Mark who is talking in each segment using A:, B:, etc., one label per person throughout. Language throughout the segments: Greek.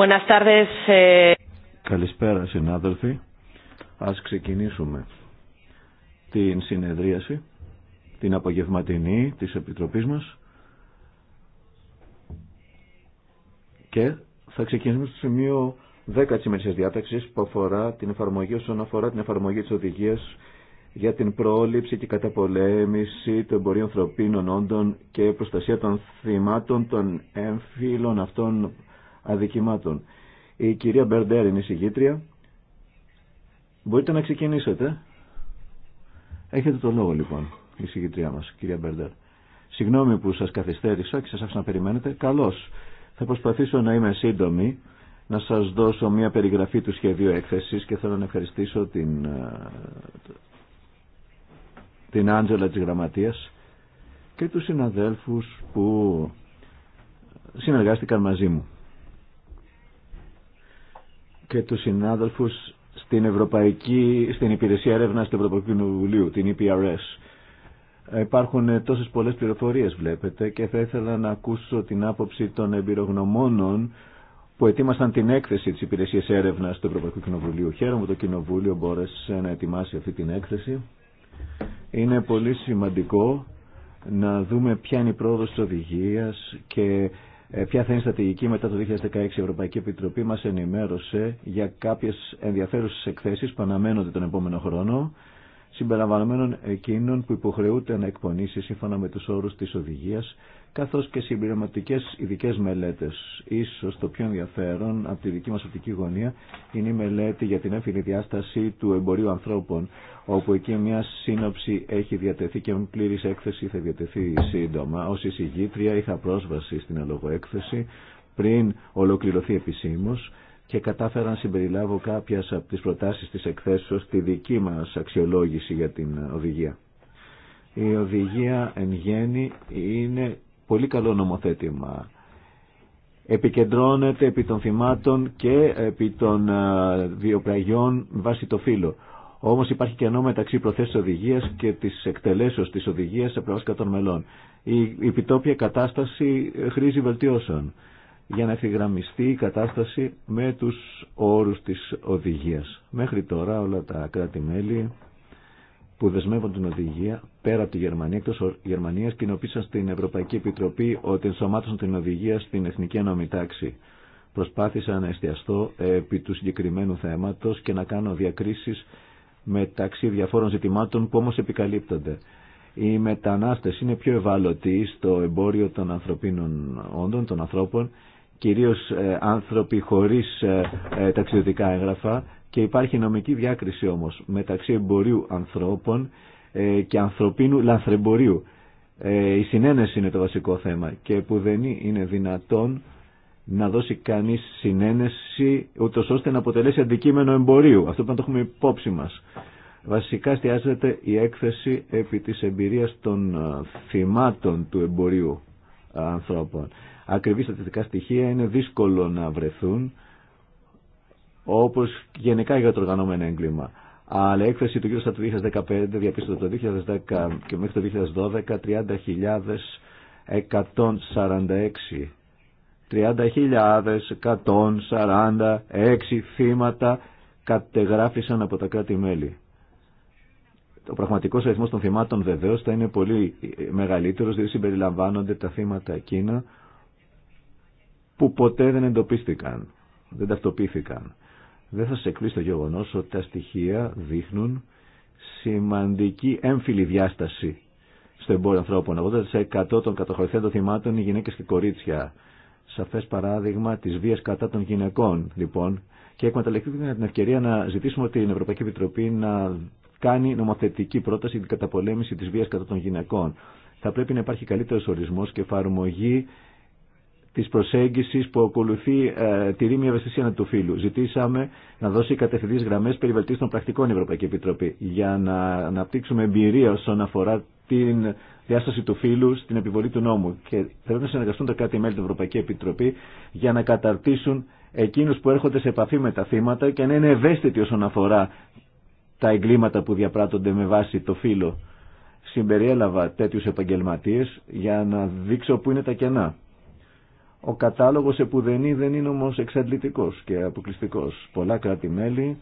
A: Eh.
B: Καλησπέρα συνάδελφοι. Ας ξεκινήσουμε την συνεδρίαση, την απογευματινή της Επιτροπής μας και θα ξεκινήσουμε στο σημείο 10 της ημερησίας διάταξης που αφορά την εφαρμογή όσον αφορά την εφαρμογή της οδηγίας για την πρόληψη και καταπολέμηση του εμπορίων ανθρωπίνων όντων και προστασία των θυμάτων των έμφυλων αυτών αδικημάτων. Η κυρία Μπερντέρ είναι η συγγήτρια. Μπορείτε να ξεκινήσετε. Έχετε το λόγο λοιπόν, η συγγήτριά μας, κυρία Μπερντέρ. Συγγνώμη που σας καθυστέρησα και σας άφησα να περιμένετε. Καλώς. Θα προσπαθήσω να είμαι σύντομη, να σας δώσω μια περιγραφή του σχεδίου έκθεσης και θέλω να ευχαριστήσω την, ε, την Άντζελα της Γραμματείας και τους συναδέλφους που συνεργάστηκαν μαζί μου και τους συνάδελφους στην, Ευρωπαϊκή, στην Υπηρεσία Έρευνα του Ευρωπαϊκού Κοινοβουλίου, την EPRS. Υπάρχουν τόσες πολλές πληροφορίες βλέπετε και θα ήθελα να ακούσω την άποψη των εμπειρογνωμόνων που ετοίμασαν την έκθεση της Υπηρεσίας Έρευνας του Ευρωπαϊκού Κοινοβουλίου. Χαίρομαι που το Κοινοβούλιο μπόρεσε να ετοιμάσει αυτή την έκθεση. Είναι πολύ σημαντικό να δούμε ποια είναι η πρόοδος της οδηγίας και ε, ποια θα είναι η στρατηγική μετά το 2016. Η Ευρωπαϊκή Επιτροπή μας ενημέρωσε για κάποιες ενδιαφέρουσες εκθέσεις που αναμένονται τον επόμενο χρόνο, συμπεριλαμβανομένων εκείνων που υποχρεούνται να εκπονήσει σύμφωνα με τους όρους της οδηγίας καθώς και συμπληρωματικέ ειδικέ μελέτες. Ίσως το πιο ενδιαφέρον από τη δική μας οπτική γωνία είναι η μελέτη για την έμφυλη διάσταση του εμπορίου ανθρώπων, όπου εκεί μια σύνοψη έχει διατεθεί και με πλήρης έκθεση θα διατεθεί σύντομα. Ως εισηγήτρια είχα πρόσβαση στην αλογοέκθεση πριν ολοκληρωθεί επισήμω και κατάφερα να συμπεριλάβω κάποιε από τις προτάσεις της εκθέσεως στη δική μας αξιολόγηση για την οδηγία. Η οδηγία εν γέννη είναι πολύ καλό νομοθέτημα. Επικεντρώνεται επί των θυμάτων και επί των βιοπραγιών βάσει το φύλλο. Όμω υπάρχει κενό μεταξύ προθέσεω οδηγία και τη εκτελέσεω τη οδηγία σε προβάσκα των μελών. Η επιτόπια κατάσταση χρήζει βελτιώσεων για να ευθυγραμμιστεί η κατάσταση με τους όρους της οδηγίας. Μέχρι τώρα όλα τα κράτη-μέλη που δεσμεύουν την οδηγία πέρα από τη Γερμανία, εκτό Γερμανία, κοινοποίησαν στην Ευρωπαϊκή Επιτροπή ότι ενσωμάτωσαν την οδηγία στην Εθνική Ανομή Τάξη. Προσπάθησα να εστιαστώ επί του συγκεκριμένου θέματο και να κάνω διακρίσει μεταξύ διαφόρων ζητημάτων που όμω επικαλύπτονται. Οι μετανάστε είναι πιο ευάλωτοι στο εμπόριο των ανθρωπίνων όντων, των ανθρώπων κυρίως ε, άνθρωποι χωρίς ε, ε, ταξιδιωτικά έγγραφα και υπάρχει νομική διάκριση όμως μεταξύ εμπορίου ανθρώπων και ανθρωπίνου λανθρεμπορίου. Η συνένεση είναι το βασικό θέμα και που δεν είναι δυνατόν να δώσει κανείς συνένεση ούτως ώστε να αποτελέσει αντικείμενο εμπορίου. Αυτό που να το έχουμε υπόψη μας. Βασικά στιάζεται η έκθεση επί της εμπειρίας των θυμάτων του εμπορίου ανθρώπων. Ακριβή στατιστικά στοιχεία είναι δύσκολο να βρεθούν, όπως γενικά για το οργανωμένο έγκλημα. Αλλά η έκθεση του κ. Στατου 2015 διαπίστωσε το 2010 και μέχρι το 2012 30.146 30.146 θύματα κατεγράφησαν από τα κράτη-μέλη. Ο πραγματικός αριθμός των θυμάτων βεβαίως θα είναι πολύ μεγαλύτερος, διότι συμπεριλαμβάνονται τα θύματα εκείνα που ποτέ δεν εντοπίστηκαν, δεν ταυτοποιήθηκαν. Δεν θα σε εκπλήσει το γεγονός ότι τα στοιχεία δείχνουν σημαντική έμφυλη διάσταση στο εμπόριο ανθρώπων. 80% των κατοχωρηθέντων θυμάτων είναι γυναίκες και κορίτσια. Σαφές παράδειγμα της βίας κατά των γυναικών, λοιπόν. Και εκμεταλλευτήκαμε την ευκαιρία να ζητήσουμε την Ευρωπαϊκή Επιτροπή να κάνει νομοθετική πρόταση για την καταπολέμηση της βίας κατά των γυναικών. Θα πρέπει να υπάρχει καλύτερος ορισμός και εφαρμογή της προσέγγισης που ακολουθεί ε, τη ρήμη ευαισθησία του φύλου. Ζητήσαμε να δώσει κατευθυντής γραμμές περιβαλλτής των πρακτικών η Ευρωπαϊκή Επιτροπή για να αναπτύξουμε εμπειρία όσον αφορά την διάσταση του φύλου στην επιβολή του νόμου. Και θέλω να συνεργαστούν τα κάτι μέλη του Ευρωπαϊκή Επιτροπή για να καταρτήσουν εκείνους που έρχονται σε επαφή με τα θύματα και να είναι ευαίσθητοι όσον αφορά τα εγκλήματα που διαπράττονται με βάση το φύλο. Συμπεριέλαβα τέτοιους επαγγελματίες για να δείξω που είναι τα κενά. Ο κατάλογος επουδενή δεν είναι όμως εξαντλητικός και αποκλειστικός. Πολλά κράτη-μέλη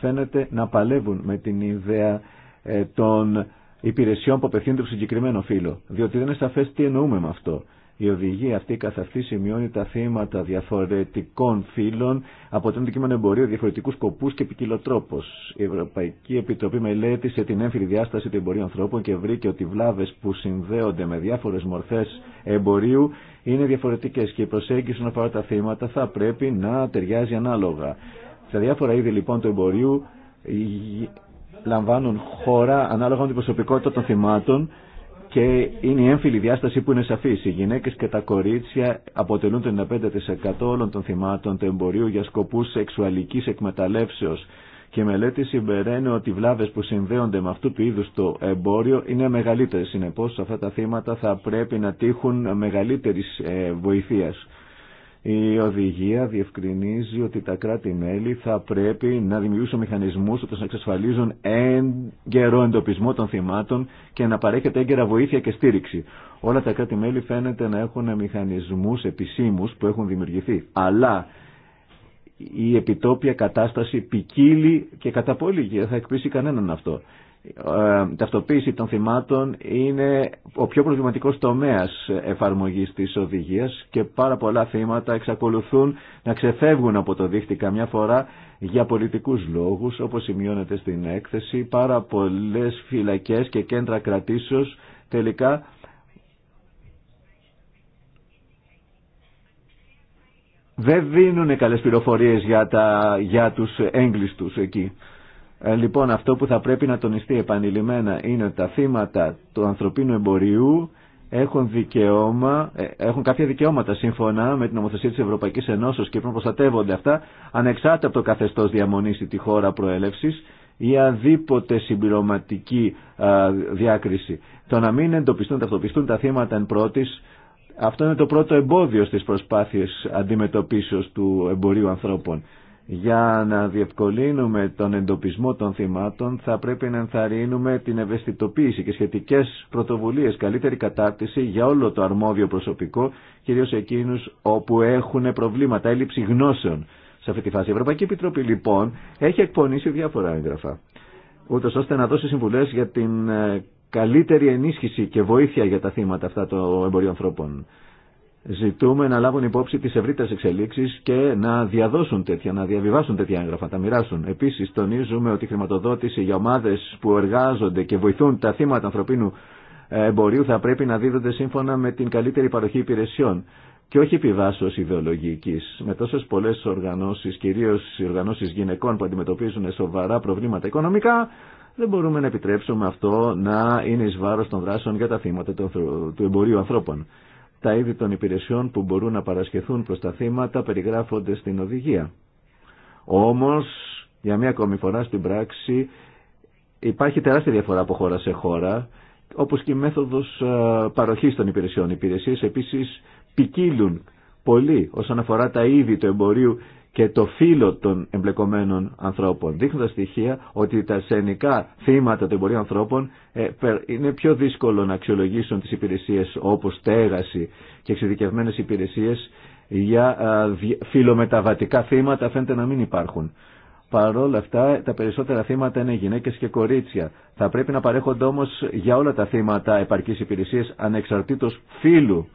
B: φαίνεται να παλεύουν με την ιδέα ε, των υπηρεσιών που απευθύνονται στο συγκεκριμένο φύλλο. Διότι δεν είναι σαφές τι εννοούμε με αυτό. Η οδηγία αυτή καθ' αυτή σημειώνει τα θύματα διαφορετικών φύλων, από το αντικείμενο εμπορίου διαφορετικού σκοπού και ποικιλοτρόπω. Η Ευρωπαϊκή Επιτροπή μελέτησε την έμφυλη διάσταση του εμπορίου ανθρώπων και βρήκε ότι οι βλάβε που συνδέονται με διάφορε μορφέ εμπορίου είναι διαφορετικέ και η προσέγγιση όσον αφορά τα θύματα θα πρέπει να ταιριάζει ανάλογα. Τα διάφορα είδη λοιπόν του εμπορίου λαμβάνουν χώρα ανάλογα με την προσωπικότητα των θυμάτων και είναι η έμφυλη διάσταση που είναι σαφής. Οι γυναίκε και τα κορίτσια αποτελούν το 95% όλων των θυμάτων του εμπορίου για σκοπού σεξουαλική εκμεταλλεύσεω. Και η μελέτη συμπεραίνει ότι οι βλάβε που συνδέονται με αυτού του είδου το εμπόριο είναι μεγαλύτερε Συνεπώς αυτά τα θύματα θα πρέπει να τύχουν μεγαλύτερης ε, βοηθεία. Η οδηγία διευκρινίζει ότι τα κράτη-μέλη θα πρέπει να δημιουργήσουν μηχανισμούς ώστε να εξασφαλίζουν έγκαιρο εντοπισμό των θυμάτων και να παρέχεται έγκαιρα βοήθεια και στήριξη. Όλα τα κράτη-μέλη φαίνεται να έχουν μηχανισμούς επισήμους που έχουν δημιουργηθεί. Αλλά η επιτόπια κατάσταση ποικίλει και κατά πολύ θα εκπίσει κανέναν αυτό. Ε, ταυτοποίηση των θυμάτων είναι ο πιο προβληματικός τομέας εφαρμογής της οδηγίας και πάρα πολλά θύματα εξακολουθούν να ξεφεύγουν από το δίχτυ καμιά φορά για πολιτικούς λόγους όπως σημειώνεται στην έκθεση πάρα πολλές φυλακές και κέντρα κρατήσεως τελικά δεν δίνουν καλές πληροφορίες για, τα, για τους έγκλειστους εκεί. Ε, λοιπόν, αυτό που θα πρέπει να τονιστεί επανειλημμένα είναι ότι τα θύματα του ανθρωπίνου εμπορίου έχουν, δικαιώμα, ε, έχουν κάποια δικαιώματα σύμφωνα με την νομοθεσία της Ευρωπαϊκής Ενώσεως και πρέπει να προστατεύονται αυτά ανεξάρτητα από το καθεστώς διαμονής στη χώρα προέλευσης ή αδίποτε συμπληρωματική διάκριση. Το να μην εντοπιστούν, ταυτοποιηθούν τα θύματα εν πρώτης, αυτό είναι το πρώτο εμπόδιο στις προσπάθειες αντιμετωπίσεως του εμπορίου ανθρώπων. Για να διευκολύνουμε τον εντοπισμό των θυμάτων θα πρέπει να ενθαρρύνουμε την ευαισθητοποίηση και σχετικές πρωτοβουλίες, καλύτερη κατάρτιση για όλο το αρμόδιο προσωπικό, κυρίως εκείνους όπου έχουν προβλήματα, έλλειψη γνώσεων σε αυτή τη φάση. Η Ευρωπαϊκή Επιτροπή λοιπόν έχει εκπονήσει διάφορα έγγραφα, ούτω ώστε να δώσει συμβουλές για την ε, καλύτερη ενίσχυση και βοήθεια για τα θύματα αυτά των εμπορίων ανθρώπων. Ζητούμε να λάβουν υπόψη τις ευρύτερες εξελίξεις και να διαδώσουν τέτοια, να διαβιβάσουν τέτοια έγγραφα, να μοιράσουν. Επίσης τονίζουμε ότι η χρηματοδότηση για ομάδες που εργάζονται και βοηθούν τα θύματα ανθρωπίνου ε, εμπορίου θα πρέπει να δίδονται σύμφωνα με την καλύτερη παροχή υπηρεσιών και όχι επιβάσεω ιδεολογική. Με τόσε πολλέ οργανώσει, κυρίω οι οργανώσει γυναικών που αντιμετωπίζουν σοβαρά προβλήματα οικονομικά, δεν μπορούμε να επιτρέψουμε αυτό να είναι ει βάρο των δράσεων για τα θύματα του εμπορίου ανθρώπων. Τα είδη των υπηρεσιών που μπορούν να παρασχεθούν προς τα θύματα περιγράφονται στην οδηγία. Όμως, για μία ακόμη φορά στην πράξη, υπάρχει τεράστια διαφορά από χώρα σε χώρα, όπως και η μέθοδος ε, παροχής των υπηρεσιών. Οι υπηρεσίες επίσης ποικίλουν πολύ όσον αφορά τα είδη του εμπορίου και το φύλλο των εμπλεκομένων ανθρώπων, δείχνοντα στοιχεία ότι τα σενικά θύματα του εμπορίου ανθρώπων ε, είναι πιο δύσκολο να αξιολογήσουν τις υπηρεσίες όπως στέγαση και εξειδικευμένες υπηρεσίες για φιλομεταβατικά θύματα φαίνεται να μην υπάρχουν. Παρ' όλα αυτά, τα περισσότερα θύματα είναι γυναίκε και κορίτσια. Θα πρέπει να παρέχονται όμω για όλα τα θύματα επαρκή υπηρεσίες ανεξαρτήτω φύλου.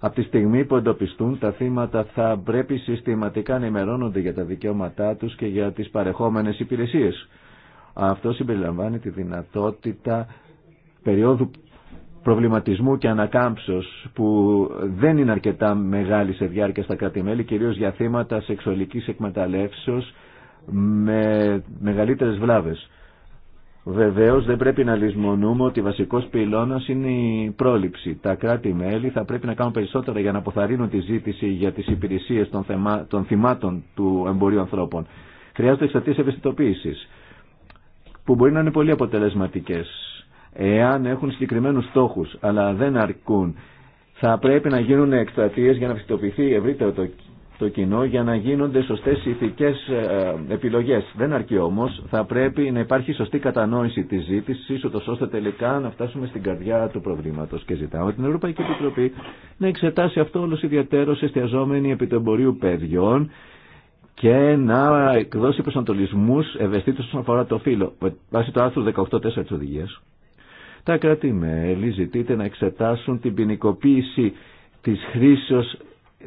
B: Από τη στιγμή που εντοπιστούν τα θύματα θα πρέπει συστηματικά να ενημερώνονται για τα δικαιώματά τους και για τις παρεχόμενες υπηρεσίες. Αυτό συμπεριλαμβάνει τη δυνατότητα περίοδου προβληματισμού και ανακάμψεως που δεν είναι αρκετά μεγάλη σε διάρκεια στα κράτη-μέλη, κυρίως για θύματα σεξουαλικής εκμεταλλεύσεως με μεγαλύτερες βλάβες. Βεβαίω δεν πρέπει να λησμονούμε ότι βασικό πυλώνα είναι η πρόληψη. Τα κράτη-μέλη θα πρέπει να κάνουν περισσότερα για να αποθαρρύνουν τη ζήτηση για τι υπηρεσίε των, θεμα... θυμάτων του εμπορίου ανθρώπων. Χρειάζονται εξαρτήσει ευαισθητοποίηση που μπορεί να είναι πολύ αποτελεσματικέ εάν έχουν συγκεκριμένου στόχου αλλά δεν αρκούν. Θα πρέπει να γίνουν εκστρατείε για να ευαισθητοποιηθεί ευρύτερο το το κοινό για να γίνονται σωστές ηθικές ε, επιλογές. Δεν αρκεί όμως, θα πρέπει να υπάρχει σωστή κατανόηση της ζήτησης, ούτως ώστε τελικά να φτάσουμε στην καρδιά του προβλήματος και ζητάμε την Ευρωπαϊκή Επιτροπή να εξετάσει αυτό όλος ιδιαίτερος εστιαζόμενοι επί του εμπορίου παιδιών και να εκδώσει προσανατολισμούς ευαισθήτους όσον αφορά το φύλλο, βάσει το άρθρο 18.4 της οδηγίας. Τα κράτη-μέλη να εξετάσουν την ποινικοποίηση της χρήσεως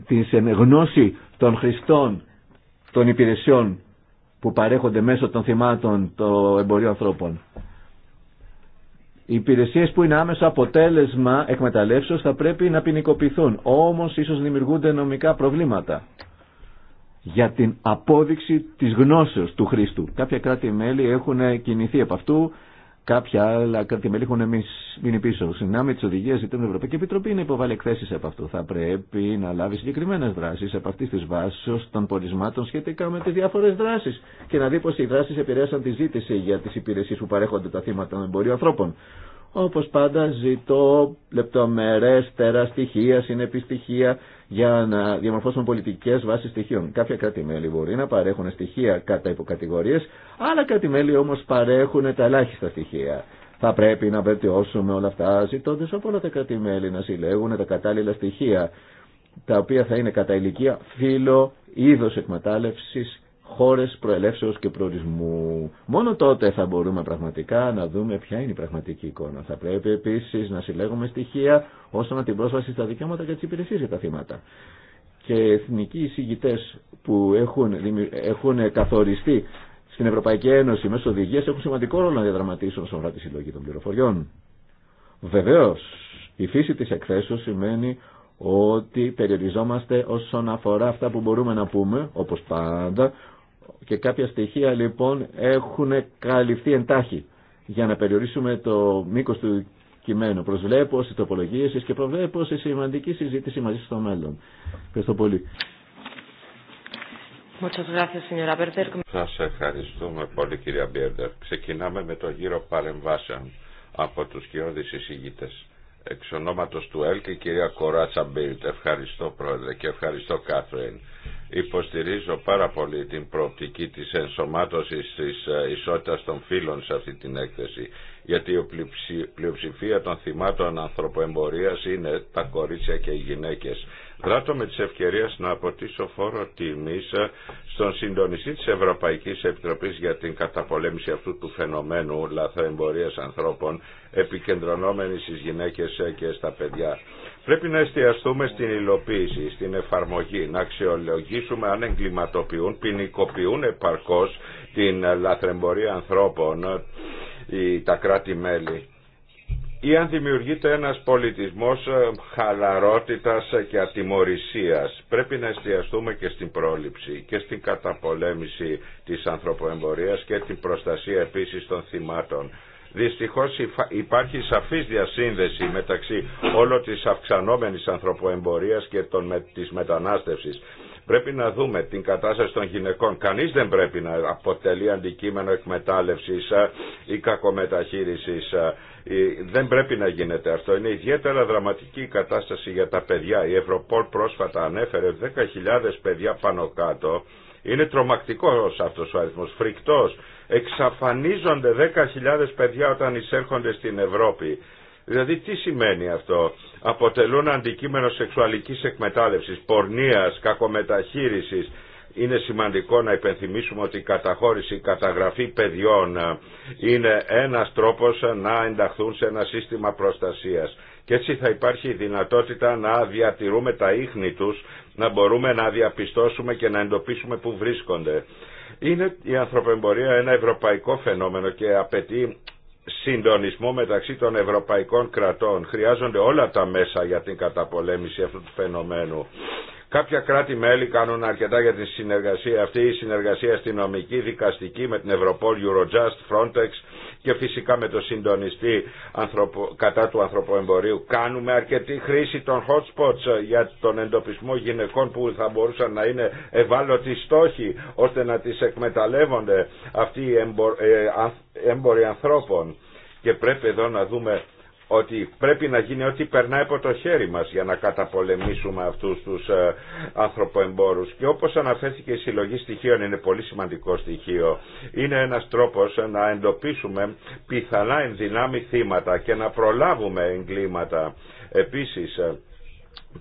B: την γνώση των χρηστών των υπηρεσιών που παρέχονται μέσω των θυμάτων των εμπορίων ανθρώπων. Οι υπηρεσίε που είναι άμεσο αποτέλεσμα εκμεταλλεύσεω θα πρέπει να ποινικοποιηθούν. Όμω ίσω δημιουργούνται νομικά προβλήματα για την απόδειξη της γνώσεως του χρηστου καποια Κάποια κράτη-μέλη έχουν κινηθεί από αυτού Κάποια άλλα κρατημέλη έχουν εμείς μείνει πίσω. Συνάμει τι οδηγίε ή την Ευρωπαϊκή Επιτροπή να υποβάλει εκθέσει από αυτό. Θα πρέπει να λάβει συγκεκριμένε δράσει από αυτή τη βάση των πολισμάτων σχετικά με τι διάφορε δράσει και να δει πώ οι δράσει επηρέασαν τη ζήτηση για τι υπηρεσίε που παρέχονται τα θύματα των εμπορίου ανθρώπων. Όπω πάντα, ζητώ λεπτομερέστερα στοιχεία, συνεπιστοιχεία, για να διαμορφώσουν πολιτικέ βάσει στοιχείων. Κάποια κράτη-μέλη μπορεί να παρέχουν στοιχεία κατά υποκατηγορίε, άλλα κράτη-μέλη όμω παρέχουν τα ελάχιστα στοιχεία. Θα πρέπει να βελτιώσουμε όλα αυτά, ζητώντα από όλα τα κράτη-μέλη να συλλέγουν τα κατάλληλα στοιχεία, τα οποία θα είναι κατά ηλικία, φύλλο, είδο εκμετάλλευση χώρες προελεύσεως και προορισμού. Μόνο τότε θα μπορούμε πραγματικά να δούμε ποια είναι η πραγματική εικόνα. Θα πρέπει επίσης να συλλέγουμε στοιχεία όσον την πρόσβαση στα δικαιώματα και τις υπηρεσίες για τα θύματα. Και εθνικοί εισηγητέ που έχουν, έχουν καθοριστεί στην Ευρωπαϊκή Ένωση μέσω οδηγίας έχουν σημαντικό ρόλο να διαδραματίσουν όσον αφορά τη συλλογή των πληροφοριών. Βεβαίως, η φύση της εκθέσεως σημαίνει ότι περιοριζόμαστε όσον αφορά αυτά που μπορούμε να πούμε, όπως πάντα, και κάποια στοιχεία λοιπόν έχουν καλυφθεί εντάχει για να περιορίσουμε το μήκος του κειμένου. Προσβλέπω στις τοπολογίες και προβλέπω σε σημαντική συζήτηση μαζί στο μέλλον. Ευχαριστώ πολύ.
C: Σα ευχαριστούμε πολύ κυρία Μπέρντερ. Ξεκινάμε με το γύρο παρεμβάσεων από τους κοιόδης εισηγήτες. Εξ ονόματος του ΕΛ και η κυρία Κοράτσα Μπέρντερ. Ευχαριστώ πρόεδρε και ευχαριστώ Κάθριν Υποστηρίζω πάρα πολύ την προοπτική της ενσωμάτωσης της ε, ισότητας των φύλων σε αυτή την έκθεση, γιατί η πλειοψηφία των θυμάτων ανθρωποεμπορίας είναι τα κορίτσια και οι γυναίκες. Δράτω με τις ευκαιρίες να αποτίσω φόρο τιμής ε, στον συντονιστή της Ευρωπαϊκής Επιτροπής για την καταπολέμηση αυτού του φαινομένου λαθροεμπορίας ανθρώπων, επικεντρωνόμενη στις γυναίκες ε, και στα παιδιά. Πρέπει να εστιαστούμε στην υλοποίηση, στην εφαρμογή, να αξιολογήσουμε αν εγκληματοποιούν, ποινικοποιούν επαρκώς την λαθρεμπορία ανθρώπων ή ε, τα κράτη-μέλη ή αν δημιουργείται ένας πολιτισμός ε, χαλαρότητας και ατιμορρησίας. Πρέπει να εστιαστούμε και στην πρόληψη και στην καταπολέμηση της ανθρωποεμπορίας και την προστασία επίσης των θυμάτων. Δυστυχώς υπάρχει σαφής διασύνδεση μεταξύ όλων της αυξανόμενης ανθρωποεμπορίας και των, της μετανάστευσης. Πρέπει να δούμε την κατάσταση των γυναικών. Κανείς δεν πρέπει να αποτελεί αντικείμενο εκμετάλλευσης ε, ή κακομεταχείρισης. Ε, δεν πρέπει να γίνεται αυτό. Είναι ιδιαίτερα δραματική η κατάσταση για τα παιδιά. Η Ευρωπόλ πρόσφατα ανέφερε 10.000 παιδιά πάνω κάτω. Είναι τρομακτικός αυτός ο αριθμός, φρικτός εξαφανίζονται 10.000 παιδιά όταν εισέρχονται στην Ευρώπη. Δηλαδή τι σημαίνει αυτό. Αποτελούν αντικείμενο σεξουαλικής εκμετάλλευσης, πορνείας, κακομεταχείρισης. Είναι σημαντικό να υπενθυμίσουμε ότι η καταχώρηση, η καταγραφή παιδιών ε, είναι ένας τρόπος να ενταχθούν σε ένα σύστημα προστασίας. Και έτσι θα υπάρχει η δυνατότητα να διατηρούμε τα ίχνη τους, να μπορούμε να διαπιστώσουμε και να εντοπίσουμε που βρίσκονται. Είναι η ανθρωπεμπορία ένα ευρωπαϊκό φαινόμενο και απαιτεί συντονισμό μεταξύ των ευρωπαϊκών κρατών. Χρειάζονται όλα τα μέσα για την καταπολέμηση αυτού του φαινομένου. Κάποια κράτη-μέλη κάνουν αρκετά για τη συνεργασία αυτή, η συνεργασία αστυνομική, δικαστική με την Ευρωπόλ, Eurojust, Frontex και φυσικά με το συντονιστή κατά του ανθρωποεμπορίου. Κάνουμε αρκετή χρήση των hotspots για τον εντοπισμό γυναικών που θα μπορούσαν να είναι ευάλωτοι στόχοι ώστε να τις εκμεταλλεύονται αυτοί οι ε, έμποροι ανθρώπων. Και πρέπει εδώ να δούμε ότι πρέπει να γίνει ό,τι περνάει από το χέρι μας για να καταπολεμήσουμε αυτούς τους ε, ανθρωποεμπόρους. Και όπως αναφέρθηκε η συλλογή στοιχείων είναι πολύ σημαντικό στοιχείο. Είναι ένας τρόπος να εντοπίσουμε πιθανά ενδυνάμει θύματα και να προλάβουμε εγκλήματα. Επίσης ε,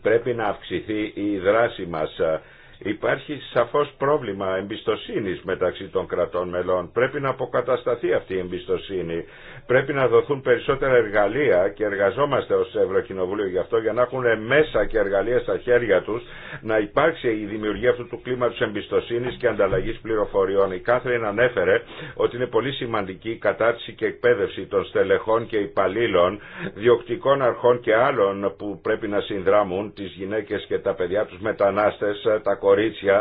C: πρέπει να αυξηθεί η δράση μας ε, Υπάρχει σαφώς πρόβλημα εμπιστοσύνης μεταξύ των κρατών μελών. Πρέπει να αποκατασταθεί αυτή η εμπιστοσύνη. Πρέπει να δοθούν περισσότερα εργαλεία και εργαζόμαστε ως Ευρωκοινοβούλιο γι' αυτό για να έχουν μέσα και εργαλεία στα χέρια τους να υπάρξει η δημιουργία αυτού του κλίματος εμπιστοσύνης και ανταλλαγής πληροφοριών. Η Κάθριν ανέφερε ότι είναι πολύ σημαντική η κατάρτιση και εκπαίδευση των στελεχών και υπαλλήλων, διοκτικών αρχών και άλλων που πρέπει να συνδράμουν τις γυναίκες και τα παιδιά τους μετανάστες, τα κορίτσια,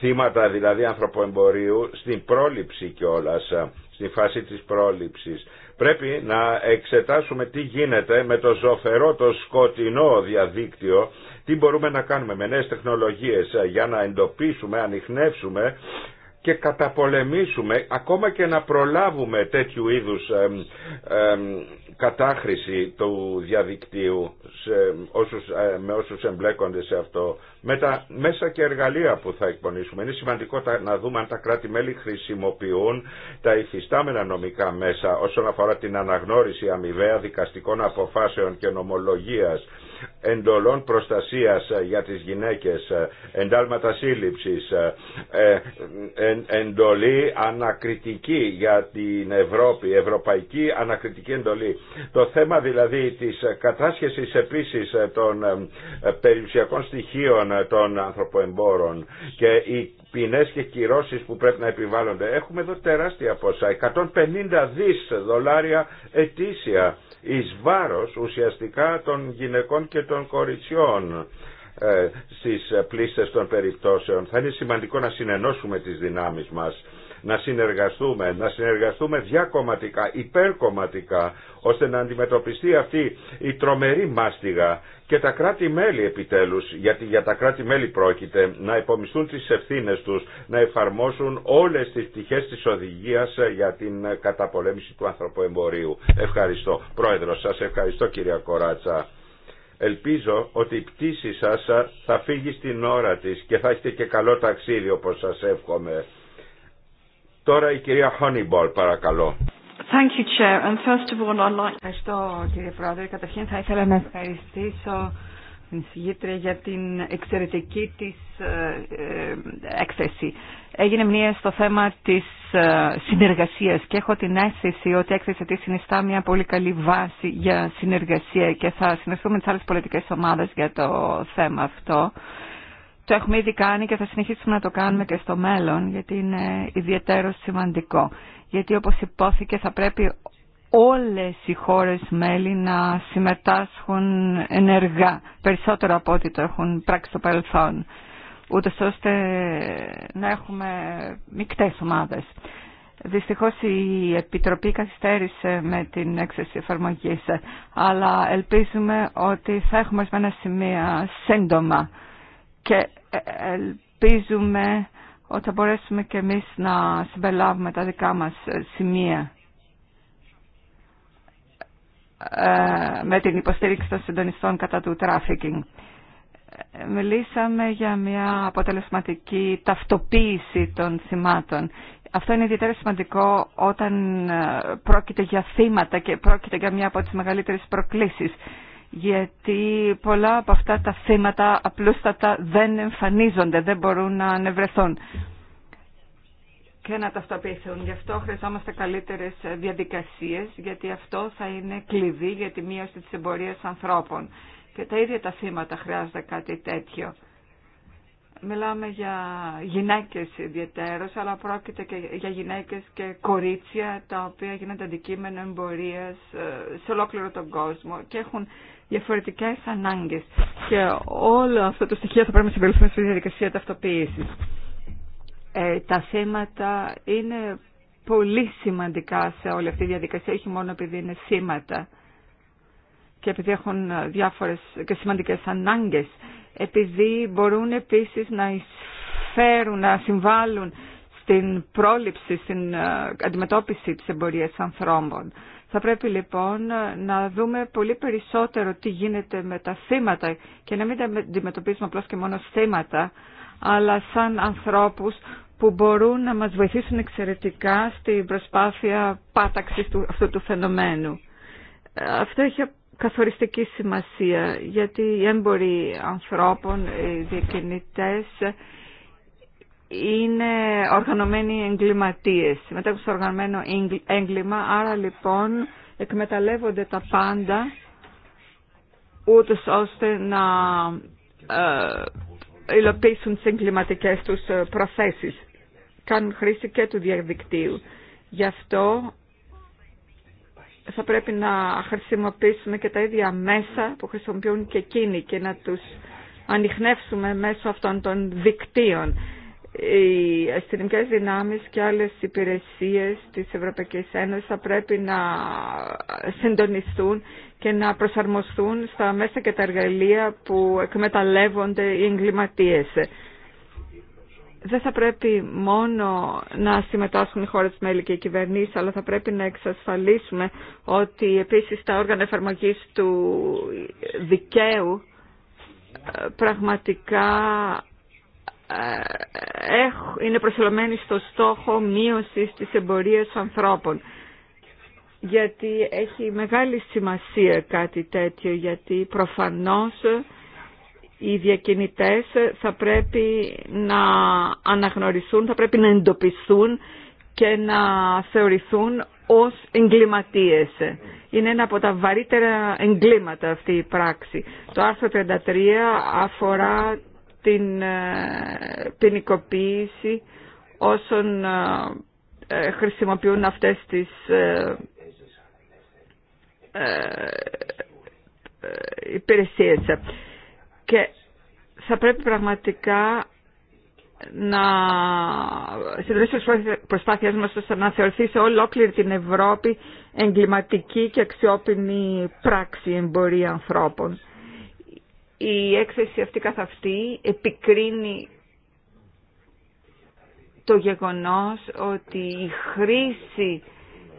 C: θύματα δηλαδή ανθρωποεμπορίου, στην πρόληψη κιόλα, ε, στη φάση της πρόληψης. Πρέπει να εξετάσουμε τι γίνεται με το ζωφερό, το σκοτεινό διαδίκτυο, τι μπορούμε να κάνουμε με νέες τεχνολογίες ε, για να εντοπίσουμε, ανοιχνεύσουμε και καταπολεμήσουμε, ακόμα και να προλάβουμε τέτοιου είδους κατάχρηση του διαδικτύου σε, ε, με όσους εμπλέκονται σε αυτό, με τα μέσα και εργαλεία που θα εκπονήσουμε. Είναι σημαντικό να δούμε αν τα κράτη-μέλη χρησιμοποιούν τα υφιστάμενα νομικά μέσα όσον αφορά την αναγνώριση αμοιβαία δικαστικών αποφάσεων και νομολογίας εντολών προστασίας ε, για τις γυναίκες, ε, εντάλματα σύλληψης, ε, εντολή ανακριτική για την Ευρώπη, ευρωπαϊκή ανακριτική εντολή. Το θέμα δηλαδή της κατάσχεσης επίσης των περιουσιακών στοιχείων των ανθρωποεμπόρων και οι ποινές και κυρώσεις που πρέπει να επιβάλλονται. Έχουμε εδώ τεράστια ποσά, 150 δις δολάρια ετήσια εις βάρος ουσιαστικά των γυναικών και των κοριτσιών ε, στις πλήστες των περιπτώσεων. Θα είναι σημαντικό να συνενώσουμε τις δυνάμεις μας να συνεργαστούμε, να συνεργαστούμε διακομματικά, υπερκομματικά, ώστε να αντιμετωπιστεί αυτή η τρομερή μάστιγα και τα κράτη-μέλη επιτέλους, γιατί για τα κράτη-μέλη πρόκειται να υπομισθούν τις ευθύνες τους, να εφαρμόσουν όλες τις πτυχές της οδηγίας για την καταπολέμηση του ανθρωποεμπορίου. Ευχαριστώ. Πρόεδρο, σας ευχαριστώ κυρία Κοράτσα. Ελπίζω ότι η πτήση σας θα φύγει στην ώρα της και θα έχετε και καλό ταξίδι όπως σας εύχομαι. Τώρα η κυρία Χόνιμπολ, παρακαλώ.
A: Ευχαριστώ κύριε Πρόεδρε. Καταρχήν θα ήθελα να ευχαριστήσω την συγγήτρια για την εξαιρετική της ε, ε, έκθεση. Έγινε μία στο θέμα της ε, συνεργασίας και έχω την αίσθηση ότι η έκθεση αυτή συνιστά μια πολύ καλή βάση για συνεργασία και θα συνεργαστούμε τις άλλες πολιτικές ομάδες για το θέμα αυτό. Το έχουμε ήδη κάνει και θα συνεχίσουμε να το κάνουμε και στο μέλλον, γιατί είναι ιδιαίτερο σημαντικό. Γιατί όπως υπόθηκε θα πρέπει όλες οι χώρες μέλη να συμμετάσχουν ενεργά, περισσότερο από ό,τι το έχουν πράξει στο παρελθόν, ούτε ώστε να έχουμε μικτές ομάδες. Δυστυχώς η Επιτροπή καθυστέρησε με την έξεση εφαρμογής, αλλά ελπίζουμε ότι θα έχουμε ένα σημεία σύντομα και ε, ελπίζουμε ότι θα μπορέσουμε και εμείς να συμπεριλάβουμε τα δικά μας ε, σημεία ε, με την υποστήριξη των συντονιστών κατά του τράφικινγκ. Μιλήσαμε για μια αποτελεσματική ταυτοποίηση των θυμάτων. Αυτό είναι ιδιαίτερα σημαντικό όταν πρόκειται για θύματα και πρόκειται για μια από τις μεγαλύτερες προκλήσεις γιατί πολλά από αυτά τα θύματα απλούστατα δεν εμφανίζονται, δεν μπορούν να ανεβρεθούν και να ταυτοποιηθούν. Γι' αυτό χρειαζόμαστε καλύτερες διαδικασίες, γιατί αυτό θα είναι κλειδί για τη μείωση της εμπορίας ανθρώπων. Και τα ίδια τα θύματα χρειάζονται κάτι τέτοιο. Μιλάμε για γυναίκες ιδιαίτερως, αλλά πρόκειται και για γυναίκες και κορίτσια, τα οποία γίνονται αντικείμενο εμπορίας ε, σε ολόκληρο τον κόσμο και έχουν Διαφορετικέ ανάγκε. και όλο αυτό το στοιχείο θα πρέπει να συμπεριληφθούμε στη διαδικασία ταυτοποίηση. Ε, τα θέματα είναι πολύ σημαντικά σε όλη αυτή τη διαδικασία, όχι μόνο επειδή είναι σήματα και επειδή έχουν διάφορες και σημαντικές ανάγκες, επειδή μπορούν επίσης να εισφέρουν, να συμβάλλουν στην πρόληψη, στην ε, αντιμετώπιση της εμπορίας ανθρώπων. Θα πρέπει λοιπόν να δούμε πολύ περισσότερο τι γίνεται με τα θύματα και να μην τα αντιμετωπίσουμε απλώς και μόνο θύματα, αλλά σαν ανθρώπους που μπορούν να μας βοηθήσουν εξαιρετικά στην προσπάθεια πάταξης του, αυτού του φαινομένου. Αυτό έχει καθοριστική σημασία, γιατί οι έμποροι ανθρώπων, οι διακινητές, είναι οργανωμένοι εγκληματίες. συμμετέχουν στο οργανωμένο έγκλημα, άρα λοιπόν εκμεταλλεύονται τα πάντα ούτως ώστε να ε, υλοποιήσουν τις εγκληματικές τους ε, προθέσεις. Κάνουν χρήση και του διαδικτύου. Γι' αυτό θα πρέπει να χρησιμοποιήσουμε και τα ίδια μέσα που χρησιμοποιούν και εκείνοι και να τους ανοιχνεύσουμε μέσω αυτών των δικτύων οι αστυνομικέ δυνάμεις και άλλες υπηρεσίες της Ευρωπαϊκής Ένωσης θα πρέπει να συντονιστούν και να προσαρμοστούν στα μέσα και τα εργαλεία που εκμεταλλεύονται οι εγκληματίες. Δεν θα πρέπει μόνο να συμμετάσχουν οι χώρες μέλη και οι κυβερνήσεις, αλλά θα πρέπει να εξασφαλίσουμε ότι επίσης τα όργανα εφαρμογής του δικαίου ε, πραγματικά ε, είναι προσελωμένοι στο στόχο μείωσης της εμπορίας ανθρώπων. Γιατί έχει μεγάλη σημασία κάτι τέτοιο, γιατί προφανώς οι διακινητές θα πρέπει να αναγνωριστούν, θα πρέπει να εντοπιστούν και να θεωρηθούν ως εγκληματίες. Είναι ένα από τα βαρύτερα εγκλήματα αυτή η πράξη. Το άρθρο 33 αφορά την ε, ποινικοποίηση όσων ε, ε, χρησιμοποιούν αυτές τις υπηρεσίες. Και θα πρέπει πραγματικά να συντονίσουμε τις προσπάθειές μας ώστε να θεωρηθεί σε ολόκληρη την Ευρώπη εγκληματική και αξιόπινη πράξη εμπορία ανθρώπων η έκθεση αυτή καθ' αυτή επικρίνει το γεγονός ότι η χρήση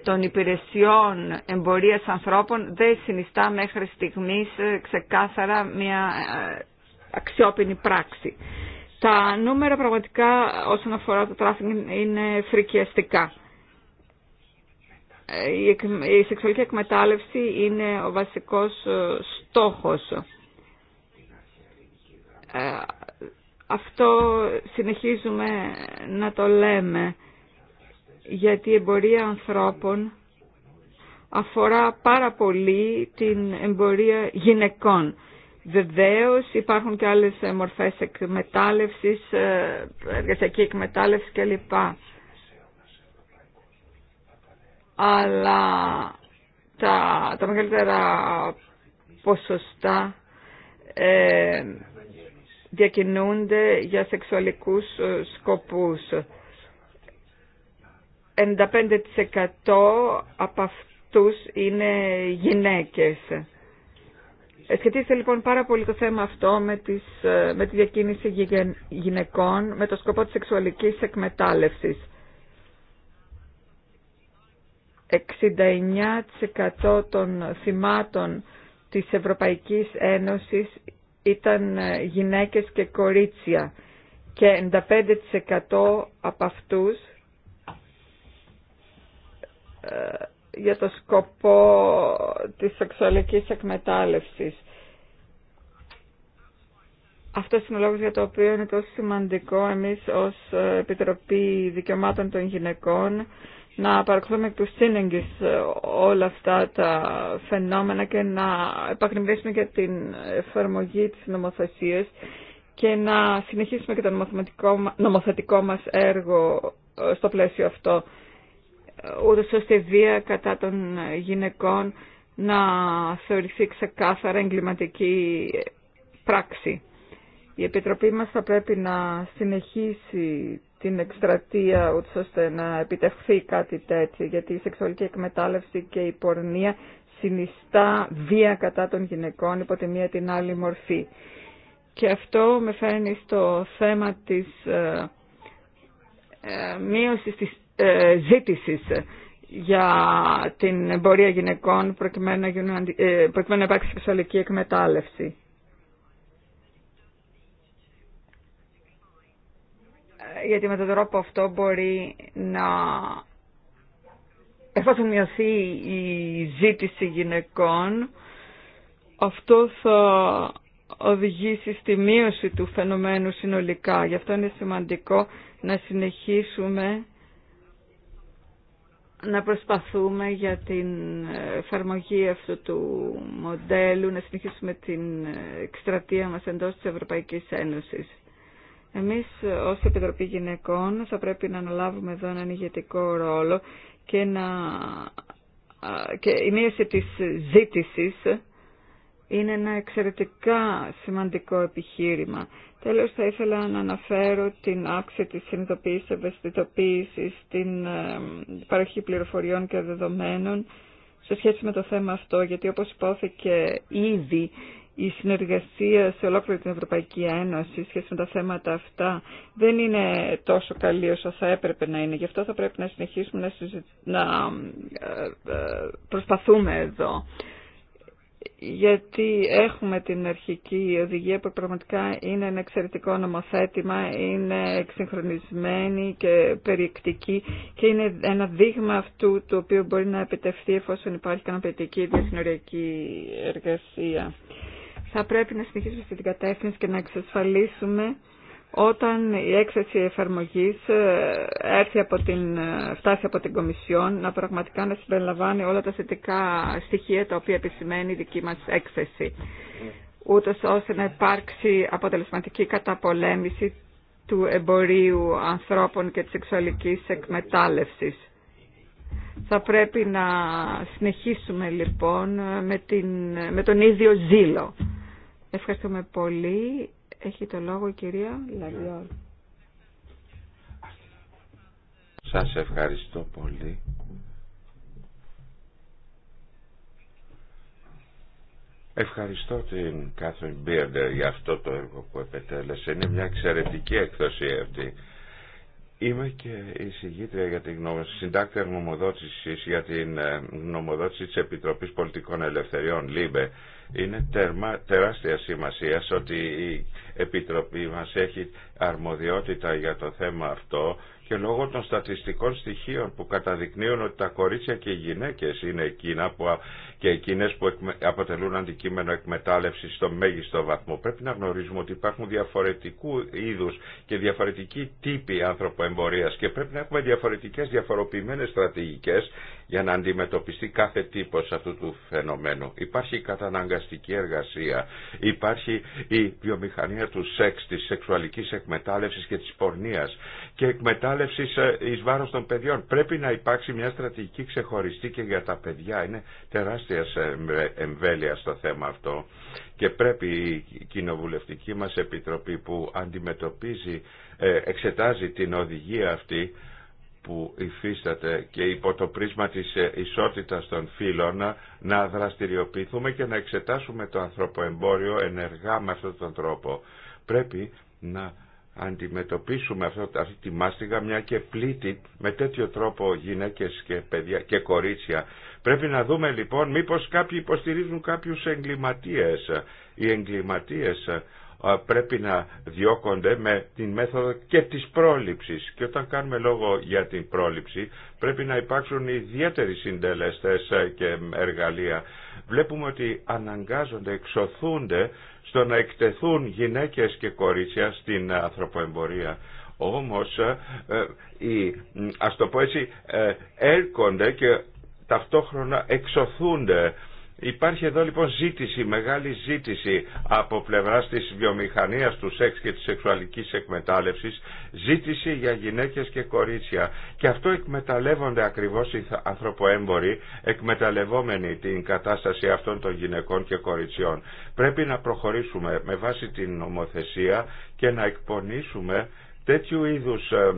A: των υπηρεσιών εμπορίας ανθρώπων δεν συνιστά μέχρι στιγμής ε, ξεκάθαρα μια ε, αξιόπινη πράξη. Τα νούμερα πραγματικά όσον αφορά το τράφινγκ είναι φρικιαστικά. Ε, η σεξουαλική εκμετάλλευση είναι ο βασικός στόχος ε, αυτό συνεχίζουμε να το λέμε γιατί η εμπορία ανθρώπων αφορά πάρα πολύ την εμπορία γυναικών. Βεβαίως υπάρχουν και άλλες μορφές εκμετάλλευσης, ε, εργασιακή εκμετάλλευση κλπ. Αλλά τα, τα μεγαλύτερα ποσοστά ε, διακινούνται για σεξουαλικούς ε, σκοπούς. 95% από αυτούς είναι γυναίκες. Σχετίζεται λοιπόν πάρα πολύ το θέμα αυτό με, ε, με τη διακίνηση γυναικών με το σκοπό της σεξουαλικής εκμετάλλευσης. 69% των θυμάτων της Ευρωπαϊκής Ένωσης ήταν ε, γυναίκες και κορίτσια και 95% από αυτούς ε, για το σκοπό της σεξουαλικής εκμετάλλευσης. Αυτό είναι ο λόγος για το οποίο είναι τόσο σημαντικό εμείς ως ε, Επιτροπή Δικαιωμάτων των Γυναικών να παρακολουθούμε εκ του σύνεγγυ όλα αυτά τα φαινόμενα και να επακριβήσουμε για την εφαρμογή της νομοθεσίας και να συνεχίσουμε και το νομοθετικό μας έργο ε, στο πλαίσιο αυτό, ε, ούτως ώστε η βία κατά των γυναικών να θεωρηθεί ξεκάθαρα εγκληματική πράξη. Η Επιτροπή μας θα πρέπει να συνεχίσει την εκστρατεία ούτως ώστε να επιτευχθεί κάτι τέτοιο γιατί η σεξουαλική εκμετάλλευση και η πορνεία συνιστά βία κατά των γυναικών υπό τη μία την άλλη μορφή. Και αυτό με φέρνει στο θέμα της ε, ε, μείωσης της ε, ζήτησης για την εμπορία γυναικών προκειμένου να, ε, προκειμένου να υπάρξει σεξουαλική εκμετάλλευση. γιατί με τον τρόπο αυτό μπορεί να εφόσον μειωθεί η ζήτηση γυναικών αυτό θα οδηγήσει στη μείωση του φαινομένου συνολικά. Γι' αυτό είναι σημαντικό να συνεχίσουμε να προσπαθούμε για την εφαρμογή αυτού του μοντέλου, να συνεχίσουμε την εκστρατεία μας εντός της Ευρωπαϊκής Ένωσης. Εμείς ως Επιτροπή Γυναικών θα πρέπει να αναλάβουμε εδώ έναν ηγετικό ρόλο και, να... και η μείωση της ζήτησης είναι ένα εξαιρετικά σημαντικό επιχείρημα. Τέλος θα ήθελα να αναφέρω την άξη της συνειδητοποίησης, ευαισθητοποίησης, την παροχή πληροφοριών και δεδομένων σε σχέση με το θέμα αυτό, γιατί όπως υπόθηκε ήδη η συνεργασία σε ολόκληρη την Ευρωπαϊκή Ένωση σχέση με τα θέματα αυτά δεν είναι τόσο καλή όσο θα έπρεπε να είναι. Γι' αυτό θα πρέπει να συνεχίσουμε να, να ε, ε, προσπαθούμε εδώ. Γιατί έχουμε την αρχική οδηγία που πραγματικά είναι ένα εξαιρετικό νομοθέτημα, είναι εξυγχρονισμένη και περιεκτική και είναι ένα δείγμα αυτού το οποίο μπορεί να επιτευχθεί εφόσον υπάρχει κανοποιητική διασυνοριακή εργασία θα πρέπει να συνεχίσουμε στην κατεύθυνση και να εξασφαλίσουμε όταν η έκθεση εφαρμογής ε, έρθει από την, ε, φτάσει από την Κομισιόν να πραγματικά να συμπεριλαμβάνει όλα τα θετικά στοιχεία τα οποία επισημαίνει η δική μας έκθεση. ούτω ώστε να υπάρξει αποτελεσματική καταπολέμηση του εμπορίου ανθρώπων και της σεξουαλικής εκμετάλλευσης. Θα πρέπει να συνεχίσουμε λοιπόν με, την, με τον ίδιο ζήλο. Ευχαριστούμε πολύ. Έχει το λόγο η κυρία Λαβιόρ.
C: Σας ευχαριστώ πολύ. Ευχαριστώ την Κάθριν Μπίρντερ για αυτό το έργο που επετέλεσε. Είναι μια εξαιρετική έκδοση αυτή Είμαι και εισηγήτρια για την συντάκτη γνωμοδότηση για την ε, γνωμοδότηση της Επιτροπής Πολιτικών Ελευθεριών, ΛΥΜΠΕ. Είναι τερμα, τεράστια σημασία ότι η Επιτροπή μας έχει αρμοδιότητα για το θέμα αυτό και λόγω των στατιστικών στοιχείων που καταδεικνύουν ότι τα κορίτσια και οι γυναίκες είναι εκείνα που και εκείνες που αποτελούν αντικείμενο εκμετάλλευσης στο μέγιστο βαθμό. Πρέπει να γνωρίζουμε ότι υπάρχουν διαφορετικού είδους και διαφορετικοί τύποι ανθρωποεμπορίας και πρέπει να έχουμε διαφορετικές διαφοροποιημένες στρατηγικές για να αντιμετωπιστεί κάθε τύπος αυτού του φαινομένου. Υπάρχει η καταναγκαστική εργασία, υπάρχει η βιομηχανία του σεξ, της σεξουαλικής εκμετάλλευσης και της πορνείας και εκμετάλλευσης ε, εις βάρος των παιδιών. Πρέπει να υπάρξει μια στρατηγική ξεχωριστή και για τα παιδιά. Είναι τεράστιο τεράστιας εμβέλεια στο θέμα αυτό και πρέπει η κοινοβουλευτική μας επιτροπή που αντιμετωπίζει, ε, εξετάζει την οδηγία αυτή που υφίσταται και υπό το πρίσμα της ε, ισότητας των φύλων να δραστηριοποιηθούμε και να εξετάσουμε το ανθρωποεμπόριο ενεργά με αυτόν τον τρόπο. Πρέπει να αντιμετωπίσουμε αυτό, αυτή τη μάστιγα μια και πλήττει με τέτοιο τρόπο γυναίκες και παιδιά και κορίτσια Πρέπει να δούμε λοιπόν μήπως κάποιοι υποστηρίζουν κάποιους εγκληματίες. Οι εγκληματίες ε, πρέπει να διώκονται με την μέθοδο και της πρόληψης. Και όταν κάνουμε λόγο για την πρόληψη πρέπει να υπάρξουν ιδιαίτεροι συντελεστές ε, και εργαλεία. Βλέπουμε ότι αναγκάζονται, εξωθούνται στο να εκτεθούν γυναίκες και κορίτσια στην ανθρωποεμπορία. Όμως, ε, οι, ας το πω έτσι, έρχονται και ταυτόχρονα εξωθούνται. Υπάρχει εδώ λοιπόν ζήτηση, μεγάλη ζήτηση από πλευράς της βιομηχανίας του σεξ και της σεξουαλικής εκμετάλλευσης, ζήτηση για γυναίκες και κορίτσια. Και αυτό εκμεταλλεύονται ακριβώς οι ανθρωποέμποροι, εκμεταλλευόμενοι την κατάσταση αυτών των γυναικών και κοριτσιών. Πρέπει να προχωρήσουμε με βάση την νομοθεσία και να εκπονήσουμε τέτοιου είδους ε,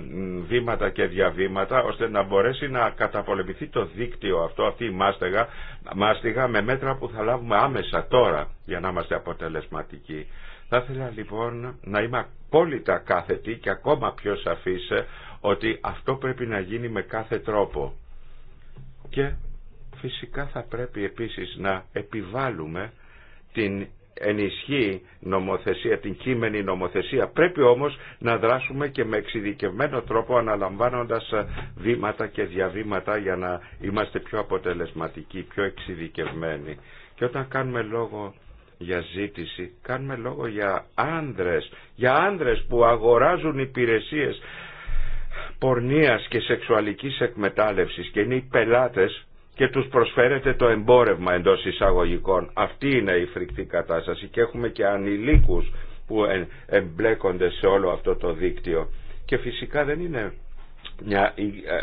C: βήματα και διαβήματα ώστε να μπορέσει να καταπολεμηθεί το δίκτυο αυτό, αυτή η μάστεγα, μάστιγα με μέτρα που θα λάβουμε άμεσα τώρα για να είμαστε αποτελεσματικοί. Θα ήθελα λοιπόν να είμαι απόλυτα κάθετη και ακόμα πιο σαφής ε, ότι αυτό πρέπει να γίνει με κάθε τρόπο. Και φυσικά θα πρέπει επίσης να επιβάλλουμε την ενισχύει νομοθεσία, την κείμενη νομοθεσία. Πρέπει όμως να δράσουμε και με εξειδικευμένο τρόπο αναλαμβάνοντας ε, βήματα και διαβήματα για να είμαστε πιο αποτελεσματικοί, πιο εξειδικευμένοι. Και όταν κάνουμε λόγο για ζήτηση, κάνουμε λόγο για άνδρες, για άνδρες που αγοράζουν υπηρεσίες πορνείας και σεξουαλικής εκμετάλλευσης και είναι οι πελάτες και τους προσφέρεται το εμπόρευμα εντός εισαγωγικών. Αυτή είναι η φρικτή κατάσταση και έχουμε και ανηλίκους που εμπλέκονται σε όλο αυτό το δίκτυο. Και φυσικά δεν είναι μια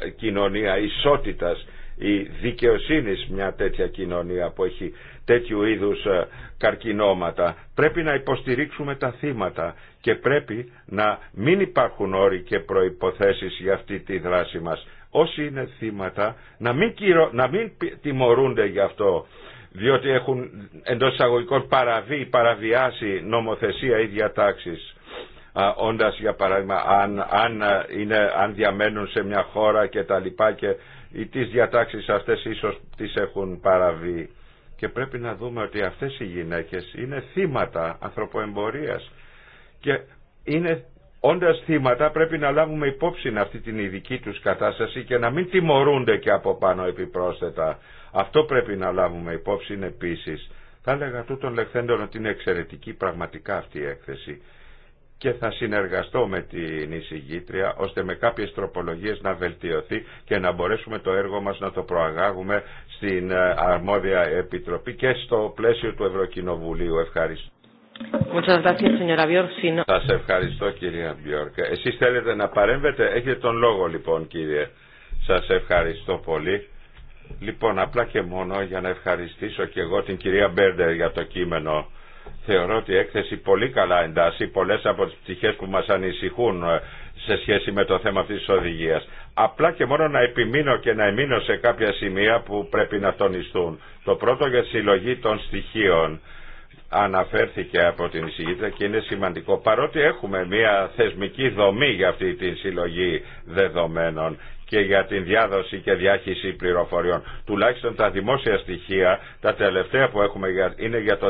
C: ε, κοινωνία ισότητας ή δικαιοσύνης μια τέτοια κοινωνία που έχει τέτοιου είδους ε, καρκινώματα. Πρέπει να υποστηρίξουμε τα θύματα και πρέπει να μην υπάρχουν όροι και προϋποθέσεις για αυτή τη δράση μας όσοι είναι θύματα να μην, να μην τιμωρούνται γι' αυτό διότι έχουν εντός εισαγωγικών παραβεί, παραβιάσει νομοθεσία ή διατάξεις όντας για παράδειγμα αν, αν, ε, αν διαμένουν σε μια χώρα και τα λοιπά και ή τις διατάξεις αυτές ίσως τις έχουν παραβεί και πρέπει να δούμε ότι αυτές οι γυναίκες είναι θύματα ανθρωποεμπορίας και είναι όντα θύματα πρέπει να λάβουμε υπόψη αυτή την ειδική τους κατάσταση και να μην τιμωρούνται και από πάνω επιπρόσθετα. Αυτό πρέπει να λάβουμε υπόψη επίσης. Θα έλεγα τούτων λεχθέντων ότι είναι εξαιρετική πραγματικά αυτή η έκθεση και θα συνεργαστώ με την εισηγήτρια ώστε με κάποιες τροπολογίες να βελτιωθεί και να μπορέσουμε το έργο μας να το προαγάγουμε στην ε, αρμόδια επιτροπή και στο πλαίσιο του Ευρωκοινοβουλίου. Ευχαριστώ. Σας ευχαριστώ κυρία Μπιόρκ. Εσείς θέλετε να παρέμβετε. Έχετε τον λόγο λοιπόν κύριε. Σας ευχαριστώ πολύ. Λοιπόν, απλά και μόνο για να ευχαριστήσω και εγώ την κυρία Μπέρντερ για το κείμενο. Θεωρώ ότι η έκθεση πολύ καλά εντάσσει πολλές από τις πτυχές που μας ανησυχούν ε, σε σχέση με το θέμα αυτής της οδηγίας. Απλά και μόνο να επιμείνω και να εμείνω σε κάποια σημεία που πρέπει να τονιστούν. Το πρώτο για τη συλλογή των στοιχείων αναφέρθηκε από την εισηγήτρια και είναι σημαντικό. Παρότι έχουμε μια θεσμική δομή για αυτή τη συλλογή δεδομένων και για την διάδοση και διάχυση πληροφοριών. Τουλάχιστον τα δημόσια στοιχεία, τα τελευταία που έχουμε είναι για το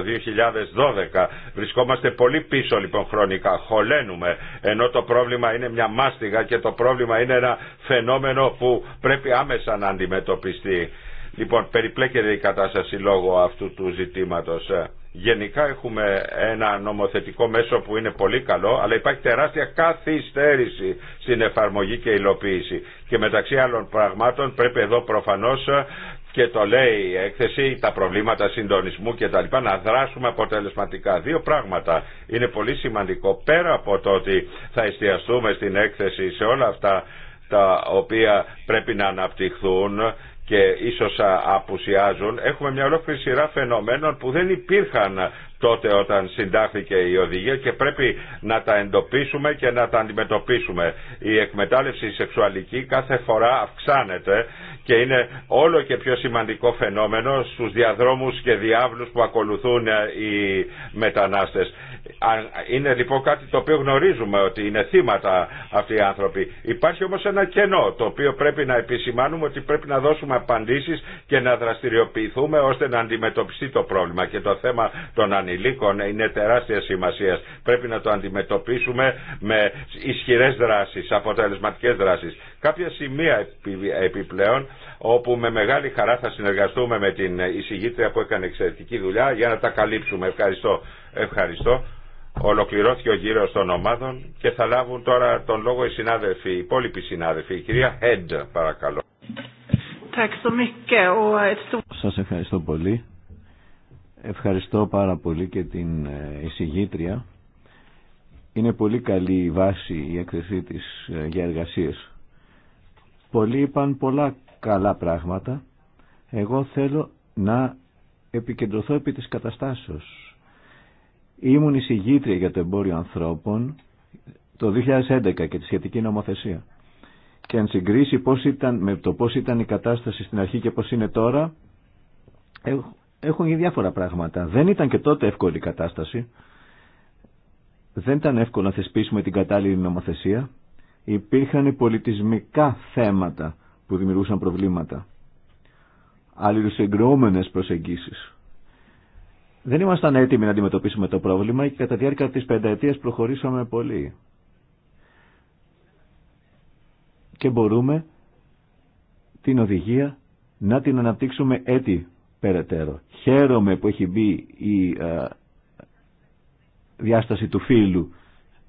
C: 2012. Βρισκόμαστε πολύ πίσω λοιπόν χρονικά, χωλένουμε, ενώ το πρόβλημα είναι μια μάστιγα και το πρόβλημα είναι ένα φαινόμενο που πρέπει άμεσα να αντιμετωπιστεί. Λοιπόν, περιπλέκεται η κατάσταση λόγω αυτού του ζητήματος. Γενικά έχουμε ένα νομοθετικό μέσο που είναι πολύ καλό, αλλά υπάρχει τεράστια καθυστέρηση στην εφαρμογή και υλοποίηση. Και μεταξύ άλλων πραγμάτων πρέπει εδώ προφανώς ε, και το λέει η έκθεση, τα προβλήματα συντονισμού και τα να δράσουμε αποτελεσματικά. Δύο πράγματα είναι πολύ σημαντικό, πέρα από το ότι θα εστιαστούμε στην έκθεση σε όλα αυτά τα οποία πρέπει να αναπτυχθούν και ίσως απουσιάζουν, έχουμε μια ολόκληρη σειρά φαινομένων που δεν υπήρχαν τότε όταν συντάχθηκε η οδηγία και πρέπει να τα εντοπίσουμε και να τα αντιμετωπίσουμε. Η εκμετάλλευση σεξουαλική κάθε φορά αυξάνεται και είναι όλο και πιο σημαντικό φαινόμενο στους διαδρόμους και διάβλους που ακολουθούν ε, οι μετανάστες. Είναι λοιπόν κάτι το οποίο γνωρίζουμε ότι είναι θύματα αυτοί οι άνθρωποι. Υπάρχει όμως ένα κενό το οποίο πρέπει να επισημάνουμε ότι πρέπει να δώσουμε απαντήσεις και να δραστηριοποιηθούμε ώστε να αντιμετωπιστεί το πρόβλημα και το θέμα των ανηλίκων είναι τεράστια σημασία. Πρέπει να το αντιμετωπίσουμε με ισχυρέ δράσει, αποτελεσματικέ δράσει. Κάποια σημεία επιπλέον όπου με μεγάλη χαρά θα συνεργαστούμε με την εισηγήτρια που έκανε εξαιρετική δουλειά για να τα καλύψουμε. Ευχαριστώ. Ευχαριστώ. Ολοκληρώθηκε ο γύρος των ομάδων και θα λάβουν τώρα τον λόγο οι συνάδελφοι, οι υπόλοιποι συνάδελφοι. Η κυρία Χέντ, παρακαλώ.
B: Σας ευχαριστώ πολύ. Ευχαριστώ πάρα πολύ και την ε, εισηγήτρια. Είναι πολύ καλή η βάση η έκθεσή της ε, για εργασίες. Πολλοί είπαν πολλά καλά πράγματα. Εγώ θέλω να επικεντρωθώ επί της καταστάσεως. Ήμουν εισηγήτρια για το εμπόριο ανθρώπων το 2011 και τη σχετική νομοθεσία. Και αν συγκρίσει πώς ήταν, με το πώς ήταν η κατάσταση στην αρχή και πώς είναι τώρα, έχουν γίνει διάφορα πράγματα. Δεν ήταν και τότε εύκολη η κατάσταση. Δεν ήταν εύκολο να θεσπίσουμε την κατάλληλη νομοθεσία. Υπήρχαν πολιτισμικά θέματα που δημιουργούσαν προβλήματα. Αλληλουσυγκρούμενες προσεγγίσεις. Δεν ήμασταν έτοιμοι να αντιμετωπίσουμε το πρόβλημα και κατά τη διάρκεια της πενταετίας προχωρήσαμε πολύ. Και μπορούμε την οδηγία να την αναπτύξουμε έτη περαιτέρω. Χαίρομαι που έχει μπει η ε, διάσταση του φίλου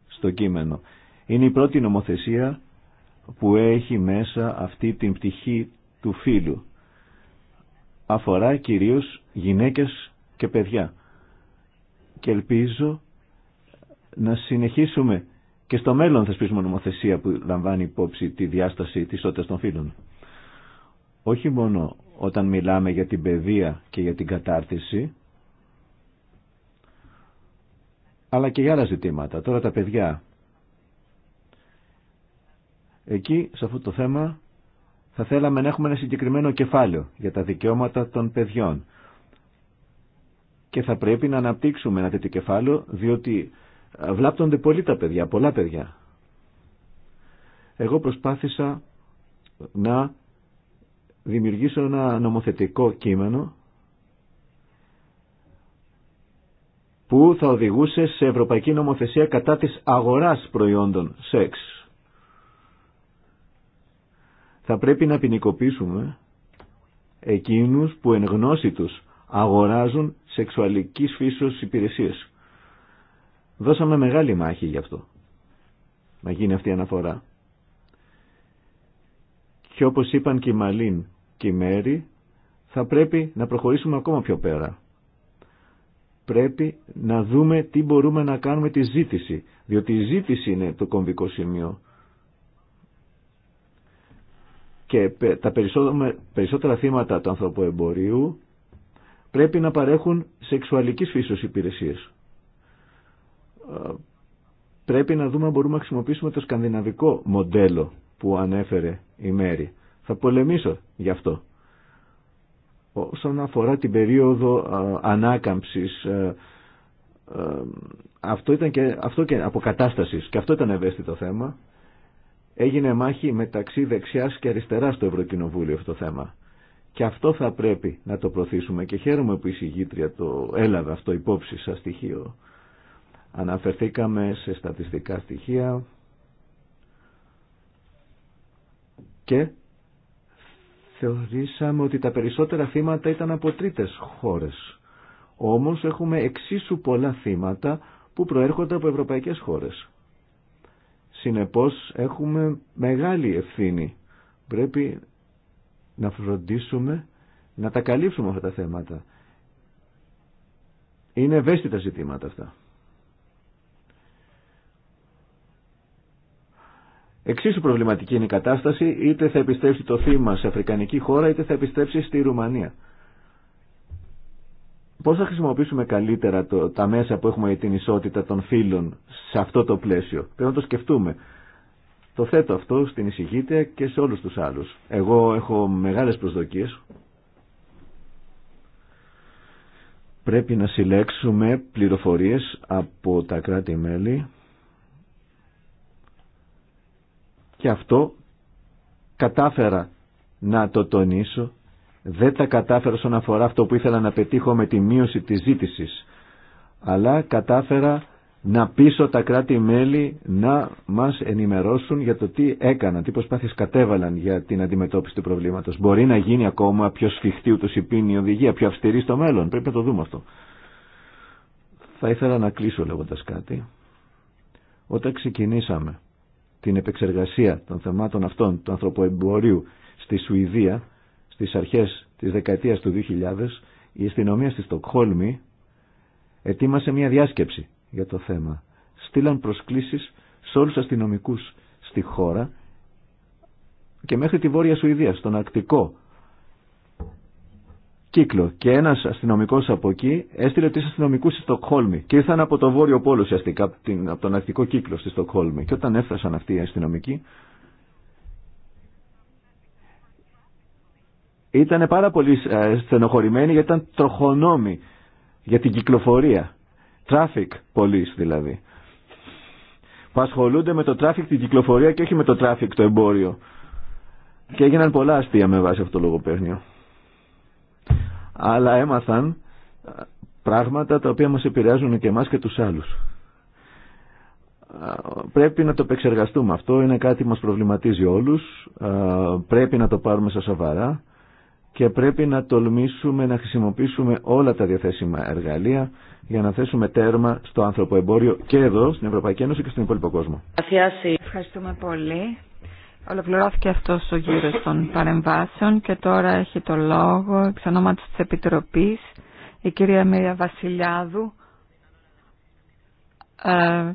B: στο κείμενο. Είναι η πρώτη νομοθεσία που έχει μέσα αυτή την πτυχή του φίλου. Αφορά κυρίως γυναίκες και παιδιά. Και ελπίζω να συνεχίσουμε και στο μέλλον θεσπίσουμε νομοθεσία που λαμβάνει υπόψη τη διάσταση της ισότητας των φύλων. Όχι μόνο όταν μιλάμε για την παιδεία και για την κατάρτιση, αλλά και για άλλα ζητήματα. Τώρα τα παιδιά. Εκεί, σε αυτό το θέμα, θα θέλαμε να έχουμε ένα συγκεκριμένο κεφάλαιο για τα δικαιώματα των παιδιών. Και θα πρέπει να αναπτύξουμε ένα τέτοιο κεφάλαιο, διότι ε, βλάπτονται πολύ τα παιδιά, πολλά παιδιά. Εγώ προσπάθησα να δημιουργήσω ένα νομοθετικό κείμενο που θα οδηγούσε σε ευρωπαϊκή νομοθεσία κατά της αγοράς προϊόντων σεξ. Θα πρέπει να ποινικοποιήσουμε εκείνους που εν γνώση τους αγοράζουν σεξουαλικής φύσεως υπηρεσίες. Δώσαμε μεγάλη μάχη γι' αυτό. Να γίνει αυτή η αναφορά. Και όπως είπαν και οι Μαλίν και η μέρη, θα πρέπει να προχωρήσουμε ακόμα πιο πέρα. Πρέπει να δούμε τι μπορούμε να κάνουμε τη ζήτηση, διότι η ζήτηση είναι το κομβικό σημείο. Και τα περισσότερα θύματα του ανθρωποεμπορίου πρέπει να παρέχουν σεξουαλικής φύσεως υπηρεσίες. Πρέπει να δούμε αν μπορούμε να χρησιμοποιήσουμε το σκανδιναβικό μοντέλο που ανέφερε η Μέρη. Θα πολεμήσω γι' αυτό. Όσον αφορά την περίοδο ανάκαμψης, ε, ε, αυτό ήταν και, αυτό και αποκατάστασης και αυτό ήταν ευαίσθητο θέμα. Έγινε μάχη μεταξύ δεξιάς και αριστεράς στο Ευρωκοινοβούλιο αυτό το θέμα. Και αυτό θα πρέπει να το προθίσουμε και χαίρομαι που η συγγήτρια το έλαβε αυτό υπόψη σαν στοιχείο. Αναφερθήκαμε σε στατιστικά στοιχεία και θεωρήσαμε ότι τα περισσότερα θύματα ήταν από τρίτες χώρες. Όμως έχουμε εξίσου πολλά θύματα που προέρχονται από ευρωπαϊκές χώρες. Συνεπώς έχουμε μεγάλη ευθύνη. Πρέπει να φροντίσουμε να τα καλύψουμε αυτά τα θέματα. Είναι ευαίσθητα ζητήματα αυτά. Εξίσου προβληματική είναι η κατάσταση, είτε θα επιστρέψει το θύμα σε αφρικανική χώρα, είτε θα επιστρέψει στη Ρουμανία. Πώς θα χρησιμοποιήσουμε καλύτερα το, τα μέσα που έχουμε για την ισότητα των φίλων σε αυτό το πλαίσιο. Πρέπει να το σκεφτούμε. Το θέτω αυτό στην εισηγήτρια και σε όλους τους άλλους. Εγώ έχω μεγάλες προσδοκίες. Πρέπει να συλλέξουμε πληροφορίες από τα κράτη-μέλη Και αυτό κατάφερα να το τονίσω. Δεν τα κατάφερα όσον αφορά αυτό που ήθελα να πετύχω με τη μείωση της ζήτησης. Αλλά κατάφερα να πείσω τα κράτη-μέλη να μας ενημερώσουν για το τι έκαναν, τι προσπάθειες κατέβαλαν για την αντιμετώπιση του προβλήματος. Μπορεί να γίνει ακόμα πιο σφιχτή ούτως υπήν η οδηγία, πιο αυστηρή στο μέλλον. Πρέπει να το δούμε αυτό. Θα ήθελα να κλείσω λέγοντας κάτι. Όταν ξεκινήσαμε την επεξεργασία των θεμάτων αυτών του ανθρωποεμπορίου στη Σουηδία στις αρχές της δεκαετίας του 2000 η αστυνομία στη Στοκχόλμη ετοίμασε μια διάσκεψη για το θέμα. Στείλαν προσκλήσεις σε όλους αστυνομικούς στη χώρα και μέχρι τη Βόρεια Σουηδία, στον Ακτικό κύκλο και ένα αστυνομικό από εκεί έστειλε τρει αστυνομικού στη Στοκχόλμη και ήρθαν από το Βόρειο Πόλο ουσιαστικά από, τον αρχικό κύκλο στη Στοκχόλμη και όταν έφτασαν αυτοί οι αστυνομικοί ήταν πάρα πολύ ε, στενοχωρημένοι γιατί ήταν τροχονόμοι για την κυκλοφορία. Traffic police δηλαδή. Που ασχολούνται με το traffic την κυκλοφορία και όχι με το traffic το εμπόριο. Και έγιναν πολλά αστεία με βάση αυτό το λογοπαίγνιο αλλά έμαθαν ε, πράγματα τα οποία μας επηρεάζουν και εμάς και τους άλλους. Ε, πρέπει να το επεξεργαστούμε αυτό, είναι κάτι που μας προβληματίζει όλους, ε, πρέπει να το πάρουμε στα σοβαρά και πρέπει να τολμήσουμε να χρησιμοποιήσουμε όλα τα διαθέσιμα εργαλεία για να θέσουμε τέρμα στο άνθρωπο εμπόριο και εδώ, στην Ευρωπαϊκή Ένωση και στον υπόλοιπο κόσμο.
A: Ευχαριστούμε πολύ. Ολοκληρώθηκε αυτό ο γύρο των παρεμβάσεων και τώρα έχει το λόγο εξ ονόματο της Επιτροπής η κυρία Μίρια Βασιλιάδου ε,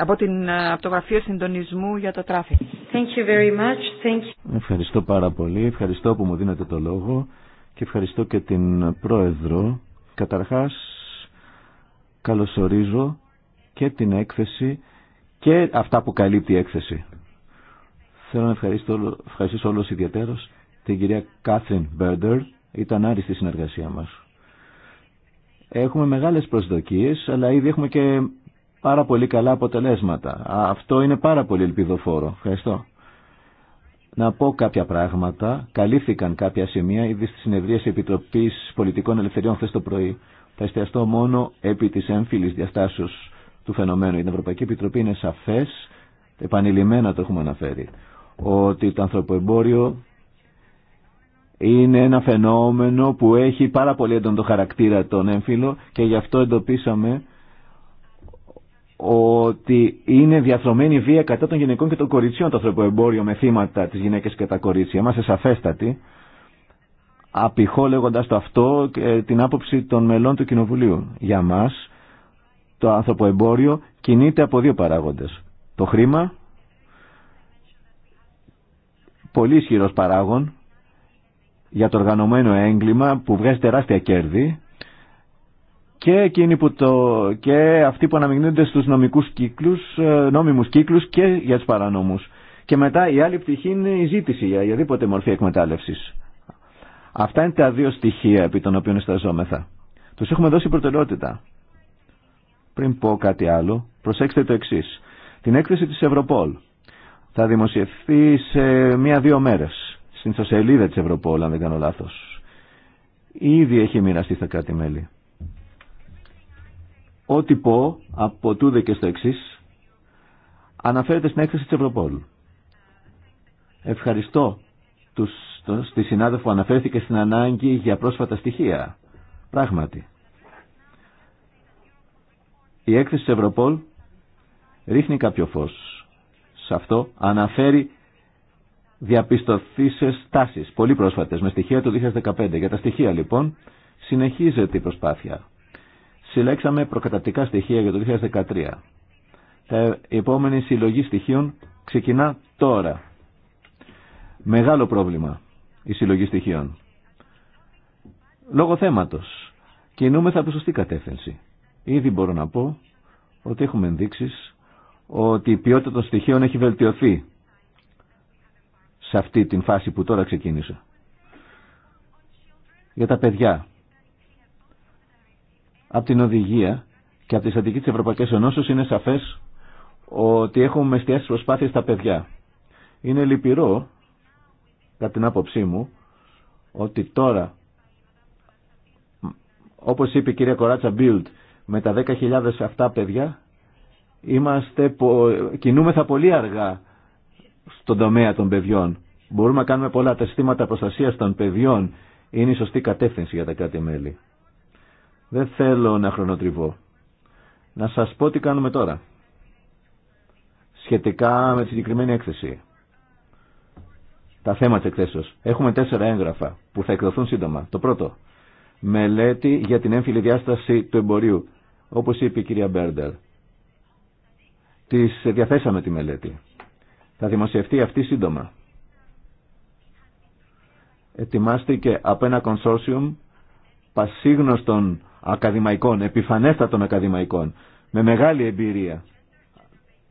A: από, την, ε, από το Γραφείο Συντονισμού για το Τράφικ.
B: Ευχαριστώ πάρα πολύ. Ευχαριστώ που μου δίνετε το λόγο και ευχαριστώ και την Πρόεδρο. Καταρχάς καλωσορίζω και την έκθεση και αυτά που καλύπτει η έκθεση. Θέλω να ευχαριστήσω, ευχαριστήσω όλους ιδιαίτερος την κυρία Κάθριν Μπέρντερ. Ήταν άριστη η συνεργασία μας. Έχουμε μεγάλες προσδοκίες, αλλά ήδη έχουμε και πάρα πολύ καλά αποτελέσματα. Αυτό είναι πάρα πολύ ελπιδοφόρο. Ευχαριστώ. Να πω κάποια πράγματα. Καλύφθηκαν κάποια σημεία ήδη στις συνεδρίες Επιτροπής Πολιτικών Ελευθεριών χθε το πρωί. Θα εστιαστώ μόνο επί της έμφυλης διαστάσεως του φαινομένου. Η Ευρωπαϊκή Επιτροπή είναι σαφές, επανειλημμένα το έχουμε αναφέρει ότι το ανθρωποεμπόριο είναι ένα φαινόμενο που έχει πάρα πολύ έντονο χαρακτήρα τον έμφυλο και γι' αυτό εντοπίσαμε ότι είναι διαθρωμένη βία κατά των γυναικών και των κοριτσιών το ανθρωποεμπόριο με θύματα τις γυναίκες και τα κορίτσια. Είμαστε σαφέστατοι, απηχώ λέγοντας το αυτό την άποψη των μελών του Κοινοβουλίου. Για μας το ανθρωποεμπόριο κινείται από δύο παράγοντες. Το χρήμα πολύ ισχυρό παράγων για το οργανωμένο έγκλημα που βγάζει τεράστια κέρδη και, εκείνοι που το, και αυτοί που αναμειγνύονται στους νομικούς κύκλους, ε, νόμιμους κύκλους και για τους παρανόμους. Και μετά η άλλη πτυχή είναι η ζήτηση για οποιαδήποτε μορφή εκμετάλλευσης. Αυτά είναι τα δύο στοιχεία επί των οποίων εσταζόμεθα. Τους έχουμε δώσει προτεραιότητα. Πριν πω κάτι άλλο, προσέξτε το εξής. Την έκθεση της Ευρωπόλ θα δημοσιευθεί σε μία-δύο μέρες στην ιστοσελίδα της Ευρωπόλ, αν δεν κάνω λάθος. Ήδη έχει μοιραστεί στα κράτη-μέλη. Ό,τι πω από τούδε και στο εξή αναφέρεται στην έκθεση της Ευρωπόλ. Ευχαριστώ τους, το, στη συνάδελφο αναφέρθηκε στην ανάγκη για πρόσφατα στοιχεία. Πράγματι. Η έκθεση της Ευρωπόλ ρίχνει κάποιο φως αυτό αναφέρει διαπιστωθήσεις τάσεις, πολύ πρόσφατες, με στοιχεία του 2015. Για τα στοιχεία λοιπόν συνεχίζεται η προσπάθεια. Συλλέξαμε προκαταπτικά στοιχεία για το 2013. Τα επόμενη συλλογή στοιχείων ξεκινά τώρα. Μεγάλο πρόβλημα η συλλογή στοιχείων. Λόγω θέματος. Κινούμεθα από σωστή κατεύθυνση. Ήδη μπορώ να πω ότι έχουμε ενδείξεις ότι η ποιότητα των στοιχείων έχει βελτιωθεί σε αυτή την φάση που τώρα ξεκίνησε. Για τα παιδιά. Από την οδηγία και από τη στατική της Ευρωπαϊκής Ενώσεως είναι σαφές ότι έχουμε εστιάσει προσπάθειες στα παιδιά. Είναι λυπηρό, κατά την άποψή μου, ότι τώρα, όπως είπε η κυρία Κοράτσα Μπίλτ, με τα 10.000 αυτά παιδιά Είμαστε, κινούμεθα πολύ αργά στον τομέα των παιδιών. Μπορούμε να κάνουμε πολλά. Τα συστήματα προστασία των παιδιών είναι η σωστή κατεύθυνση για τα κάτι μέλη. Δεν θέλω να χρονοτριβώ. Να σας πω τι κάνουμε τώρα. Σχετικά με τη συγκεκριμένη έκθεση. Τα θέματα της Έχουμε τέσσερα έγγραφα που θα εκδοθούν σύντομα. Το πρώτο. Μελέτη για την έμφυλη διάσταση του εμπορίου. Όπως είπε η κυρία Μπέρντερ. Της διαθέσαμε τη μελέτη. Θα δημοσιευτεί αυτή σύντομα. Ετοιμάστηκε από ένα κονσόρσιουμ πασίγνωστων ακαδημαϊκών, επιφανέστατων ακαδημαϊκών, με μεγάλη εμπειρία,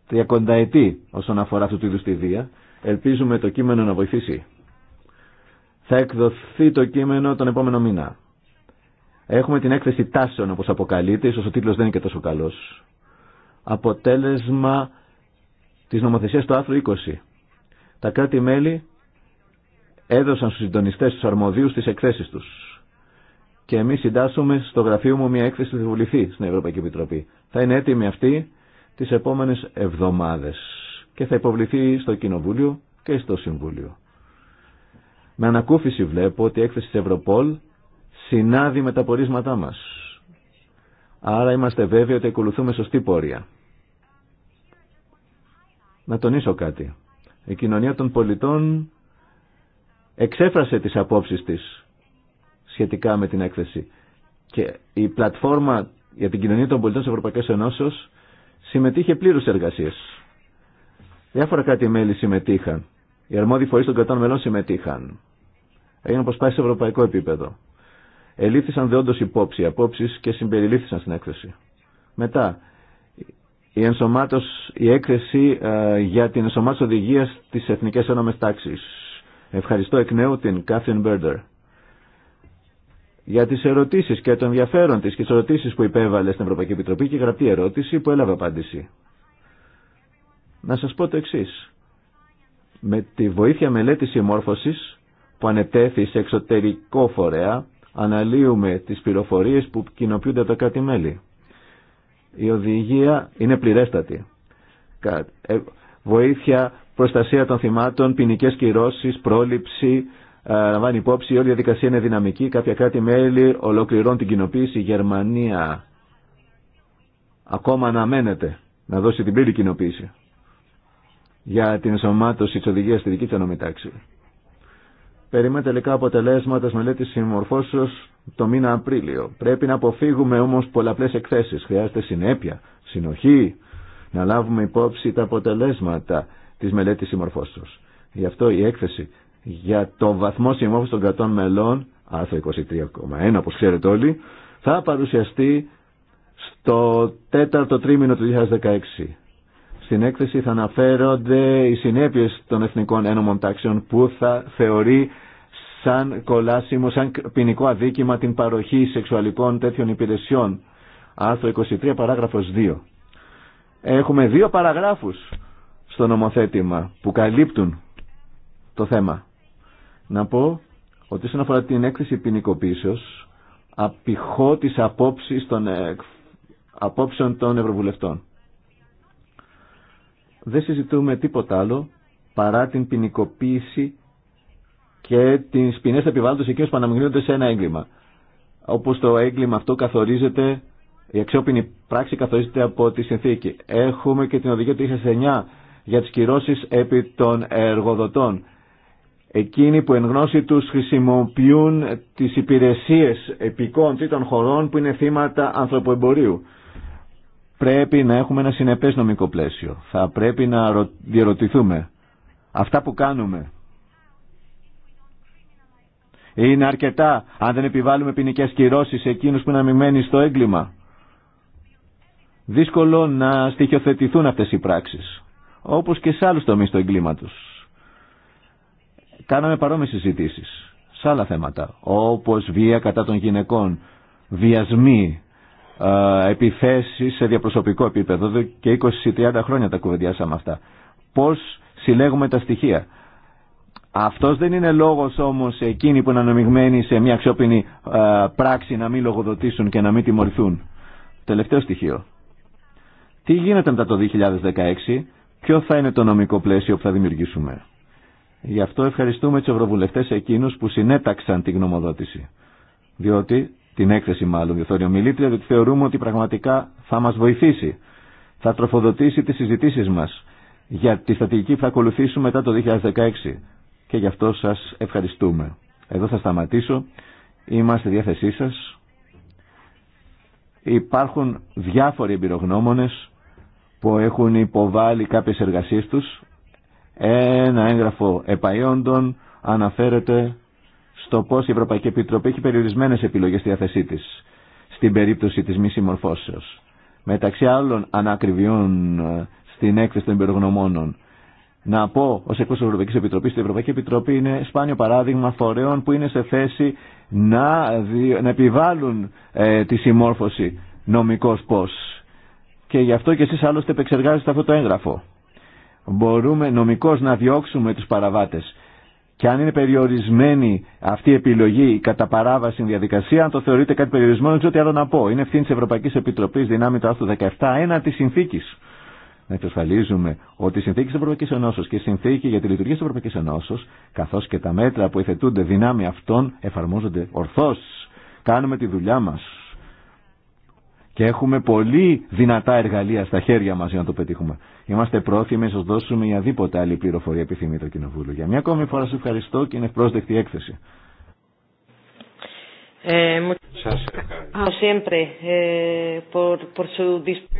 B: τριακονταετή όσον αφορά αυτού του είδους τη βία. Ελπίζουμε το κείμενο να βοηθήσει. Θα εκδοθεί το κείμενο τον επόμενο μήνα. Έχουμε την έκθεση τάσεων όπως αποκαλείται, ίσως ο τίτλος δεν είναι και τόσο καλός αποτέλεσμα της νομοθεσίας του άρθρου 20. Τα κράτη-μέλη έδωσαν στους συντονιστές τους αρμοδίους τις εκθέσεις τους. Και εμείς συντάσσουμε στο γραφείο μου μια έκθεση που θα στην Ευρωπαϊκή Επιτροπή. Θα είναι έτοιμη αυτή τις επόμενες εβδομάδες και θα υποβληθεί στο Κοινοβούλιο και στο Συμβούλιο. Με ανακούφιση βλέπω ότι η έκθεση της Ευρωπόλ συνάδει με τα πορίσματά μας. Άρα είμαστε βέβαιοι ότι ακολουθούμε σωστή πορεία. Να τονίσω κάτι. Η κοινωνία των πολιτών εξέφρασε τις απόψεις της σχετικά με την έκθεση. Και η πλατφόρμα για την κοινωνία των πολιτών της Ευρωπαϊκής Ενώσεως συμμετείχε πλήρους εργασίες. Διάφορα κάτι μέλη συμμετείχαν. Οι αρμόδιοι φορείς των κρατών μελών συμμετείχαν. Έγιναν πάει σε ευρωπαϊκό επίπεδο ελήφθησαν δεόντως υπόψη, απόψεις και συμπεριλήφθησαν στην έκθεση. Μετά, η, η έκθεση ε, για την ενσωμάτωση οδηγία της εθνικές ένωμες Τάξης. Ευχαριστώ εκ νέου την Κάθριν Μπέρντερ για τις ερωτήσεις και το ενδιαφέρον της και τις ερωτήσεις που υπέβαλε στην Ευρωπαϊκή Επιτροπή και γραπτή ερώτηση που έλαβε απάντηση. Να σας πω το εξή. Με τη βοήθεια μελέτης συμμόρφωσης που ανετέθη σε εξωτερικό φορέα αναλύουμε τις πληροφορίες που κοινοποιούνται από τα κράτη-μέλη. Η οδηγία είναι πληρέστατη. Ε, βοήθεια, προστασία των θυμάτων, ποινικέ κυρώσεις, πρόληψη, λαμβάνει υπόψη, όλη η διαδικασια διαδικασία είναι δυναμική. Κάποια κράτη-μέλη ολοκληρώνουν την κοινοποίηση. Η Γερμανία ακόμα αναμένεται να δώσει την πλήρη κοινοποίηση για την ενσωμάτωση τη οδηγία στη δική της ανομητάξη. Περιμένουμε τελικά αποτελέσματα τη μελέτη συμμορφώσεω το μήνα Απρίλιο. Πρέπει να αποφύγουμε όμω πολλαπλέ εκθέσει. Χρειάζεται συνέπεια, συνοχή, να λάβουμε υπόψη τα αποτελέσματα τη μελέτη συμμορφώσεω. Γι' αυτό η έκθεση για το βαθμό συμμόρφωση των κρατών μελών, άρθρο 23,1 όπω ξέρετε όλοι, θα παρουσιαστεί στο τέταρτο τρίμηνο του 2016. Στην έκθεση θα αναφέρονται οι συνέπειες των εθνικών ένωμων τάξεων που θα θεωρεί σαν κολάσιμο, σαν ποινικό αδίκημα την παροχή σεξουαλικών τέτοιων υπηρεσιών. Άρθρο 23, παράγραφος 2. Έχουμε δύο παραγράφους στο νομοθέτημα που καλύπτουν το θέμα. Να πω ότι όσον αφορά την έκθεση ποινικοποίησεως, απηχώ τις απόψεις των, απόψεων των Ευρωβουλευτών δεν συζητούμε τίποτα άλλο παρά την ποινικοποίηση και τις ποινές επιβάλλοντες εκείνου που αναμειγνύονται σε ένα έγκλημα. Όπω το έγκλημα αυτό καθορίζεται, η αξιόπινη πράξη καθορίζεται από τη συνθήκη. Έχουμε και την οδηγία του 2009 για τις κυρώσει επί των εργοδοτών. Εκείνοι που εν γνώση τους χρησιμοποιούν τι υπηρεσίε επικών τρίτων χωρών που είναι θύματα ανθρωποεμπορίου πρέπει να έχουμε ένα συνεπές νομικό πλαίσιο. Θα πρέπει να διαρωτηθούμε. Αυτά που κάνουμε είναι αρκετά αν δεν επιβάλλουμε ποινικέ κυρώσει σε εκείνους που είναι αμυμένοι στο έγκλημα. Δύσκολο να στοιχειοθετηθούν αυτές οι πράξεις, όπως και σε άλλους τομείς του εγκλήματος. Κάναμε παρόμοιες συζητήσει σε άλλα θέματα, όπως βία κατά των γυναικών, βιασμοί, ε, επιθέσεις σε διαπροσωπικό επίπεδο και 20-30 χρόνια τα κουβεντιάσαμε αυτά. Πώς συλλέγουμε τα στοιχεία. Αυτός δεν είναι λόγος όμως εκείνοι που είναι αναμειγμένοι σε μια αξιόπινη ε, πράξη να μην λογοδοτήσουν και να μην τιμωρηθούν. Τελευταίο στοιχείο. Τι γίνεται μετά το 2016, ποιο θα είναι το νομικό πλαίσιο που θα δημιουργήσουμε. Γι' αυτό ευχαριστούμε τους ευρωβουλευτές εκείνους που συνέταξαν τη γνωμοδότηση. Διότι την έκθεση μάλλον διορθώνει ομιλήτρια, διότι θεωρούμε ότι πραγματικά θα μας βοηθήσει. Θα τροφοδοτήσει τις συζητήσεις μας για τη στρατηγική που θα ακολουθήσουμε μετά το 2016. Και γι' αυτό σας ευχαριστούμε. Εδώ θα σταματήσω. Είμαστε διάθεσή σας. Υπάρχουν διάφοροι εμπειρογνώμονες που έχουν υποβάλει κάποιες εργασίες τους. Ένα έγγραφο επαϊόντων αναφέρεται στο πώ η Ευρωπαϊκή Επιτροπή έχει περιορισμένε επιλογέ στη διάθεσή τη στην περίπτωση τη μη συμμορφώσεω. Μεταξύ άλλων ανακριβιών ε, στην έκθεση των υπερογνωμόνων... Να πω ως εκπρόσωπος Επιτροπή Επιτροπής, η Ευρωπαϊκή Επιτροπή είναι σπάνιο παράδειγμα φορέων που είναι σε θέση να, να επιβάλλουν ε, τη συμμόρφωση νομικός πώ. Και γι' αυτό και εσείς άλλωστε επεξεργάζεστε αυτό το έγγραφο. Μπορούμε νομικώ να διώξουμε του παραβάτε. Και αν είναι περιορισμένη αυτή η επιλογή κατά παράβαση διαδικασία, αν το θεωρείτε κάτι περιορισμένο, δεν ξέρω τι άλλο να πω. Είναι ευθύνη τη Ευρωπαϊκή Επιτροπή δυνάμει του άρθρου ένα τη συνθήκη. Να εξασφαλίζουμε ότι η συνθήκη τη Ευρωπαϊκή Ενώσεω και η συνθήκη για τη λειτουργία τη Ευρωπαϊκή Ενώσεω, καθώ και τα μέτρα που υθετούνται δυνάμει αυτών, εφαρμόζονται ορθώ. Κάνουμε τη δουλειά μα. Και έχουμε πολύ δυνατά εργαλεία στα χέρια μα για να το πετύχουμε. Είμαστε πρόθυμοι να σα δώσουμε για άλλη πληροφορία επιθυμεί το Κοινοβούλιο. Για μια ακόμη φορά σα ευχαριστώ και είναι ευπρόσδεκτη έκθεση.
A: Ε, ευχαριστώ.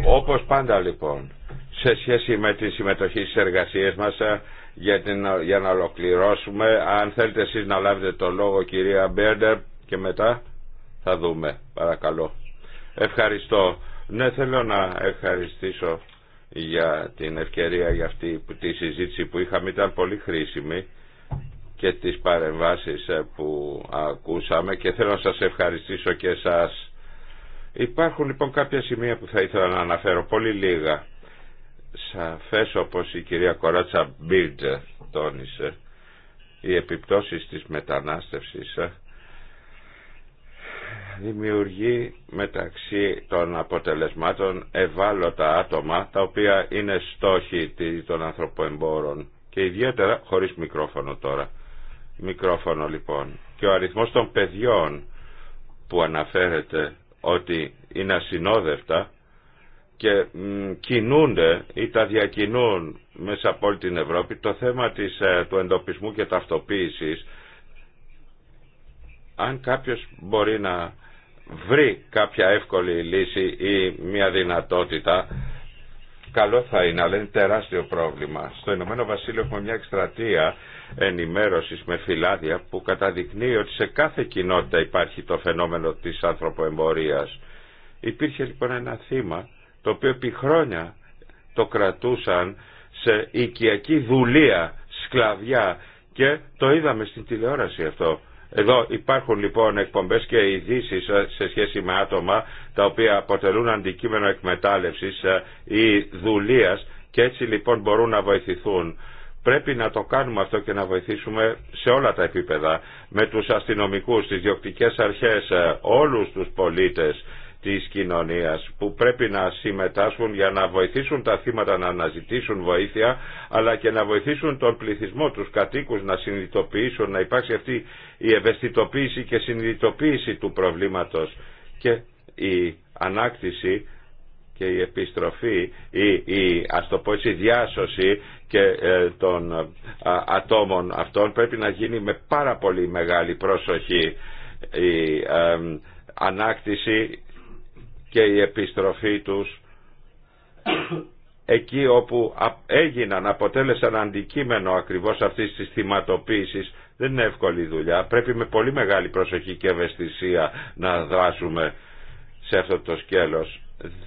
C: Όπως πάντα λοιπόν, σε σχέση με τη συμμετοχή στι εργασίες μας, ε, για, για να ολοκληρώσουμε, αν θέλετε εσεί να λάβετε το λόγο κυρία Μπέρντερ και μετά θα δούμε. Παρακαλώ. Ευχαριστώ. Ναι, θέλω να ευχαριστήσω για την ευκαιρία για αυτή τη συζήτηση που είχαμε ήταν πολύ χρήσιμη και τις παρεμβάσεις ε, που ακούσαμε και θέλω να σας ευχαριστήσω και σας Υπάρχουν λοιπόν κάποια σημεία που θα ήθελα να αναφέρω, πολύ λίγα. Σαφές όπως η κυρία Κοράτσα Μπίρτζε τόνισε, οι επιπτώσεις της μετανάστευσης ε, δημιουργεί μεταξύ των αποτελεσμάτων ευάλωτα άτομα τα οποία είναι στόχοι των ανθρωποεμπόρων και ιδιαίτερα χωρίς μικρόφωνο τώρα. Μικρόφωνο λοιπόν. Και ο αριθμός των παιδιών που αναφέρεται ότι είναι ασυνόδευτα και κινούνται ή τα διακινούν μέσα από όλη την Ευρώπη το θέμα της, ε, του εντοπισμού και ταυτοποίησης αν κάποιος μπορεί να βρει κάποια εύκολη λύση ή μια δυνατότητα καλό θα είναι, αλλά είναι τεράστιο πρόβλημα. Στο Ηνωμένο Βασίλειο έχουμε μια εκστρατεία ενημέρωσης με φυλάδια που καταδεικνύει ότι σε κάθε κοινότητα υπάρχει το φαινόμενο της ανθρωποεμπορίας. Υπήρχε λοιπόν ένα θύμα το οποίο επί χρόνια το κρατούσαν σε οικιακή δουλεία, σκλαβιά και το είδαμε στην τηλεόραση αυτό εδώ υπάρχουν λοιπόν εκπομπές και ειδήσει ε, σε σχέση με άτομα τα οποία αποτελούν αντικείμενο εκμετάλλευσης ε, ή δουλείας και έτσι λοιπόν μπορούν να βοηθηθούν. Πρέπει να το κάνουμε αυτό και να βοηθήσουμε σε όλα τα επίπεδα, με τους αστυνομικούς, τις διοκτικές αρχές, ε, όλους τους πολίτες της κοινωνίας που πρέπει να συμμετάσχουν για να βοηθήσουν τα θύματα να αναζητήσουν βοήθεια αλλά και να βοηθήσουν τον πληθυσμό, τους κατοίκους να συνειδητοποιήσουν, να υπάρξει αυτή η ευαισθητοποίηση και συνειδητοποίηση του προβλήματος και η ανάκτηση και η επιστροφή ή η διάσωση και ε, των ατόμων αυτών πρέπει να γίνει με πάρα πολύ μεγάλη προσοχή η ε, ανάκτηση και η επιστροφή τους εκεί όπου έγιναν, αποτέλεσαν αντικείμενο ακριβώς αυτής της θυματοποίησης δεν είναι εύκολη δουλειά. Πρέπει με πολύ μεγάλη προσοχή και ευαισθησία να δράσουμε σε αυτό το σκέλος.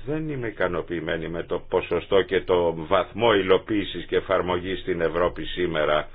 C: Δεν είμαι ικανοποιημένη με το ποσοστό και το βαθμό υλοποίησης και εφαρμογή στην Ευρώπη σήμερα.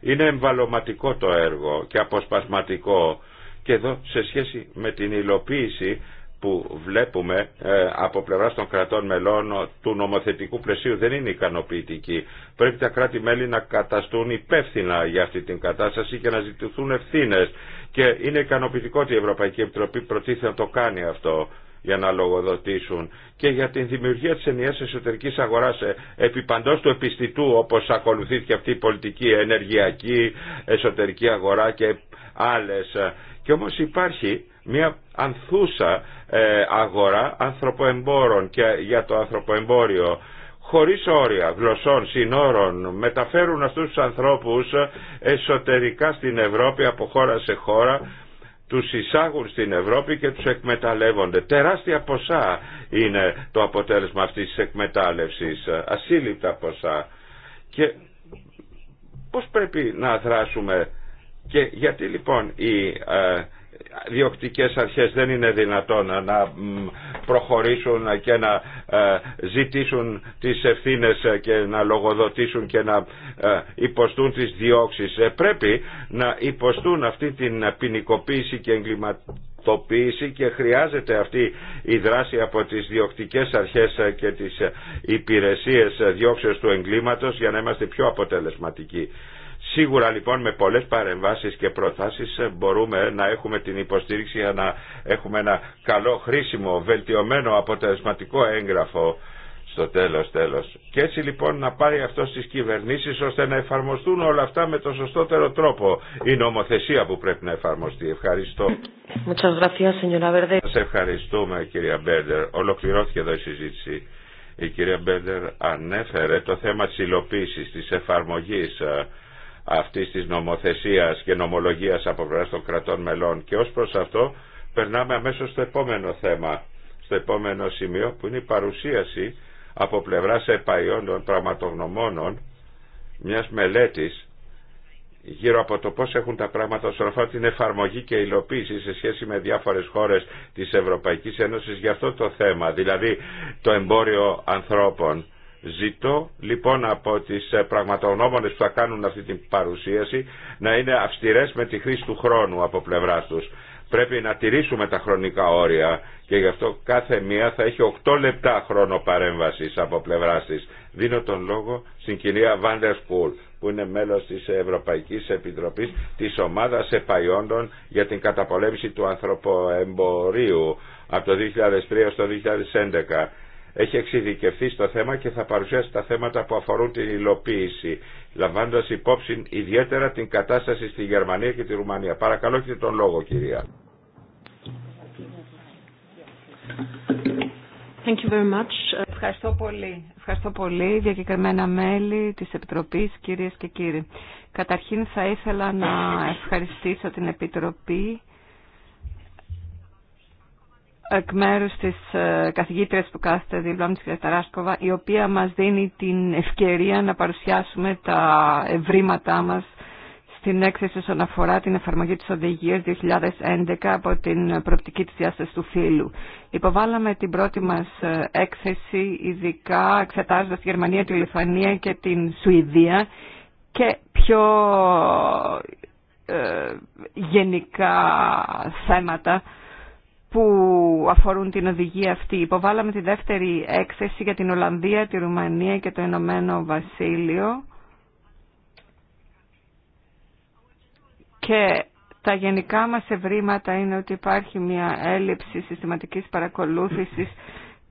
C: Είναι εμβαλωματικό το έργο και αποσπασματικό και εδώ σε σχέση με την υλοποίηση που βλέπουμε ε, από πλευράς των κρατών μελών του νομοθετικού πλαισίου δεν είναι ικανοποιητική. Πρέπει τα κράτη-μέλη να καταστούν υπεύθυνα για αυτή την κατάσταση και να ζητηθούν ευθύνε. Και είναι ικανοποιητικό ότι η Ευρωπαϊκή Επιτροπή προτίθεται να το κάνει αυτό για να λογοδοτήσουν και για την δημιουργία της ενιαίας εσωτερικής αγοράς ε, επί παντός του επιστητού όπως ακολουθήθηκε αυτή η πολιτική ενεργειακή εσωτερική αγορά και άλλε. Και όμως υπάρχει μια ανθούσα ε, αγορά ανθρωποεμπόρων και για το ανθρωποεμπόριο χωρίς όρια γλωσσών, συνόρων, μεταφέρουν αυτούς τους ανθρώπους εσωτερικά στην Ευρώπη από χώρα σε χώρα, τους εισάγουν στην Ευρώπη και τους εκμεταλλεύονται. Τεράστια ποσά είναι το αποτέλεσμα αυτής της εκμετάλλευσης, ασύλληπτα ποσά. Και πώς πρέπει να δράσουμε και γιατί λοιπόν η ε, διοκτικές αρχές δεν είναι δυνατόν να προχωρήσουν και να ε, ζητήσουν τις ευθύνες ε, και να λογοδοτήσουν και να ε, υποστούν τις διώξεις. Πρέπει να υποστούν αυτή την ποινικοποίηση και εγκληματοποίηση και χρειάζεται αυτή η δράση από τις διοκτικές αρχές και τις υπηρεσίες διώξεως του εγκλήματος για να είμαστε πιο αποτελεσματικοί. Σίγουρα λοιπόν με πολλές παρεμβάσεις και προτάσεις ε, μπορούμε να έχουμε την υποστήριξη για να έχουμε ένα καλό, χρήσιμο, βελτιωμένο αποτελεσματικό έγγραφο στο τέλος τέλος. Και έτσι λοιπόν να πάρει αυτό στις κυβερνήσεις ώστε να εφαρμοστούν όλα αυτά με το σωστότερο τρόπο. Η νομοθεσία που πρέπει να εφαρμοστεί. Ευχαριστώ. Σας ευχαριστούμε κυρία Μπέρντερ. Ολοκληρώθηκε εδώ η συζήτηση. Η κυρία Μπέρντερ ανέφερε το θέμα της υλοποίησης, της εφαρμογής ε, αυτής της νομοθεσίας και νομολογίας από πλευρά των κρατών μελών και ως προς αυτό περνάμε αμέσως στο επόμενο θέμα, στο επόμενο σημείο που είναι η παρουσίαση από πλευράς επαϊών των πραγματογνωμόνων μιας μελέτης γύρω από το πώς έχουν τα πράγματα όσον αφορά την εφαρμογή και υλοποίηση σε σχέση με διάφορες χώρες της Ευρωπαϊκής Ένωσης για αυτό το θέμα, δηλαδή το εμπόριο ανθρώπων Ζητώ λοιπόν από τις ε, πραγματογνώμονες που θα κάνουν αυτή την παρουσίαση να είναι αυστηρές με τη χρήση του χρόνου από πλευρά τους. Πρέπει να τηρήσουμε τα χρονικά όρια και γι' αυτό κάθε μία θα έχει 8 λεπτά χρόνο παρέμβασης από πλευρά της. Δίνω τον λόγο στην κυρία Βάντερ Σπούλ που είναι μέλος της Ευρωπαϊκής Επιτροπής της Ομάδας Επαϊόντων για την καταπολέμηση του ανθρωποεμπορίου από το 2003 στο 2011 έχει εξειδικευθεί στο θέμα και θα παρουσιάσει τα θέματα που αφορούν την υλοποίηση, λαμβάνοντας υπόψη ιδιαίτερα την κατάσταση στη Γερμανία και τη Ρουμανία. Παρακαλώ έχετε τον λόγο κυρία.
A: Thank you very much. Ευχαριστώ πολύ. Ευχαριστώ πολύ διακεκριμένα μέλη της Επιτροπής, κυρίες και κύριοι. Καταρχήν θα ήθελα να ευχαριστήσω την Επιτροπή εκ μέρους της ε, καθηγήτριας που κάθεται δίπλα μου, της η οποία μας δίνει την ευκαιρία να παρουσιάσουμε τα ευρήματά μας στην έκθεση όσον αφορά την εφαρμογή της οδηγίας 2011 από την προοπτική της διάσταση του φύλου. Υποβάλαμε την πρώτη μας ε, έκθεση ειδικά εξετάζοντας τη Γερμανία, τη Λιθανία και την Σουηδία και πιο ε, γενικά θέματα που αφορούν την οδηγία αυτή. Υποβάλαμε τη δεύτερη έκθεση για την Ολλανδία, τη Ρουμανία και το Ενωμένο Βασίλειο. Και τα γενικά μας ευρήματα είναι ότι υπάρχει μια έλλειψη συστηματικής παρακολούθησης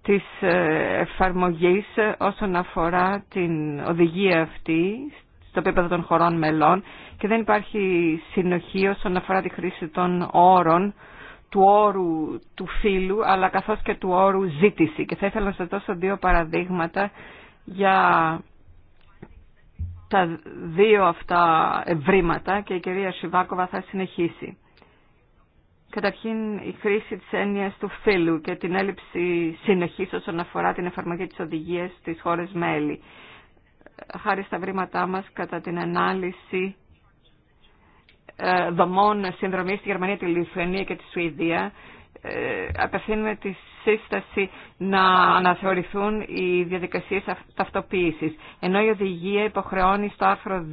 A: της ε, εφαρμογής όσον αφορά την οδηγία αυτή στο επίπεδο των χωρών μελών και δεν υπάρχει συνοχή όσον αφορά τη χρήση των όρων του όρου του φίλου, αλλά καθώς και του όρου ζήτηση και θα ήθελα να σας δώσω δύο παραδείγματα για τα δύο αυτά ευρήματα και η κυρία Σιβάκοβα θα συνεχίσει. Καταρχήν η χρήση της έννοιας του φίλου και την έλλειψη συνεχής όσον αφορά την εφαρμογή της οδηγίας στις χώρες μέλη. Χάρη στα βρήματά μας κατά την ανάλυση ε, δομών συνδρομή στη Γερμανία, τη Λιθουανία και τη Σουηδία ε, απευθύνουμε τη σύσταση να αναθεωρηθούν οι διαδικασίε ταυτοποίηση. Ενώ η οδηγία υποχρεώνει στο άρθρο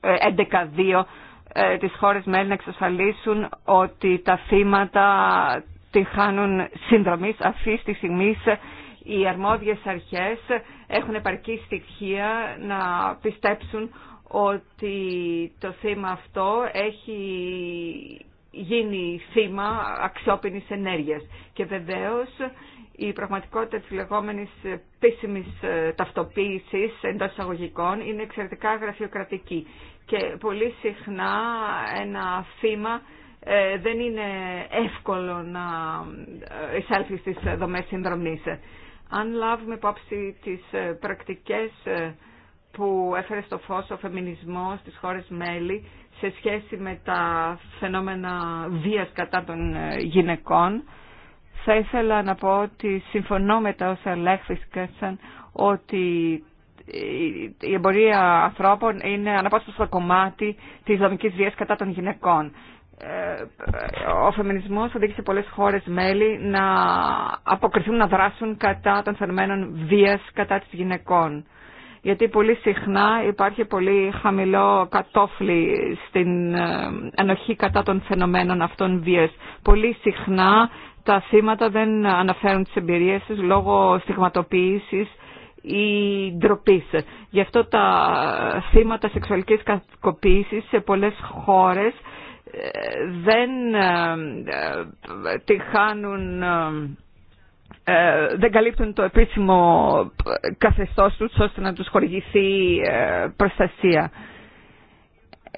A: 11.2 τις χώρες μέλη να εξασφαλίσουν ότι τα θύματα τη χάνουν συνδρομής αυτή τη στιγμή οι αρμόδιες αρχές έχουν επαρκή στοιχεία να πιστέψουν ότι το θύμα αυτό έχει γίνει θύμα αξιόπινης ενέργειας. Και βεβαίως η πραγματικότητα της λεγόμενης πίσιμης ε, ταυτοποίησης εντός εισαγωγικών είναι εξαιρετικά γραφειοκρατική. Και πολύ συχνά ένα θύμα ε, δεν είναι εύκολο να ε, εισέλθει στις δομές συνδρομής. Αν λάβουμε υπόψη τις πρακτικές που έφερε στο φως ο φεμινισμός στις χώρες μέλη σε σχέση με τα φαινόμενα βίας κατά των ε, γυναικών. Θα ήθελα να πω ότι συμφωνώ με τα όσα λέχθησαν ότι ε, η εμπορία ανθρώπων είναι στο κομμάτι της δομικής βίας κατά των γυναικών. Ε, ο φεμινισμός οδήγησε πολλές χώρες μέλη να αποκριθούν να δράσουν κατά των φαινομένων βίας κατά της γυναικών γιατί πολύ συχνά υπάρχει πολύ χαμηλό κατόφλι στην ε, ενοχή κατά των φαινομένων αυτών βίας. Πολύ συχνά τα θύματα δεν αναφέρουν τις εμπειρίες τους λόγω στιγματοποίησης ή ντροπή. Γι' αυτό τα θύματα σεξουαλικής κακοποίησης σε πολλές χώρες ε, δεν ε, τη χάνουν ε, δεν καλύπτουν το επίσημο καθεστώς τους ώστε να τους χορηγηθεί ε, προστασία.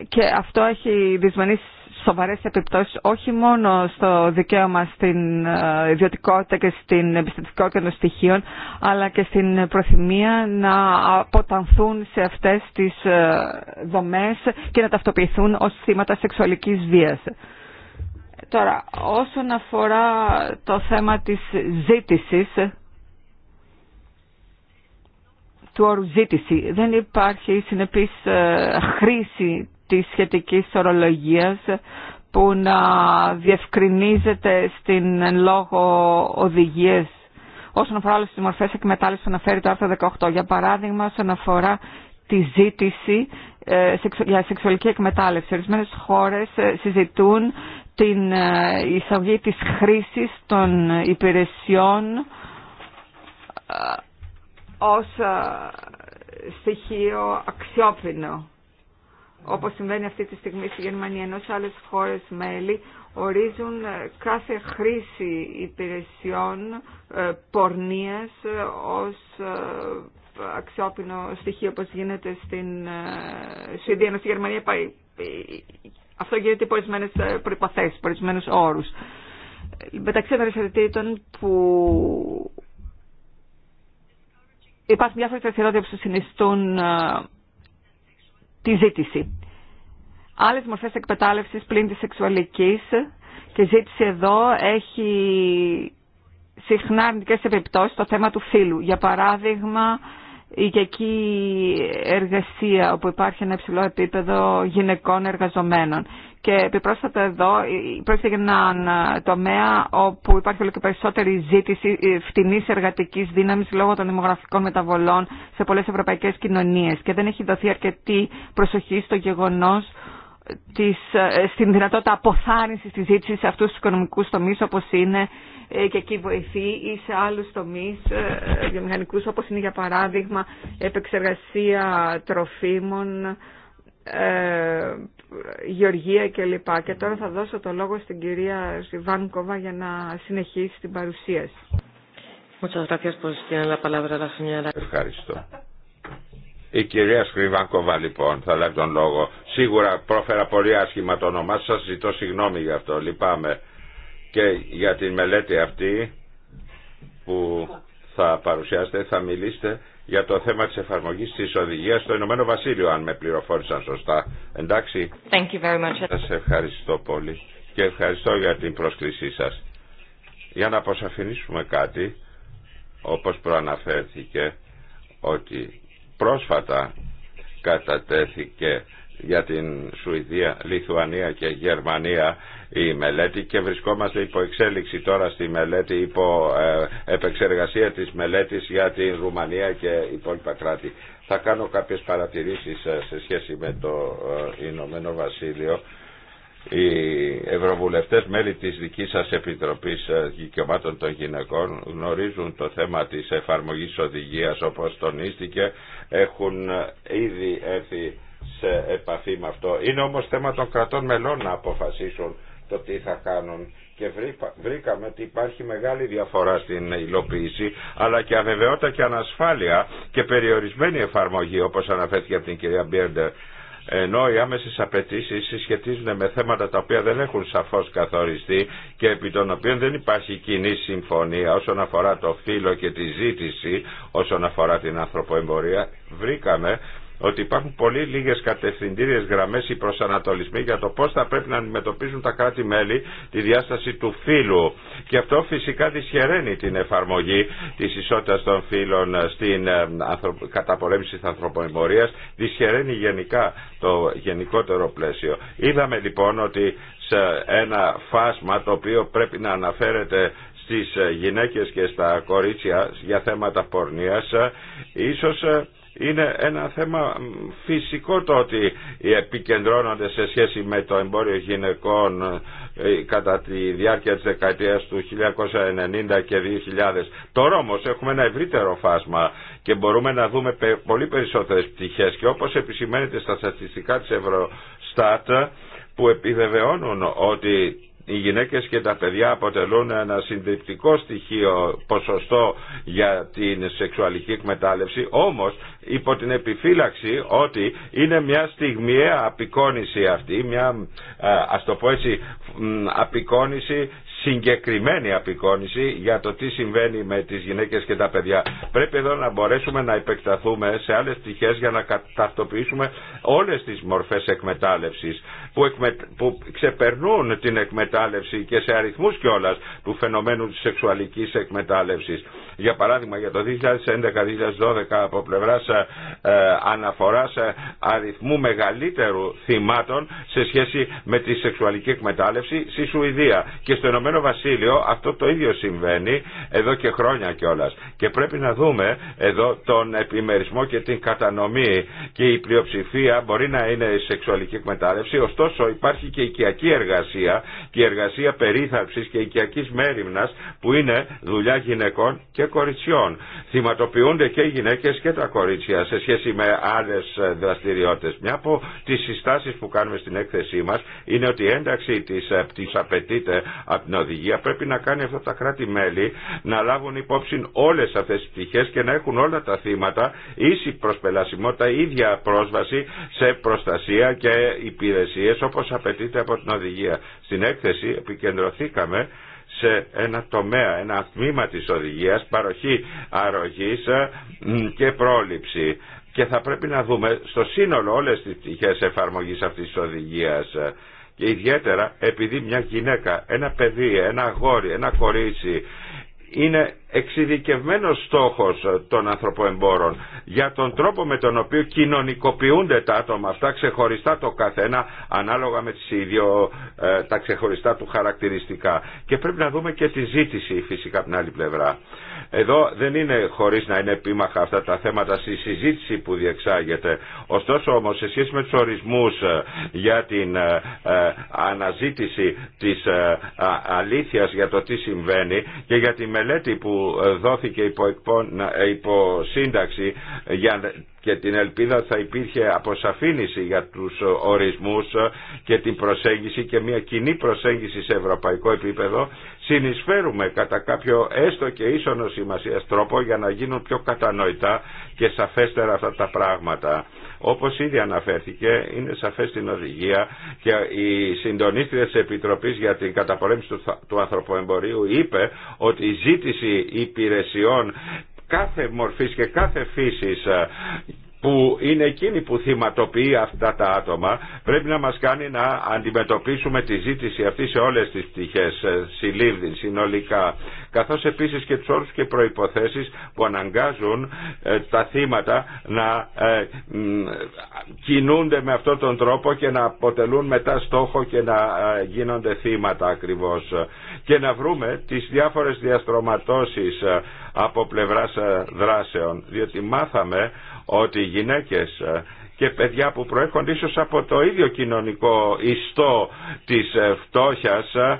A: Και αυτό έχει δυσμενεί σοβαρές επιπτώσεις όχι μόνο στο δικαίωμα στην ε, ιδιωτικότητα και στην επιστημικότητα των στοιχείων αλλά και στην προθυμία να αποτανθούν σε αυτές τις δομές και να ταυτοποιηθούν ως θύματα σεξουαλικής βίας. Τώρα, όσον αφορά το θέμα της ζήτησης, του όρου ζήτηση, δεν υπάρχει συνεπής ε, χρήση της σχετικής ορολογίας που να διευκρινίζεται στην λόγο οδηγίες όσον αφορά όλες τις μορφές εκμετάλλευσης που αναφέρει το άρθρο 18. Για παράδειγμα, όσον αφορά τη ζήτηση ε, για σεξουαλική εκμετάλλευση. Ορισμένε χώρες ε, συζητούν την ε, εισαγωγή της χρήσης των υπηρεσιών ε, ως ε, στοιχείο αξιόπινο όπως συμβαίνει αυτή τη στιγμή στη Γερμανία ενώ σε άλλες χώρες μέλη ορίζουν κάθε χρήση υπηρεσιών πορνείας ως αξιόπινο στοιχείο όπως γίνεται στην Σουηδία. Στη Γερμανία αυτό γίνεται υπό ορισμένε ε, προποθέσει, υπό ορισμένου όρου. Μεταξύ των που υπάρχουν διάφορε δραστηριότητε που συνιστούν ε, τη ζήτηση. Άλλες μορφές εκπετάλευσης πλην της σεξουαλικής και ζήτηση εδώ έχει συχνά αρνητικές επιπτώσεις στο θέμα του φύλου. Για παράδειγμα, η οικιακή εργασία όπου υπάρχει ένα υψηλό επίπεδο γυναικών εργαζομένων. Και επιπρόσθετα εδώ πρόκειται για έναν τομέα όπου υπάρχει όλο και περισσότερη ζήτηση ε, φτηνή εργατική δύναμη λόγω των δημογραφικών μεταβολών σε πολλέ ευρωπαϊκέ κοινωνίε. Και δεν έχει δοθεί αρκετή προσοχή στο γεγονό της, ε, στην δυνατότητα αποθάρρυνσης τη ζήτηση σε αυτού του οικονομικού τομεί, όπω είναι ε, και εκεί βοηθεί ή σε άλλους τομείς ε, βιομηχανικούς όπως είναι για παράδειγμα επεξεργασία τροφίμων, ε, γεωργία κλπ. Και τώρα θα δώσω το λόγο στην κυρία Ζιβάνκοβα για να συνεχίσει την παρουσίαση. Ευχαριστώ.
C: Η κυρία Σκριβάνκοβα λοιπόν θα λέει τον λόγο. Σίγουρα πρόφερα πολύ άσχημα το όνομά σας, ζητώ συγγνώμη γι' αυτό, λυπάμαι. Και για την μελέτη αυτή που θα παρουσιάσετε, θα μιλήσετε για το θέμα της εφαρμογής της οδηγίας στο Ηνωμένο Βασίλειο, αν με πληροφόρησαν σωστά. Εντάξει.
A: Thank
C: ευχαριστώ πολύ και ευχαριστώ για την πρόσκλησή σας. Για να αποσαφηνίσουμε κάτι, όπως προαναφέρθηκε, ότι πρόσφατα κατατέθηκε για την Σουηδία, Λιθουανία και Γερμανία η μελέτη και βρισκόμαστε υπό εξέλιξη τώρα στη μελέτη, υπό ε, επεξεργασία της μελέτης για την Ρουμανία και υπόλοιπα κράτη. Θα κάνω κάποιες παρατηρήσεις ε, σε σχέση με το ε, Ηνωμένο Βασίλειο. Οι ευρωβουλευτές μέλη της δικής σας Επιτροπής Δικαιωμάτων των Γυναικών γνωρίζουν το θέμα της εφαρμογής οδηγίας όπως τονίστηκε έχουν ήδη έρθει σε επαφή με αυτό. Είναι όμως θέμα των κρατών μελών να αποφασίσουν το τι θα κάνουν και βρήκαμε ότι υπάρχει μεγάλη διαφορά στην υλοποίηση αλλά και αβεβαιότητα και ανασφάλεια και περιορισμένη εφαρμογή όπως αναφέρθηκε από την κυρία Μπίρντερ ενώ οι άμεσες απαιτήσει συσχετίζουν με θέματα τα οποία δεν έχουν σαφώς καθοριστεί και επί των οποίων δεν υπάρχει κοινή συμφωνία όσον αφορά το φύλλο και τη ζήτηση όσον αφορά την ανθρωποεμπορία βρήκαμε ότι υπάρχουν πολύ λίγε κατευθυντήριε γραμμές ή προσανατολισμοί για το πώ θα πρέπει να αντιμετωπίζουν τα κράτη-μέλη τη διάσταση του φύλου. Και αυτό φυσικά δυσχεραίνει την εφαρμογή της ισότητας των φύλων στην ε, καταπολέμηση της ανθρωποεμπορίας, δυσχεραίνει γενικά το γενικότερο πλαίσιο. Είδαμε λοιπόν ότι σε ένα φάσμα το οποίο πρέπει να αναφέρεται στις γυναίκες και στα κορίτσια για θέματα πορνείας, ε, ίσως ε, είναι ένα θέμα φυσικό το ότι επικεντρώνονται σε σχέση με το εμπόριο γυναικών ε, κατά τη διάρκεια της δεκαετίας του 1990 και 2000. Τώρα όμως έχουμε ένα ευρύτερο φάσμα και μπορούμε να δούμε πολύ περισσότερες πτυχές και όπως επισημαίνεται στα στατιστικά της Ευρωστάτ που επιβεβαιώνουν ότι οι γυναίκες και τα παιδιά αποτελούν ένα συντριπτικό στοιχείο ποσοστό για την σεξουαλική εκμετάλλευση όμως υπό την επιφύλαξη ότι είναι μια στιγμιαία απεικόνηση αυτή μια ας το πω έτσι απεικόνηση συγκεκριμένη απεικόνηση για το τι συμβαίνει με τις γυναίκες και τα παιδιά. Πρέπει εδώ να μπορέσουμε να επεκταθούμε σε άλλες πτυχές για να ταυτοποιήσουμε όλες τις μορφές εκμετάλλευσης που, εκμε... που ξεπερνούν την εκμετάλλευση και σε αριθμούς κιόλας του φαινομένου της σεξουαλικής εκμετάλλευσης. Για παράδειγμα για το 2011-2012 από πλευράς ε, ε αναφοράς ε, αριθμού μεγαλύτερου θυμάτων σε σχέση με τη σεξουαλική εκμετάλλευση στη Σουηδία και στο Ηνωμένο Βασίλειο αυτό το ίδιο συμβαίνει εδώ και χρόνια κιόλα. Και πρέπει να δούμε εδώ τον επιμερισμό και την κατανομή και η πλειοψηφία μπορεί να είναι σεξουαλική εκμετάλλευση, ωστόσο υπάρχει και οικιακή εργασία και η εργασία περίθαλψης και οικιακής μέρημνας που είναι δουλειά γυναικών και κοριτσιών. Θυματοποιούνται και οι γυναίκες και τα κορίτσια σε σχέση με άλλες δραστηριότητες. Μια από τις συστάσεις που κάνουμε στην έκθεσή μας είναι ότι η ένταξη της, ε, απαιτείται από την οδηγία πρέπει να κάνει αυτά τα κράτη-μέλη να λάβουν υπόψη όλες αυτές τις πτυχές και να έχουν όλα τα θύματα ίση προσπελασιμότητα, ίδια πρόσβαση σε προστασία και υπηρεσίες όπως απαιτείται από την οδηγία. Στην έκθεση επικεντρωθήκαμε σε ένα τομέα, ένα τμήμα της οδηγίας, παροχή αρρωγής ε, και πρόληψη. Και θα πρέπει να δούμε στο σύνολο όλες τις πτυχές εφαρμογής αυτής της οδηγίας. Και ιδιαίτερα επειδή μια γυναίκα, ένα παιδί, ένα αγόρι, ένα κορίτσι είναι εξειδικευμένος στόχος των ανθρωποεμπόρων για τον τρόπο με τον οποίο κοινωνικοποιούνται τα άτομα αυτά ξεχωριστά το καθένα ανάλογα με τις ίδιο, ε, τα ξεχωριστά του χαρακτηριστικά και πρέπει να δούμε και τη ζήτηση φυσικά από την άλλη πλευρά. Εδώ δεν είναι χωρίς να είναι επίμαχα αυτά τα θέματα στη συζήτηση που διεξάγεται. Ωστόσο όμως σε σχέση με τους ορισμούς ε, για την ε, αναζήτηση της αλήθειας για το τι συμβαίνει και για τη μελέτη που δόθηκε υπό, σύνταξη για και την ελπίδα θα υπήρχε αποσαφήνιση για τους ορισμούς και την προσέγγιση και μια κοινή προσέγγιση σε ευρωπαϊκό επίπεδο συνεισφέρουμε κατά κάποιο έστω και ίσονο σημασία τρόπο για να γίνουν πιο κατανοητά και σαφέστερα αυτά τα πράγματα. Όπως ήδη αναφέρθηκε, είναι σαφές στην οδηγία και η συντονίστρια της Επιτροπής για την καταπολέμηση του ανθρωποεμπορίου είπε ότι η ζήτηση υπηρεσιών κάθε μορφής και κάθε φύσης που είναι εκείνη που θυματοποιεί αυτά τα άτομα πρέπει να μας κάνει να αντιμετωπίσουμε τη ζήτηση αυτή σε όλες τις πτυχές ε, συλλήβδη, συνολικά καθώς επίσης και τους όρους και προϋποθέσεις που αναγκάζουν ε, τα θύματα να ε, κινούνται με αυτόν τον τρόπο και να αποτελούν μετά στόχο και να γίνονται θύματα ακριβώς και να βρούμε τις διάφορες διαστρωματώσεις από πλευράς δράσεων διότι μάθαμε ότι οι γυναίκες ε, και παιδιά που προέρχονται ίσως από το ίδιο κοινωνικό ιστό της ε, φτώχειας ε,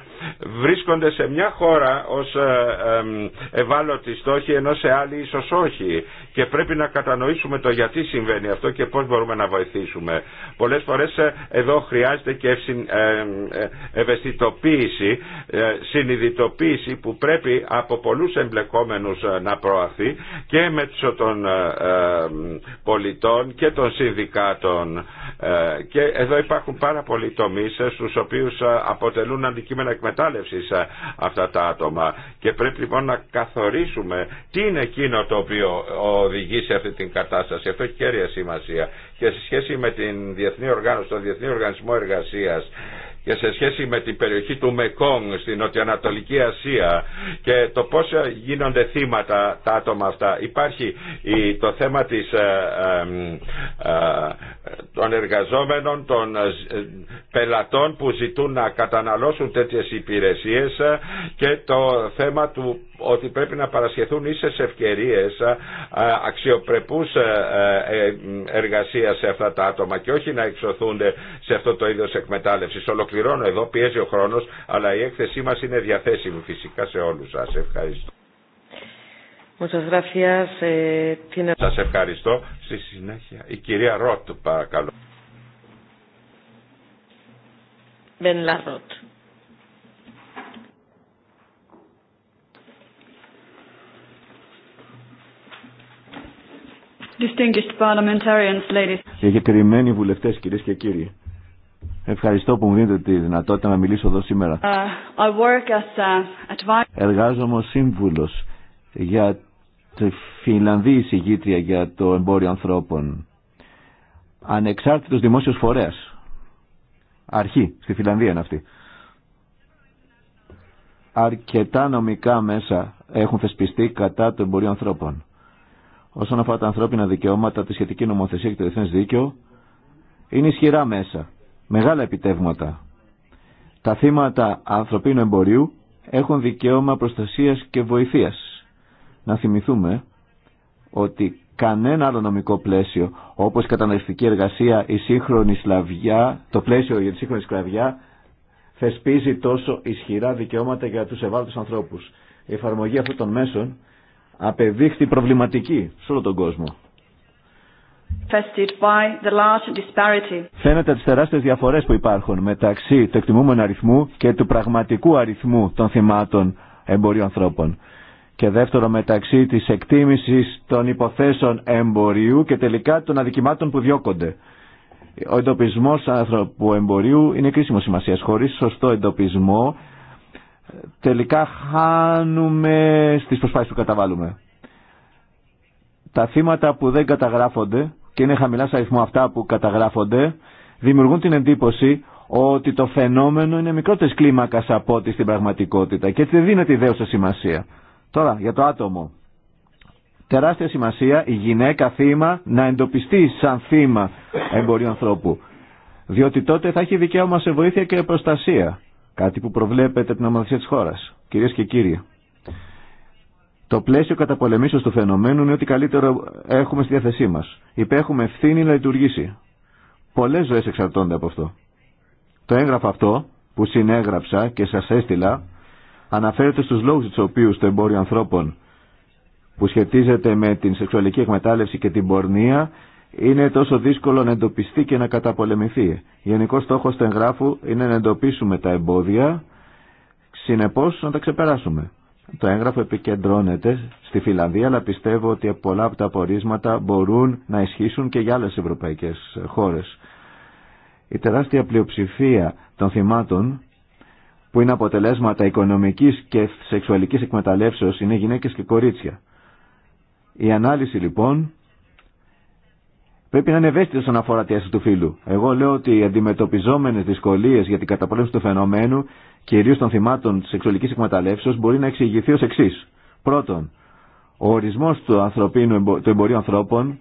C: βρίσκονται σε μια χώρα ως ε, ευάλωτη στόχη ενώ σε άλλη ίσως όχι και πρέπει να κατανοήσουμε το γιατί συμβαίνει αυτό και πώς μπορούμε να βοηθήσουμε. Πολλές φορές εδώ χρειάζεται και ευαισθητοποίηση, συνειδητοποίηση που πρέπει από πολλούς εμπλεκόμενους να προαθεί και μέσω των πολιτών και των συνδικών ε, και εδώ υπάρχουν πάρα πολλοί τομείς ε, στους οποίους ε, αποτελούν αντικείμενα εκμετάλλευσης αυτά τα άτομα και πρέπει λοιπόν να καθορίσουμε τι είναι εκείνο το οποίο οδηγεί σε αυτή την κατάσταση. Αυτό έχει κέρια σημασία και σε σχέση με την Διεθνή Οργάνωση, τον Διεθνή Οργανισμό Εργασίας και σε σχέση με την περιοχή του Μεκόν στην Νοτιοανατολική Ασία και το πόσο ε, γίνονται θύματα τα άτομα αυτά. Υπάρχει το θέμα της, ε, ε, των εργαζόμενων, των πελατών που ζητούν να καταναλώσουν τέτοιες υπηρεσίες και το θέμα του ότι πρέπει να παρασχεθούν ίσες ευκαιρίες αξιοπρεπούς εργασίας σε αυτά τα άτομα και όχι να εξωθούνται σε αυτό το είδος εκμετάλλευσης ολοκληρώνω εδώ, πιέζει ο χρόνο, αλλά η έκθεσή μα είναι διαθέσιμη φυσικά σε όλου. Σα Ευχαριστώ.
A: Eh,
C: Σα ευχαριστώ. Στη συνέχεια η κυρία Ρότ παρακαλώ.
A: Μπεν Ρότ. Distinguished parliamentarians, ladies.
B: Εγκεκριμένοι βουλευτές, κυρίες και κύριοι. Ευχαριστώ που μου δίνετε τη δυνατότητα να μιλήσω εδώ σήμερα. Uh, Εργάζομαι ως σύμβουλος για τη Φινλανδία εισηγήτρια για το εμπόριο ανθρώπων. Ανεξάρτητος δημόσιος φορέας. Αρχή, στη Φιλανδία είναι αυτή. Αρκετά νομικά μέσα έχουν θεσπιστεί κατά το εμπορίο ανθρώπων. Όσον αφορά τα ανθρώπινα δικαιώματα, τη σχετική νομοθεσία και το διεθνές δίκαιο, είναι ισχυρά μέσα μεγάλα επιτεύγματα. Τα θύματα ανθρωπίνου εμπορίου έχουν δικαίωμα προστασίας και βοηθείας. Να θυμηθούμε ότι κανένα άλλο νομικό πλαίσιο, όπως η καταναλιστική εργασία, η σύγχρονη σλαβιά, το πλαίσιο για τη σύγχρονη σκλαβιά, θεσπίζει τόσο ισχυρά δικαιώματα για τους ευάλωτους ανθρώπους. Η εφαρμογή αυτών των μέσων απεδείχθη προβληματική σε όλο τον κόσμο. Φαίνεται τις τεράστιε διαφορές που υπάρχουν μεταξύ του εκτιμούμενου αριθμού και του πραγματικού αριθμού των θυμάτων εμπορίου ανθρώπων. Και δεύτερο μεταξύ της εκτίμησης των υποθέσεων εμπορίου και τελικά των αδικημάτων που διώκονται. Ο εντοπισμό άνθρωπου εμπορίου είναι κρίσιμο σημασία. Χωρίς σωστό εντοπισμό τελικά χάνουμε στι προσπάθειε που καταβάλουμε. Τα θύματα που δεν καταγράφονται και είναι χαμηλά σε αριθμό αυτά που καταγράφονται, δημιουργούν την εντύπωση ότι το φαινόμενο είναι μικρότερη κλίμακα από ό,τι στην πραγματικότητα και έτσι δεν δίνεται σε σημασία. Τώρα, για το άτομο. Τεράστια σημασία η γυναίκα θύμα να εντοπιστεί σαν θύμα εμπορίου ανθρώπου. Διότι τότε θα έχει δικαίωμα σε βοήθεια και προστασία. Κάτι που προβλέπεται την ομοθεσία τη χώρα. Κυρίε και κύριοι. Το πλαίσιο καταπολεμήσεω του φαινομένου είναι ότι καλύτερο έχουμε στη διάθεσή μα. Υπέχουμε ευθύνη να λειτουργήσει. Πολλέ ζωέ εξαρτώνται από αυτό. Το έγγραφο αυτό που συνέγραψα και σα έστειλα αναφέρεται στου λόγου του οποίου το εμπόριο ανθρώπων που σχετίζεται με την σεξουαλική εκμετάλλευση και την πορνεία είναι τόσο δύσκολο να εντοπιστεί και να καταπολεμηθεί. Γενικό στόχο του εγγράφου είναι να εντοπίσουμε τα εμπόδια, συνεπώ να τα ξεπεράσουμε. Το έγγραφο επικεντρώνεται στη Φιλανδία, αλλά πιστεύω ότι πολλά από τα απορίσματα μπορούν να ισχύσουν και για άλλες ευρωπαϊκές χώρες. Η τεράστια πλειοψηφία των θυμάτων που είναι αποτελέσματα οικονομικής και σεξουαλικής εκμεταλλεύσεως είναι γυναίκες και κορίτσια. Η ανάλυση λοιπόν Πρέπει να είναι ευαίσθητο όσον αφορά τη αίσθηση του φύλου. Εγώ λέω ότι οι αντιμετωπιζόμενε δυσκολίε για την καταπολέμηση του φαινομένου, κυρίω των θυμάτων τη σεξουαλική εκμεταλλεύσεω, μπορεί να εξηγηθεί ω εξή. Πρώτον, ο ορισμό του, ανθρωπίνου, του εμπορίου ανθρώπων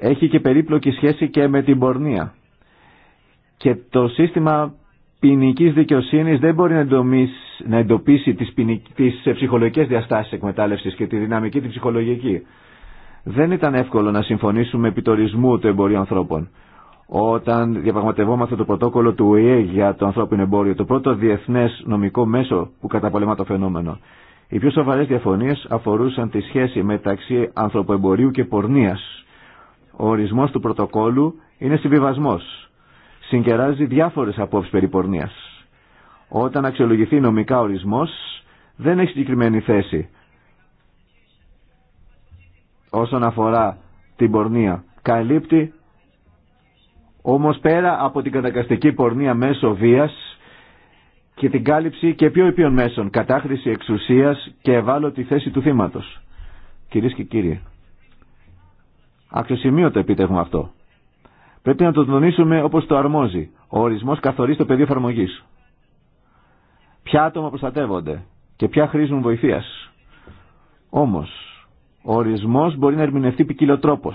B: έχει και περίπλοκη σχέση και με την πορνεία. Και το σύστημα ποινική δικαιοσύνη δεν μπορεί να, να εντοπίσει τι ψυχολογικέ διαστάσει εκμετάλλευση και τη δυναμική τη ψυχολογική. Δεν ήταν εύκολο να συμφωνήσουμε επί το ρυσμού του εμπορίου ανθρώπων. Όταν διαπραγματευόμαστε το πρωτόκολλο του ΟΗΕ για το ανθρώπινο εμπόριο, το πρώτο διεθνέ νομικό μέσο που καταπολεμά το φαινόμενο. Οι πιο σοβαρέ διαφωνίε αφορούσαν τη σχέση μεταξύ ανθρωποεμπορίου και πορνεία. Ο ορισμό του πρωτοκόλλου είναι συμβιβασμό. Συγκεράζει διάφορε απόψει περί πορνείας. Όταν αξιολογηθεί νομικά ορισμό, δεν έχει συγκεκριμένη θέση όσον αφορά την πορνεία. Καλύπτει όμως πέρα από την κατακαστική πορνεία μέσω βίας και την κάλυψη και πιο υπείων μέσων, κατάχρηση εξουσίας και ευάλωτη θέση του θύματος. Κυρίες και κύριοι, αξιοσημείωτο επίτευγμα αυτό. Πρέπει να το τονίσουμε όπως το αρμόζει. Ο ορισμός καθορίζει το πεδίο εφαρμογή. Ποια άτομα προστατεύονται και ποια χρήζουν βοηθείας. Όμως, ο ορισμός μπορεί να ερμηνευτεί τρόπο.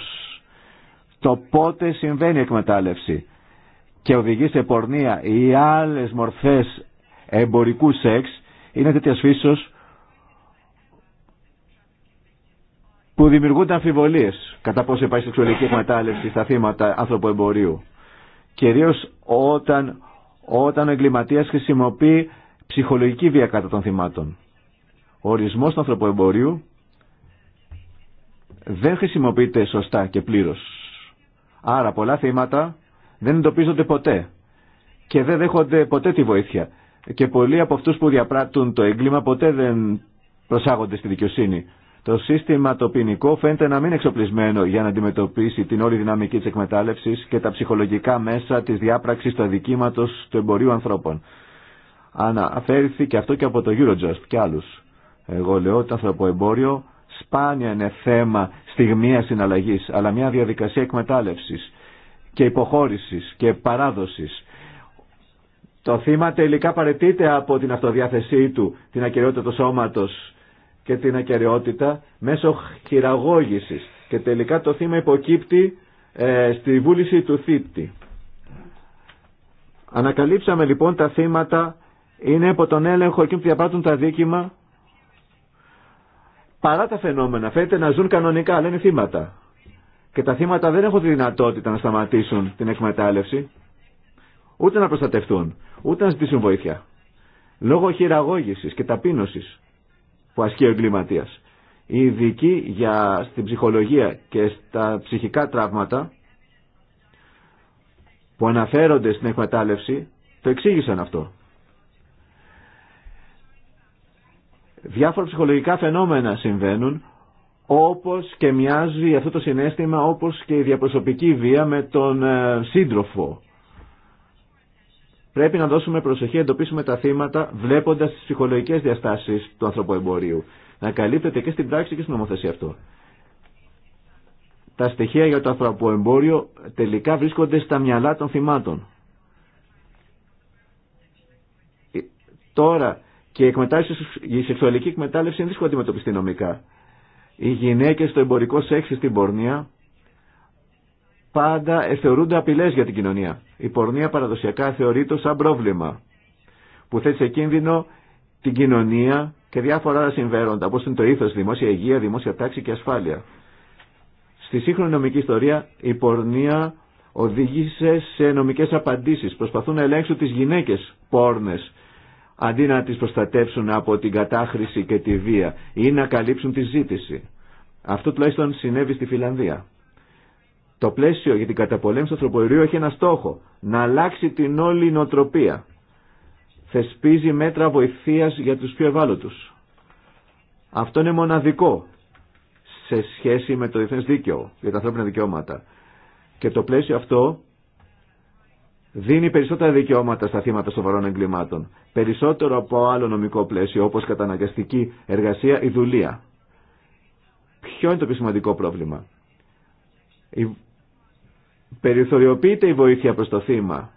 B: Το πότε συμβαίνει η εκμετάλλευση και οδηγεί σε πορνεία ή άλλες μορφές εμπορικού σεξ είναι τέτοια φύσεως που δημιουργούνται αμφιβολίες κατά πόσο υπάρχει σεξουαλική εκμετάλλευση στα θύματα ανθρωποεμπορίου. Κυρίως όταν, όταν ο εγκληματίας χρησιμοποιεί ψυχολογική βία κατά των θυμάτων. Ο ορισμός του ανθρωποεμπορίου δεν χρησιμοποιείται σωστά και πλήρως. Άρα πολλά θύματα δεν εντοπίζονται ποτέ και δεν δέχονται ποτέ τη βοήθεια. Και πολλοί από αυτούς που διαπράττουν το έγκλημα ποτέ δεν προσάγονται στη δικαιοσύνη. Το σύστημα το ποινικό φαίνεται να μην εξοπλισμένο για να αντιμετωπίσει την όλη δυναμική της εκμετάλλευσης και τα ψυχολογικά μέσα της διάπραξης του αδικήματος του εμπορίου ανθρώπων. Αναφέρθηκε αυτό και από το Eurojust και άλλους. Εγώ λέω ότι το ανθρωποεμπόριο σπάνια είναι θέμα στιγμίας συναλλαγής, αλλά μια διαδικασία εκμετάλλευσης και υποχώρησης και παράδοσης. Το θύμα τελικά παρετείται από την αυτοδιάθεσή του, την ακεραιότητα του σώματος και την ακεραιότητα μέσω χειραγώγησης και τελικά το θύμα υποκύπτει ε, στη βούληση του θύπτη. Ανακαλύψαμε λοιπόν τα θύματα είναι από τον έλεγχο εκεί που διαπράττουν τα δίκημα παρά τα φαινόμενα φαίνεται να ζουν κανονικά, λένε θύματα. Και τα θύματα δεν έχουν τη δυνατότητα να σταματήσουν την εκμετάλλευση, ούτε να προστατευτούν, ούτε να ζητήσουν βοήθεια. Λόγω χειραγώγησης και ταπείνωσης που ασκεί ο εγκληματίας. Οι ειδικοί για, στην ψυχολογία και στα ψυχικά τραύματα που αναφέρονται στην εκμετάλλευση το εξήγησαν αυτό. διάφορα ψυχολογικά φαινόμενα συμβαίνουν όπως και μοιάζει αυτό το συνέστημα όπως και η διαπροσωπική βία με τον ε, σύντροφο. Πρέπει να δώσουμε προσοχή, εντοπίσουμε τα θύματα βλέποντας τις ψυχολογικές διαστάσεις του ανθρωποεμπορίου. Να καλύπτεται και στην πράξη και στην νομοθεσία αυτό. Τα στοιχεία για το ανθρωποεμπόριο τελικά βρίσκονται στα μυαλά των θυμάτων. Ε, τώρα και η, η σεξουαλική εκμετάλλευση είναι δύσκολο αντιμετωπιστεί νομικά. Οι γυναίκε στο εμπορικό σεξ στην πορνεία πάντα θεωρούνται απειλέ για την κοινωνία. Η πορνεία παραδοσιακά θεωρείται σαν πρόβλημα που θέτει σε κίνδυνο την κοινωνία και διάφορα άλλα συμβαίνοντα όπω είναι το ήθο, δημόσια υγεία, δημόσια τάξη και ασφάλεια. Στη σύγχρονη νομική ιστορία η πορνεία οδήγησε σε νομικές απαντήσεις. Προσπαθούν να ελέγξουν τις γυναίκες πόρνες αντί να τις προστατεύσουν από την κατάχρηση και τη βία ή να καλύψουν τη ζήτηση. Αυτό τουλάχιστον συνέβη στη Φιλανδία. Το πλαίσιο για την καταπολέμηση του ανθρωποειρίου έχει ένα στόχο, να αλλάξει την όλη νοοτροπία. Θεσπίζει μέτρα βοηθείας για τους πιο ευάλωτους. Αυτό είναι μοναδικό σε σχέση με το διεθνές δίκαιο για τα ανθρώπινα δικαιώματα. Και το πλαίσιο αυτό δίνει περισσότερα δικαιώματα στα θύματα σοβαρών εγκλημάτων. Περισσότερο από άλλο νομικό πλαίσιο, όπως καταναγκαστική εργασία ή δουλεία. Ποιο είναι το πιο σημαντικό πρόβλημα. Η... Περιθωριοποιείται η βοήθεια προς το θύμα.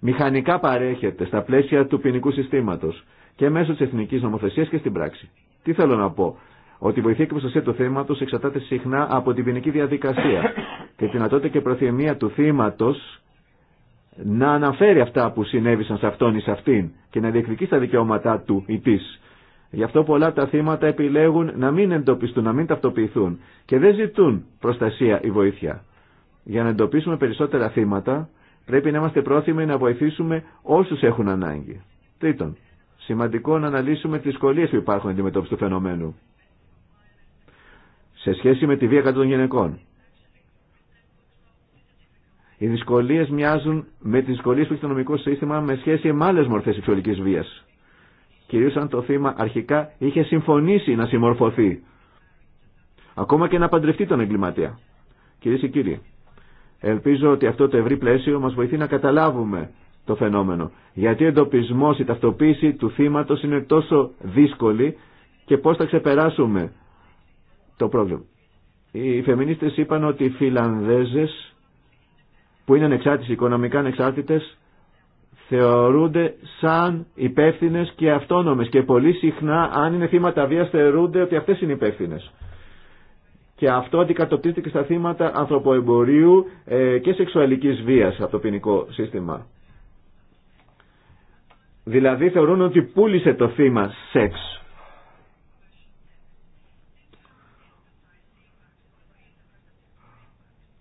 B: Μηχανικά παρέχεται στα πλαίσια του ποινικού συστήματος και μέσω της εθνικής νομοθεσίας και στην πράξη. Τι θέλω να πω. Ότι η βοηθεία και προστασία του θύματο εξαρτάται συχνά από την ποινική διαδικασία και δυνατότητα και προθυμία του θύματο να αναφέρει αυτά που συνέβησαν σε αυτόν ή σε αυτήν και να διεκδικεί τα δικαιώματά του ή τη. Γι' αυτό πολλά τα θύματα επιλέγουν να μην εντοπιστούν, να μην ταυτοποιηθούν και δεν ζητούν προστασία ή βοήθεια. Για να εντοπίσουμε περισσότερα θύματα πρέπει να είμαστε πρόθυμοι να βοηθήσουμε όσους έχουν ανάγκη. Τρίτον, σημαντικό να αναλύσουμε τι δυσκολίε που υπάρχουν αντιμετώπιση του φαινομένου σε σχέση με τη βία κατά των γυναικών. Οι δυσκολίε μοιάζουν με τι δυσκολίε που έχει το νομικό σύστημα με σχέση με άλλε μορφέ σεξουαλική βία. Κυρίω αν το θύμα αρχικά είχε συμφωνήσει να συμμορφωθεί. Ακόμα και να παντρευτεί τον εγκληματία. Κυρίε και κύριοι, ελπίζω ότι αυτό το ευρύ πλαίσιο μα βοηθεί να καταλάβουμε το φαινόμενο. Γιατί ο εντοπισμό, η ταυτοποίηση του θύματο είναι τόσο δύσκολη και πώ θα ξεπεράσουμε το πρόβλημα. Οι φεμινίστε είπαν ότι οι Φιλανδέζε που είναι ανεξάρτητες, οικονομικά ανεξάρτητες, θεωρούνται σαν υπεύθυνε και αυτόνομες και πολύ συχνά αν είναι θύματα βίας θεωρούνται ότι αυτές είναι υπεύθυνε. Και αυτό αντικατοπτρίζεται και στα θύματα ανθρωποεμπορίου ε, και σεξουαλικής βίας από το ποινικό σύστημα. Δηλαδή θεωρούν ότι πούλησε το θύμα σεξ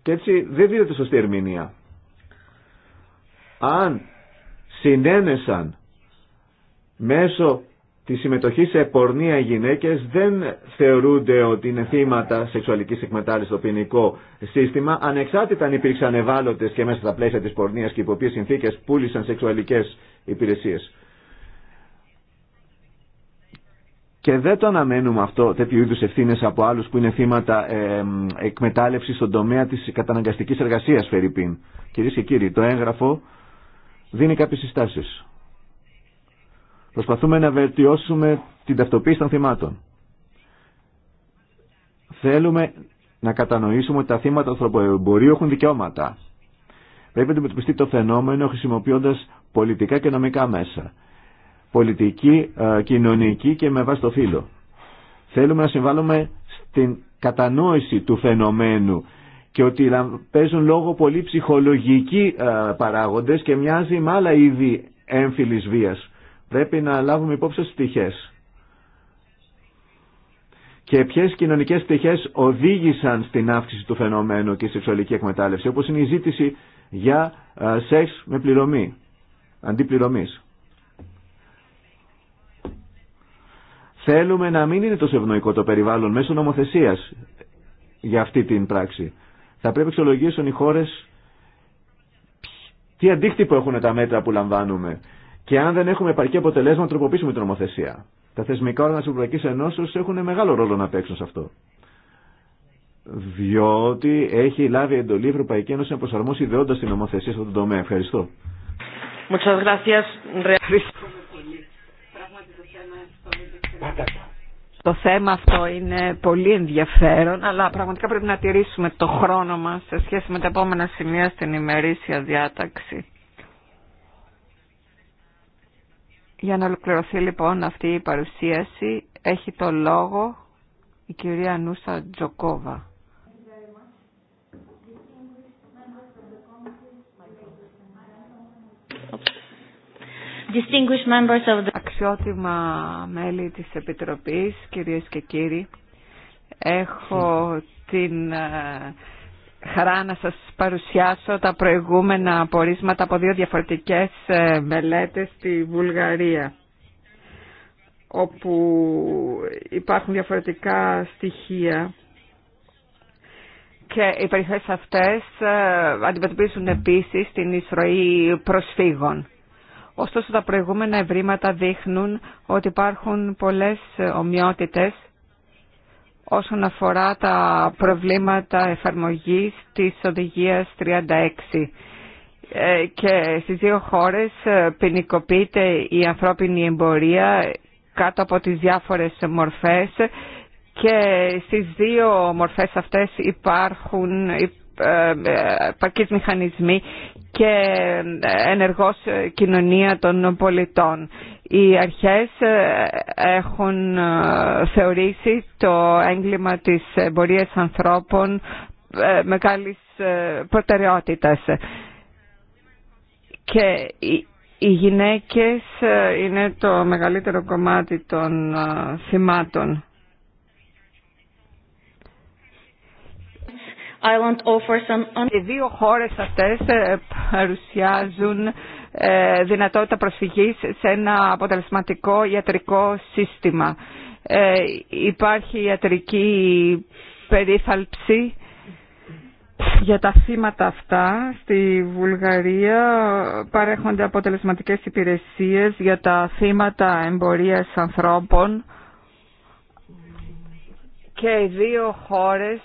B: Και έτσι δεν δίδεται σωστή ερμηνεία. Αν συνένεσαν μέσω τη συμμετοχή σε πορνεία οι γυναίκες δεν θεωρούνται ότι είναι θύματα σεξουαλικής εκμετάλλευσης στο ποινικό σύστημα, ανεξάρτητα αν υπήρξαν ευάλωτε και μέσα στα πλαίσια τη πορνείας και υπό ποιες συνθήκες πούλησαν σεξουαλικές υπηρεσίες. Και δεν το αναμένουμε αυτό, τέτοιου είδου ευθύνε από άλλου που είναι θύματα ε, εκμετάλλευση στον τομέα τη καταναγκαστική εργασία, Φερρυπίν. Κυρίε και κύριοι, το έγγραφο δίνει κάποιε συστάσει. Προσπαθούμε να βελτιώσουμε την ταυτοποίηση των θυμάτων. Θέλουμε να κατανοήσουμε ότι τα θύματα ανθρωποεμπορίου έχουν δικαιώματα. Πρέπει να αντιμετωπιστεί το φαινόμενο χρησιμοποιώντα πολιτικά και νομικά μέσα πολιτική, ε, κοινωνική και με βάση το φύλλο. Θέλουμε να συμβάλλουμε στην κατανόηση του φαινομένου και ότι παίζουν λόγο πολύ ψυχολογικοί ε, παράγοντες και μοιάζει με άλλα είδη έμφυλης βίας. Πρέπει να λάβουμε υπόψη στοιχές. Και ποιε κοινωνικές στοιχές οδήγησαν στην αύξηση του φαινομένου και στη σεξουαλική εκμετάλλευση, όπως είναι η ζήτηση για ε, σεξ με πληρωμή, αντιπληρωμής. Θέλουμε να μην είναι τόσο ευνοϊκό το περιβάλλον μέσω νομοθεσία για αυτή την πράξη. Θα πρέπει να εξολογήσουν οι χώρε τι αντίκτυπο έχουν τα μέτρα που λαμβάνουμε και αν δεν έχουμε επαρκή αποτελέσμα να τροποποιήσουμε την νομοθεσία. Τα θεσμικά όργανα τη Ευρωπαϊκή Ενώσεω έχουν μεγάλο ρόλο να παίξουν σε αυτό. Διότι έχει λάβει εντολή η Ευρωπαϊκή Ένωση να προσαρμόσει ιδεώντα την νομοθεσία σε αυτό το τομέα. Ευχαριστώ.
A: Το θέμα αυτό είναι πολύ ενδιαφέρον, αλλά πραγματικά πρέπει να τηρήσουμε το χρόνο μας σε σχέση με τα επόμενα σημεία στην ημερήσια διάταξη. Για να ολοκληρωθεί λοιπόν αυτή η παρουσίαση, έχει το λόγο η κυρία Νούσα Τζοκόβα. Distinguished members of the... Αξιότιμα μέλη της Επιτροπής, κυρίες και κύριοι, έχω την ε, χαρά να σας παρουσιάσω τα προηγούμενα απορίσματα από δύο διαφορετικές ε, μελέτες στη Βουλγαρία όπου υπάρχουν διαφορετικά στοιχεία και οι περιφέρειες αυτές ε, αντιμετωπίζουν επίσης την εισρωή προσφύγων. Ωστόσο τα προηγούμενα ευρήματα δείχνουν ότι υπάρχουν πολλές ομοιότητες όσον αφορά τα προβλήματα εφαρμογής της οδηγίας 36 ε, και στις δύο χώρες ε, ποινικοποιείται η ανθρώπινη εμπορία κάτω από τις διάφορες μορφές και στις δύο μορφές αυτές υπάρχουν, επαρκείς ε, μηχανισμοί και ε, ενεργός κοινωνία των πολιτών. Οι αρχές ε, έχουν θεωρήσει το έγκλημα της εμπορία ανθρώπων μεγάλης προτεραιότητας. Και οι γυναίκες είναι το μεγαλύτερο κομμάτι των θυμάτων. Οι δύο χώρες αυτές ε, παρουσιάζουν ε, δυνατότητα προσφυγής σε ένα αποτελεσματικό ιατρικό σύστημα. Ε, υπάρχει ιατρική περίθαλψη για τα θύματα αυτά στη Βουλγαρία παρέχονται αποτελεσματικές υπηρεσίες για τα θύματα εμπορίας ανθρώπων και οι δύο χώρες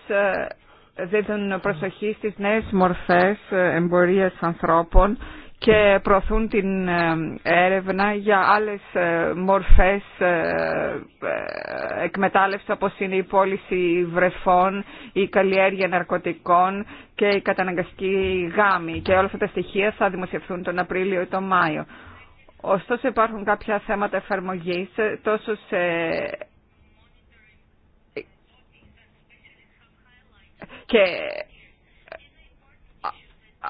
A: Δίνουν προσοχή στις νέες μορφές ε, εμπορίας ανθρώπων και προωθούν την ε, έρευνα για άλλες ε, μορφές εκμετάλλευσης όπως είναι η πώληση βρεφών, η καλλιέργεια ναρκωτικών και η καταναγκαστική γάμη και όλα αυτά τα στοιχεία θα δημοσιευθούν τον Απρίλιο ή τον Μάιο. Ωστόσο υπάρχουν κάποια θέματα εφαρμογής τόσο σε Και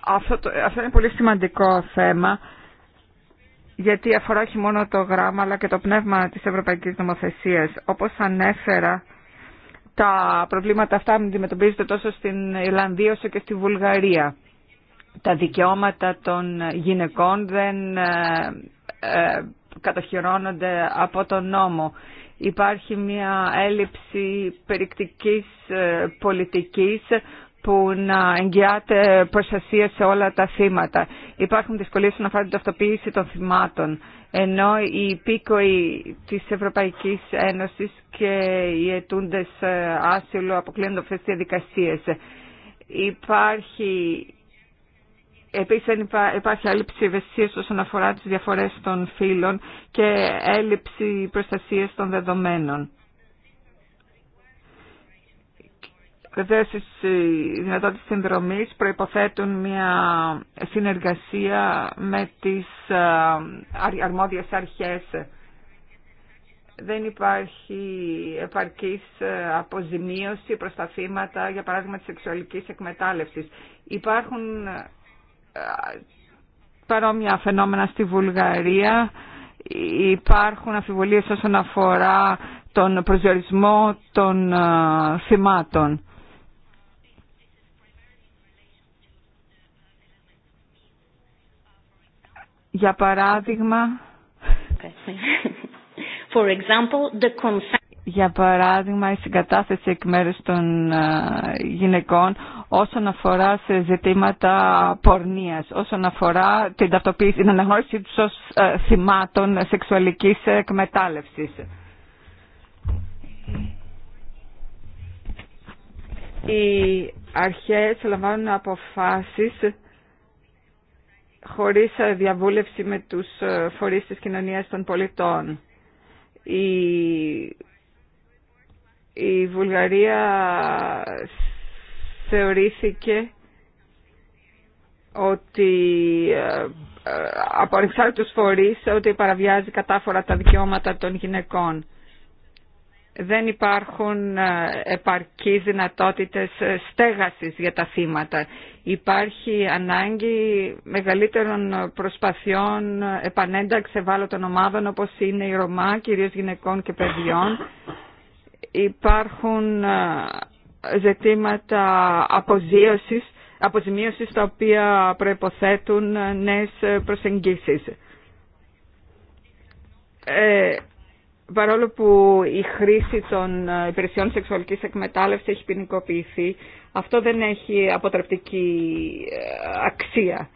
A: αυτό, το, είναι πολύ σημαντικό θέμα γιατί αφορά όχι μόνο το γράμμα αλλά και το πνεύμα της Ευρωπαϊκής Νομοθεσίας. Όπως ανέφερα, τα προβλήματα αυτά αντιμετωπίζονται τόσο στην Ιρλανδία όσο και στη Βουλγαρία. Τα δικαιώματα των γυναικών δεν ε, ε κατοχυρώνονται από τον νόμο υπάρχει μια έλλειψη περικτικής ε, πολιτικής που να εγγυάται προστασία σε όλα τα θύματα. Υπάρχουν δυσκολίες να φάνε την ταυτοποίηση των θυμάτων, ενώ οι υπήκοοι της Ευρωπαϊκής Ένωσης και οι αιτούντες ε, άσυλο αποκλίνονται αυτές τις διαδικασίες. Υπάρχει Επίσης υπάρχει έλλειψη ευαισθησίας όσον αφορά τις διαφορές των φύλων και έλλειψη προστασίας των δεδομένων. οι δυνατότητες συνδρομής προϋποθέτουν μια συνεργασία με τις αρμόδιες αρχές. Δεν υπάρχει επαρκής αποζημίωση προς τα θύματα, για παράδειγμα, της σεξουαλικής εκμετάλλευσης. Υπάρχουν παρόμοια φαινόμενα στη Βουλγαρία. Υπάρχουν αφιβολίες όσον αφορά τον προσδιορισμό των ε, θυμάτων. Για παράδειγμα, example, για παράδειγμα η συγκατάθεση εκ μέρους των ε, γυναικών όσον αφορά σε ζητήματα πορνίας, όσον αφορά την ταυτοποίηση, την αναγνώριση τους ως ε, θυμάτων σεξουαλικής εκμετάλλευσης. Οι αρχές λαμβάνουν αποφάσεις χωρίς διαβούλευση με τους ε, φορείς της κοινωνίας των πολιτών. Οι η Βουλγαρία θεωρήθηκε ότι ε, ε, από ανεξάρτητους φορείς ότι παραβιάζει κατάφορα τα δικαιώματα των γυναικών. Δεν υπάρχουν ε, επαρκείς δυνατότητες στέγασης για τα θύματα. Υπάρχει ανάγκη μεγαλύτερων προσπαθειών επανένταξη ευάλωτων ομάδων όπως είναι η Ρωμά, κυρίως γυναικών και παιδιών υπάρχουν ζητήματα αποζίωσης, αποζημίωσης τα οποία προϋποθέτουν νέες προσεγγίσεις. Ε, παρόλο που η χρήση των υπηρεσιών σεξουαλικής εκμετάλλευσης έχει ποινικοποιηθεί, αυτό δεν έχει αποτρεπτική αξία.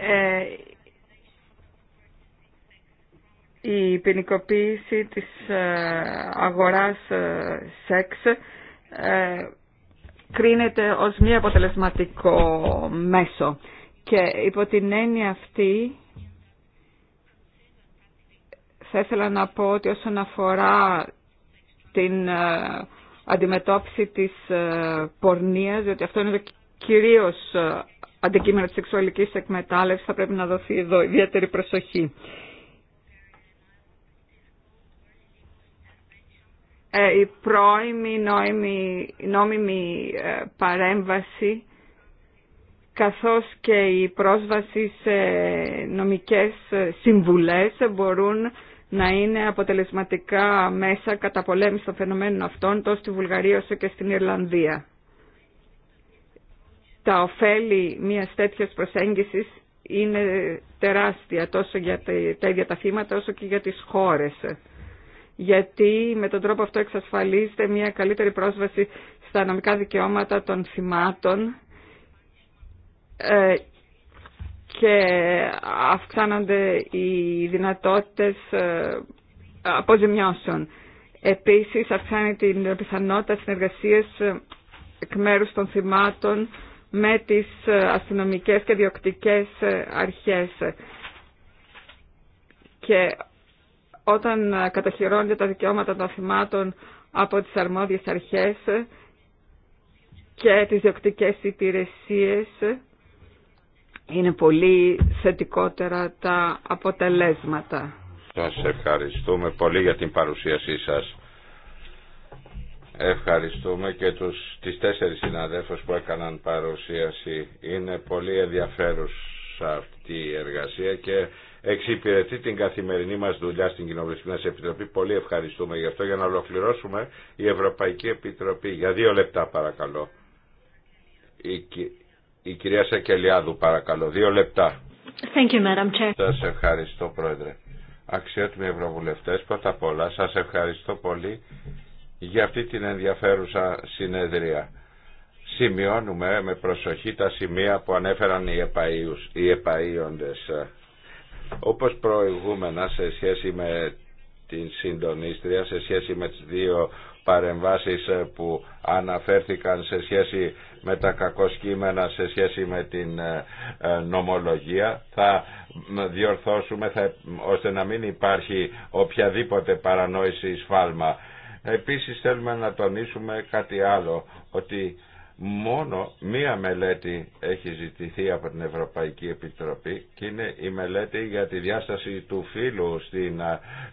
A: Ε, η ποινικοποίηση της ε, αγοράς ε, σεξ ε, κρίνεται ως μία αποτελεσματικό μέσο. Και υπό την έννοια αυτή θα ήθελα να πω ότι όσον αφορά την αντιμετώπιση της πορνείας, διότι αυτό είναι το κυρίως αντικείμενο της σεξουαλικής εκμετάλλευσης, θα πρέπει να δοθεί εδώ ιδιαίτερη προσοχή. Ε, η πρώιμη νόμιμη, ε, παρέμβαση καθώς και η πρόσβαση σε νομικές ε, συμβουλές μπορούν να είναι αποτελεσματικά μέσα κατά πολέμηση των φαινομένων αυτών τόσο στη Βουλγαρία όσο και στην Ιρλανδία. Τα ωφέλη μιας τέτοιας προσέγγισης είναι τεράστια τόσο για τα ίδια τα θύματα όσο και για τις χώρες γιατί με τον τρόπο αυτό εξασφαλίζεται μια καλύτερη πρόσβαση στα νομικά δικαιώματα των θυμάτων ε, και αυξάνονται οι δυνατότητες ε, αποζημιώσεων. Επίσης αυξάνει την πιθανότητα συνεργασίες ε, εκ μέρους των θυμάτων με τις αστυνομικές και διοκτικές αρχές. Και όταν καταχειρώνεται τα δικαιώματα των θυμάτων από τις αρμόδιες αρχές και τις διοκτικές υπηρεσίες είναι πολύ θετικότερα τα αποτελέσματα.
C: Σας ευχαριστούμε πολύ για την παρουσίασή σας. Ευχαριστούμε και τους, τις τέσσερις συναδέλφους που έκαναν παρουσίαση. Είναι πολύ ενδιαφέρουσα αυτή η εργασία και εξυπηρετεί την καθημερινή μας δουλειά στην Κοινοβουλευτική μας Επιτροπή. Πολύ ευχαριστούμε γι' αυτό. Για να ολοκληρώσουμε η Ευρωπαϊκή Επιτροπή. Για δύο λεπτά παρακαλώ. Η, κυρία Σακελιάδου παρακαλώ. Δύο λεπτά. Σα Σας ευχαριστώ Πρόεδρε. Αξιότιμοι Ευρωβουλευτές, πρώτα απ' όλα σας ευχαριστώ πολύ για αυτή την ενδιαφέρουσα συνέδρια. Σημειώνουμε με προσοχή τα σημεία που ανέφεραν οι όπως προηγούμενα σε σχέση με την συντονίστρια, σε σχέση με τις δύο παρεμβάσεις που αναφέρθηκαν σε σχέση με τα κακοσκήμενα, σε σχέση με την ε, ε, νομολογία. Θα διορθώσουμε θα, ώστε να μην υπάρχει οποιαδήποτε παρανόηση ή σφάλμα. Επίσης θέλουμε να τονίσουμε κάτι άλλο, ότι Μόνο μία μελέτη έχει ζητηθεί από την Ευρωπαϊκή Επιτροπή και είναι η μελέτη για τη διάσταση του φύλου στην,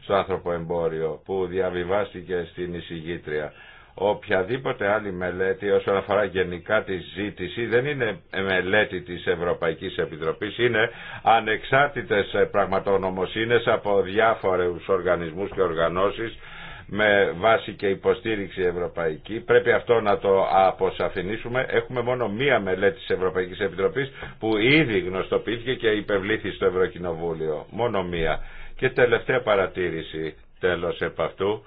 C: στο άνθρωπο εμπόριο που διαβιβάστηκε στην εισηγήτρια. Οποιαδήποτε άλλη μελέτη όσον αφορά γενικά τη ζήτηση δεν είναι μελέτη της Ευρωπαϊκής Επιτροπής, είναι ανεξάρτητες ε, πραγματονομοσύνες από διάφορους οργανισμούς και οργανώσεις με βάση και υποστήριξη ευρωπαϊκή. Πρέπει αυτό να το αποσαφηνίσουμε. Έχουμε μόνο μία μελέτη της Ευρωπαϊκής Επιτροπής που ήδη γνωστοποιήθηκε και υπευλήθη στο Ευρωκοινοβούλιο. Μόνο μία. Και τελευταία παρατήρηση τέλος επ' αυτού.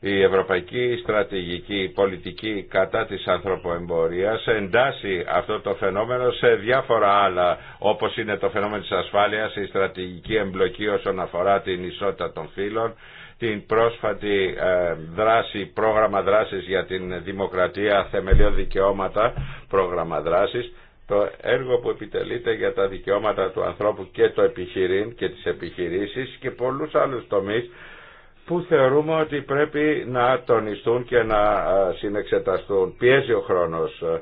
C: Η ευρωπαϊκή στρατηγική πολιτική κατά της ανθρωποεμπορίας εντάσσει αυτό το φαινόμενο σε διάφορα άλλα όπως είναι το φαινόμενο της ασφάλειας, η στρατηγική εμπλοκή όσον αφορά την ισότητα των φύλων την πρόσφατη ε, δράση, πρόγραμμα δράσης για την δημοκρατία, θεμελιώδη δικαιώματα, πρόγραμμα δράσης, το έργο που επιτελείται για τα δικαιώματα του ανθρώπου και το επιχειρήν και τις επιχειρήσεις και πολλούς άλλους τομείς που θεωρούμε ότι πρέπει να τονιστούν και να ε, συνεξεταστούν. Πιέζει ο χρόνος. Ε,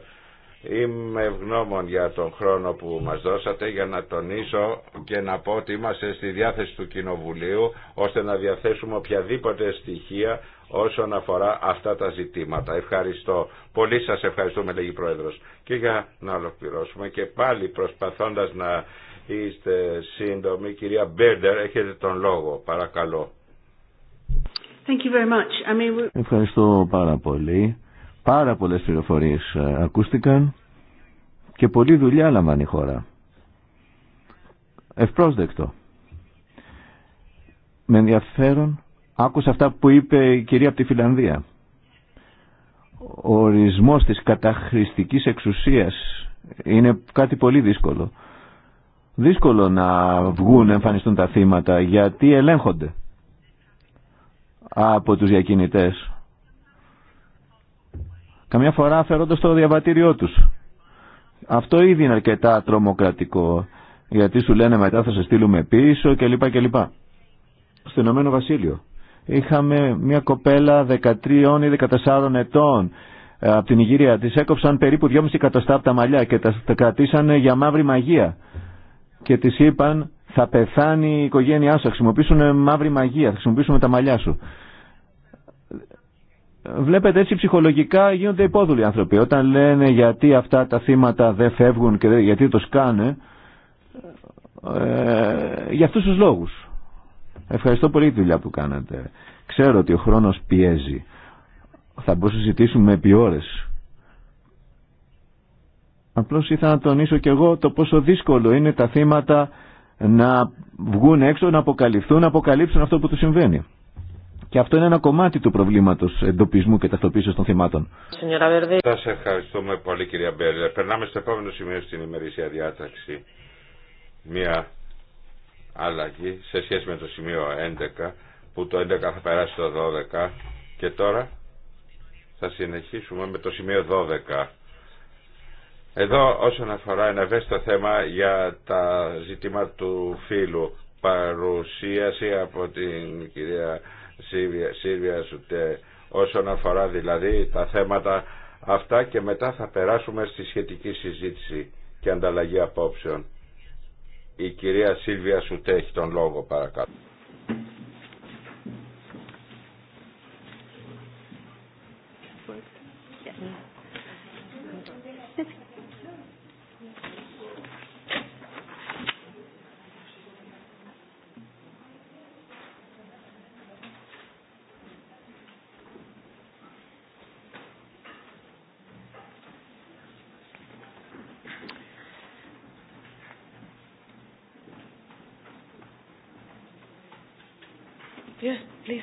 C: Είμαι ευγνώμων για τον χρόνο που μας δώσατε για να τονίσω και να πω ότι είμαστε στη διάθεση του Κοινοβουλίου ώστε να διαθέσουμε οποιαδήποτε στοιχεία όσον αφορά αυτά τα ζητήματα. Ευχαριστώ. Πολύ σας ευχαριστούμε λέγει Πρόεδρος. Και για να ολοκληρώσουμε και πάλι προσπαθώντας να είστε σύντομοι. Κυρία Μπέρντερ έχετε τον λόγο. Παρακαλώ.
A: Thank you very much.
B: I Ευχαριστώ πάρα πολύ. Πάρα πολλές πληροφορίες ε, ακούστηκαν και πολλή δουλειά λαμβάνει η χώρα. Ευπρόσδεκτο. Με ενδιαφέρον άκουσα αυτά που είπε η κυρία από τη Φιλανδία. Ο ορισμός της καταχρηστικής εξουσίας είναι κάτι πολύ δύσκολο. Δύσκολο να βγουν, να εμφανιστούν τα θύματα γιατί ελέγχονται από τους διακινητές καμιά φορά αφαιρώντα το διαβατήριό του. Αυτό ήδη είναι αρκετά τρομοκρατικό, γιατί σου λένε μετά θα σε στείλουμε πίσω κλπ. κλπ. Στο Ηνωμένο Βασίλειο είχαμε μια κοπέλα 13 ή 14 ετών ε, από την Ιγυρία. τη έκοψαν περίπου 2,5 εκατοστά από τα μαλλιά και τα κρατήσανε για μαύρη μαγεία. Και τη είπαν θα πεθάνει η οικογένειά σου, θα χρησιμοποιήσουν μαύρη μαγεία, θα χρησιμοποιήσουμε τα μαλλιά σου. Βλέπετε έτσι ψυχολογικά γίνονται υπόδουλοι άνθρωποι. Όταν λένε γιατί αυτά τα θύματα δεν φεύγουν και γιατί το σκάνε, ε, για αυτούς τους λόγους. Ευχαριστώ πολύ τη δουλειά που κάνατε. Ξέρω ότι ο χρόνος πιέζει. Θα μπορούσα να συζητήσουμε επί ώρες. Απλώς ήθελα να τονίσω και εγώ το πόσο δύσκολο είναι τα θύματα να βγουν έξω, να αποκαλυφθούν, να αποκαλύψουν αυτό που τους συμβαίνει. Και αυτό είναι ένα κομμάτι του προβλήματο εντοπισμού και ταυτοποίηση των θυμάτων.
C: σα ευχαριστούμε πολύ κυρία Μπέρλε. Περνάμε στο επόμενο σημείο στην ημερήσια διάταξη. Μια αλλαγή σε σχέση με το σημείο 11 που το 11 θα περάσει το 12 και τώρα θα συνεχίσουμε με το σημείο 12. Εδώ όσον αφορά ένα ευαίσθητο θέμα για τα ζητήματα του φίλου παρουσίαση από την κυρία Σίλβια Σουτέ όσον αφορά δηλαδή τα θέματα αυτά και μετά θα περάσουμε στη σχετική συζήτηση και ανταλλαγή απόψεων. Η κυρία Σίλβια Σουτέ έχει τον λόγο παρακάτω.
A: Please.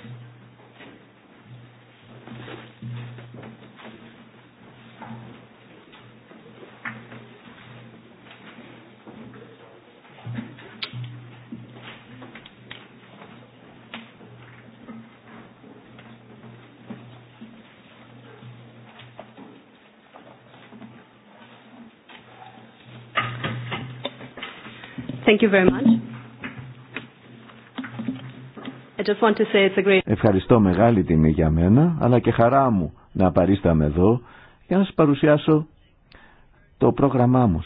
A: Thank you very much.
B: Ευχαριστώ μεγάλη τιμή για μένα, αλλά και χαρά μου να παρίσταμε εδώ για να σας παρουσιάσω το πρόγραμμά μου.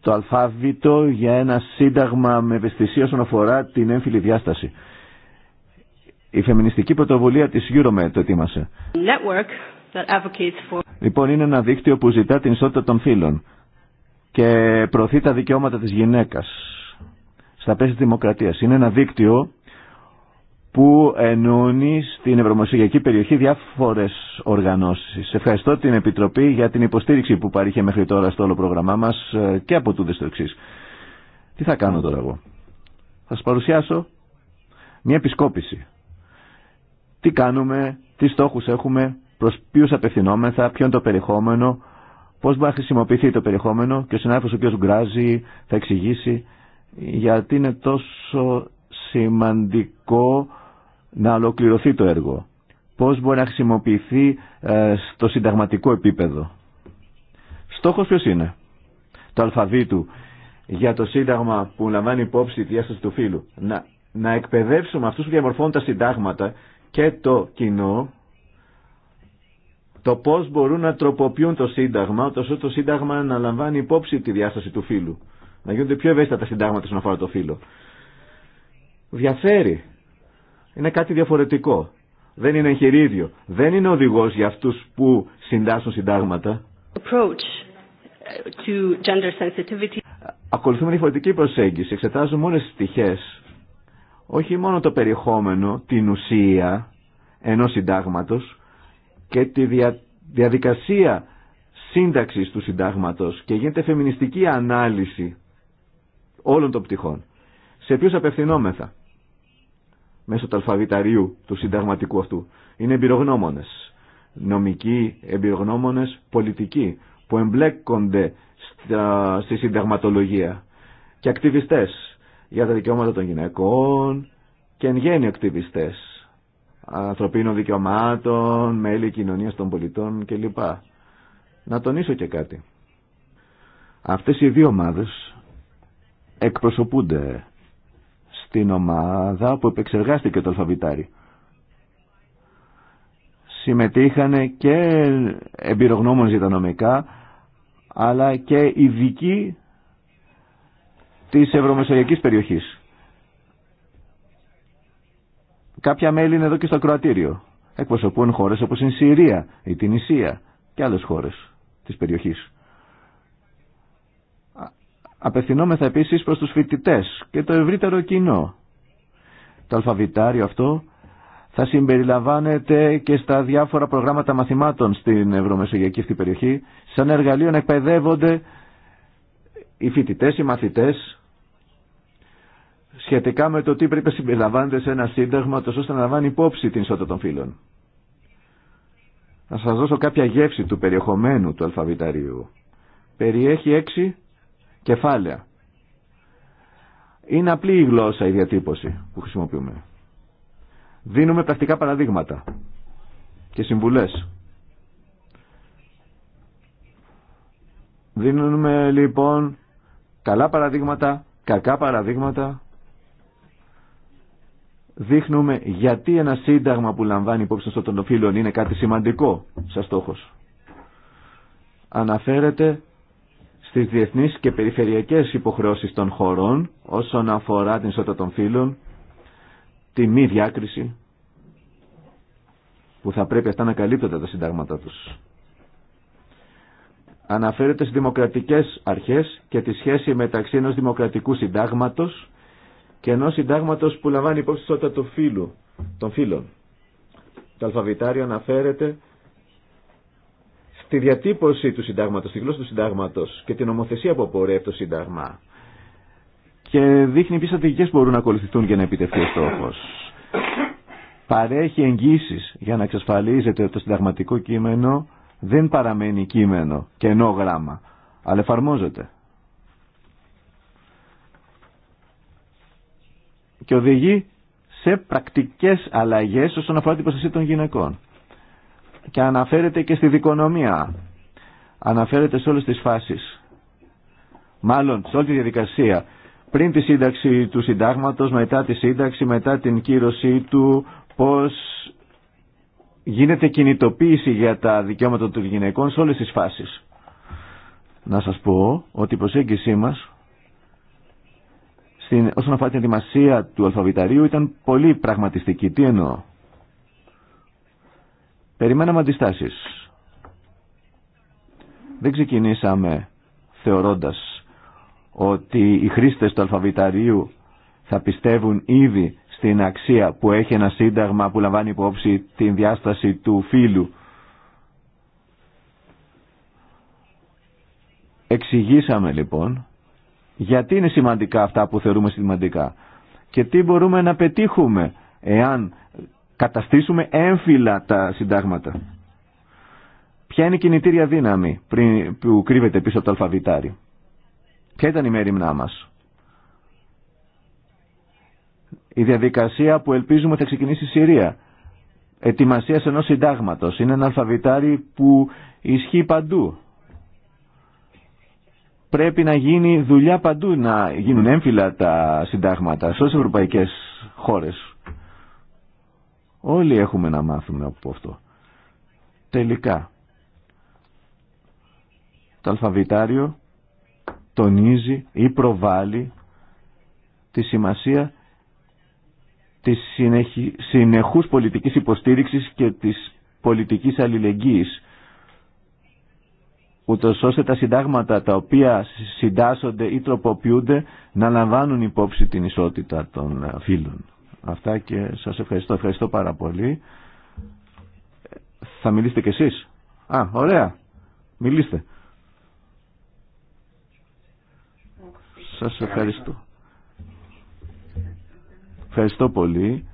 B: Το αλφάβητο για ένα σύνταγμα με ευαισθησία όσον αφορά την έμφυλη διάσταση. Η φεμινιστική πρωτοβουλία της Euromed το ετοίμασε. Λοιπόν, είναι ένα δίκτυο που ζητά την ισότητα των φίλων και προωθεί τα δικαιώματα της γυναίκας στα πέσεις της δημοκρατίας. Είναι ένα δίκτυο που ενώνει στην Ευρωμοσυγειακή περιοχή διάφορες οργανώσεις. Ευχαριστώ την Επιτροπή για την υποστήριξη που παρήχε μέχρι τώρα στο όλο πρόγραμμά μας ε, και από τούδε στο εξή. Τι θα κάνω τώρα εγώ. Θα σας παρουσιάσω μια επισκόπηση. Τι κάνουμε, τι στόχους έχουμε, προς ποιους απευθυνόμεθα, ποιο είναι το περιεχόμενο, πώς μπορεί να χρησιμοποιηθεί το περιεχόμενο και ο συνάδελφος ο οποίος γκράζει θα εξηγήσει γιατί είναι τόσο σημαντικό να ολοκληρωθεί το έργο. Πώς μπορεί να χρησιμοποιηθεί ε, στο συνταγματικό επίπεδο. Στόχος ποιος είναι. Το αλφαβήτου για το σύνταγμα που λαμβάνει υπόψη τη διάσταση του φύλου. Να, να εκπαιδεύσουμε αυτούς που διαμορφώνουν τα συντάγματα και το κοινό το πώς μπορούν να τροποποιούν το σύνταγμα, ώστε το σύνταγμα να λαμβάνει υπόψη τη διάσταση του φύλου. Να γίνονται πιο ευαίσθητα τα συντάγματα στον αφορά το φύλο. Διαφέρει είναι κάτι διαφορετικό. Δεν είναι εγχειρίδιο. Δεν είναι οδηγός για αυτού που συντάσσουν συντάγματα. Uh, Ακολουθούμε διαφορετική προσέγγιση. Εξετάζουμε όλε τις πτυχέ. Όχι μόνο το περιεχόμενο, την ουσία ενός συντάγματος και τη διαδικασία σύνταξης του συντάγματος και γίνεται φεμινιστική ανάλυση όλων των πτυχών. Σε ποιου απευθυνόμεθα μέσω του αλφαβηταριού του συνταγματικού αυτού. Είναι εμπειρογνώμονε. νομικοί εμπειρογνώμονε, πολιτικοί, που εμπλέκονται στη συνταγματολογία και ακτιβιστές για τα δικαιώματα των γυναικών και εν γέννη ακτιβιστές ανθρωπίνων δικαιωμάτων, μέλη κοινωνία των πολιτών κλπ. Να τονίσω και κάτι. Αυτές οι δύο ομάδες εκπροσωπούνται στην ομάδα που επεξεργάστηκε το αλφαβητάρι. Συμμετείχαν και εμπειρογνώμονες για τα νομικά, αλλά και ειδικοί της ευρωμεσογειακής περιοχής. Κάποια μέλη είναι εδώ και στο Κροατήριο. Εκπροσωπούν χώρες όπως η Συρία, η Τινησία και άλλες χώρες της περιοχής. Απευθυνόμεθα επίσης προς τους φοιτητές και το ευρύτερο κοινό. Το αλφαβητάριο αυτό θα συμπεριλαμβάνεται και στα διάφορα προγράμματα μαθημάτων στην ευρωμεσογειακή αυτή περιοχή, σαν εργαλείο να εκπαιδεύονται οι φοιτητέ, οι μαθητές, σχετικά με το τι πρέπει να συμπεριλαμβάνεται σε ένα σύνταγμα, τόσο ώστε να λαμβάνει υπόψη την ισότητα των φύλων. Να σας δώσω κάποια γεύση του περιεχομένου του αλφαβηταρίου. Περιέχει έξι κεφάλαια. Είναι απλή η γλώσσα η διατύπωση που χρησιμοποιούμε. Δίνουμε πρακτικά παραδείγματα και συμβουλές. Δίνουμε λοιπόν καλά παραδείγματα, κακά παραδείγματα. Δείχνουμε γιατί ένα σύνταγμα που λαμβάνει υπόψη στο των είναι κάτι σημαντικό σαν στόχος. Αναφέρεται στις διεθνείς και περιφερειακές υποχρεώσεις των χωρών όσον αφορά την ισότητα των φύλων, τη μη διάκριση που θα πρέπει αυτά να καλύπτονται τα συντάγματα τους. Αναφέρεται στις δημοκρατικές αρχές και τη σχέση μεταξύ ενός δημοκρατικού συντάγματος και ενός συντάγματος που λαμβάνει υπόψη ισότητα των φύλων. Το αλφαβητάριο αναφέρεται τη διατύπωση του συντάγματος, τη γλώσσα του συντάγματος και την ομοθεσία που απορρέει το σύνταγμα. Και δείχνει ποιε στρατηγικέ μπορούν να ακολουθηθούν για να επιτευχθεί ο στόχο. Παρέχει εγγύσει για να εξασφαλίζεται ότι το συνταγματικό κείμενο δεν παραμένει κείμενο, κενό γράμμα, αλλά εφαρμόζεται. Και οδηγεί σε πρακτικές αλλαγές όσον αφορά την προστασία των γυναικών και αναφέρεται και στη δικονομία. Αναφέρεται σε όλες τις φάσεις. Μάλλον σε όλη τη διαδικασία. Πριν τη σύνταξη του συντάγματος, μετά τη σύνταξη, μετά την κύρωσή του, πώς γίνεται κινητοποίηση για τα δικαιώματα των γυναικών σε όλες τις φάσεις. Να σας πω ότι η προσέγγιση μας στην, όσον αφορά την ετοιμασία του αλφαβηταρίου ήταν πολύ πραγματιστική. Τι εννοώ. Περιμέναμε αντιστάσει. Δεν ξεκινήσαμε θεωρώντας ότι οι χρήστες του αλφαβηταρίου θα πιστεύουν ήδη στην αξία που έχει ένα σύνταγμα που λαμβάνει υπόψη την διάσταση του φύλου. Εξηγήσαμε λοιπόν γιατί είναι σημαντικά αυτά που θεωρούμε σημαντικά και τι μπορούμε να πετύχουμε εάν καταστήσουμε έμφυλα τα συντάγματα. Ποια είναι η κινητήρια δύναμη πριν, που κρύβεται πίσω από το αλφαβητάρι. Ποια ήταν η μέρημνά μας. Η διαδικασία που ελπίζουμε θα ξεκινήσει η Συρία. Ετοιμασία ενός συντάγματος. Είναι ένα αλφαβητάρι που ισχύει παντού. Πρέπει να γίνει δουλειά παντού, να γίνουν έμφυλα τα συντάγματα σε όλες χώρες. Όλοι έχουμε να μάθουμε από αυτό. Τελικά, το αλφαβητάριο τονίζει ή προβάλλει τη σημασία της συνεχούς πολιτικής υποστήριξης και της πολιτικής αλληλεγγύης ούτω ώστε τα συντάγματα τα οποία συντάσσονται ή τροποποιούνται να λαμβάνουν υπόψη την ισότητα των ε, φίλων. Αυτά και σας ευχαριστώ. Ευχαριστώ πάρα πολύ. Θα μιλήσετε κι εσείς. Α, ωραία. Μιλήστε. Σας ευχαριστώ. Ευχαριστώ πολύ.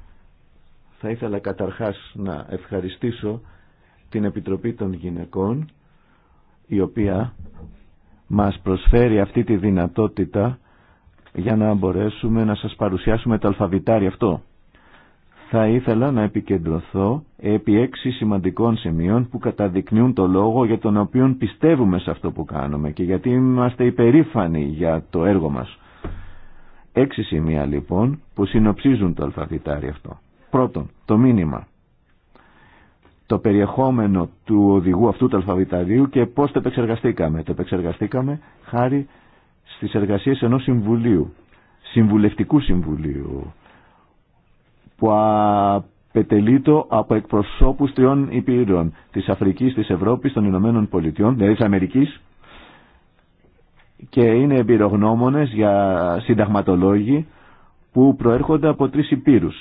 B: Θα ήθελα καταρχάς να ευχαριστήσω την Επιτροπή των Γυναικών η οποία μας προσφέρει αυτή τη δυνατότητα για να μπορέσουμε να σας παρουσιάσουμε το αλφαβητάρι αυτό. Θα ήθελα να επικεντρωθώ επί έξι σημαντικών σημείων που καταδεικνύουν το λόγο για τον οποίο πιστεύουμε σε αυτό που κάνουμε και γιατί είμαστε υπερήφανοι για το έργο μας. Έξι σημεία λοιπόν που συνοψίζουν το αλφαβητάρι αυτό. Πρώτον, το μήνυμα. Το περιεχόμενο του οδηγού αυτού του αλφαβηταρίου και πώς το επεξεργαστήκαμε. Το επεξεργαστήκαμε χάρη στις εργασίες ενός συμβουλίου, συμβουλευτικού συμβουλίου, που απετελείτο από εκπροσώπους τριών υπήρων, της Αφρικής, της Ευρώπης, των Ηνωμένων Πολιτειών, δηλαδή της Αμερικής, και είναι εμπειρογνώμονες για συνταγματολόγοι που προέρχονται από τρεις υπήρους.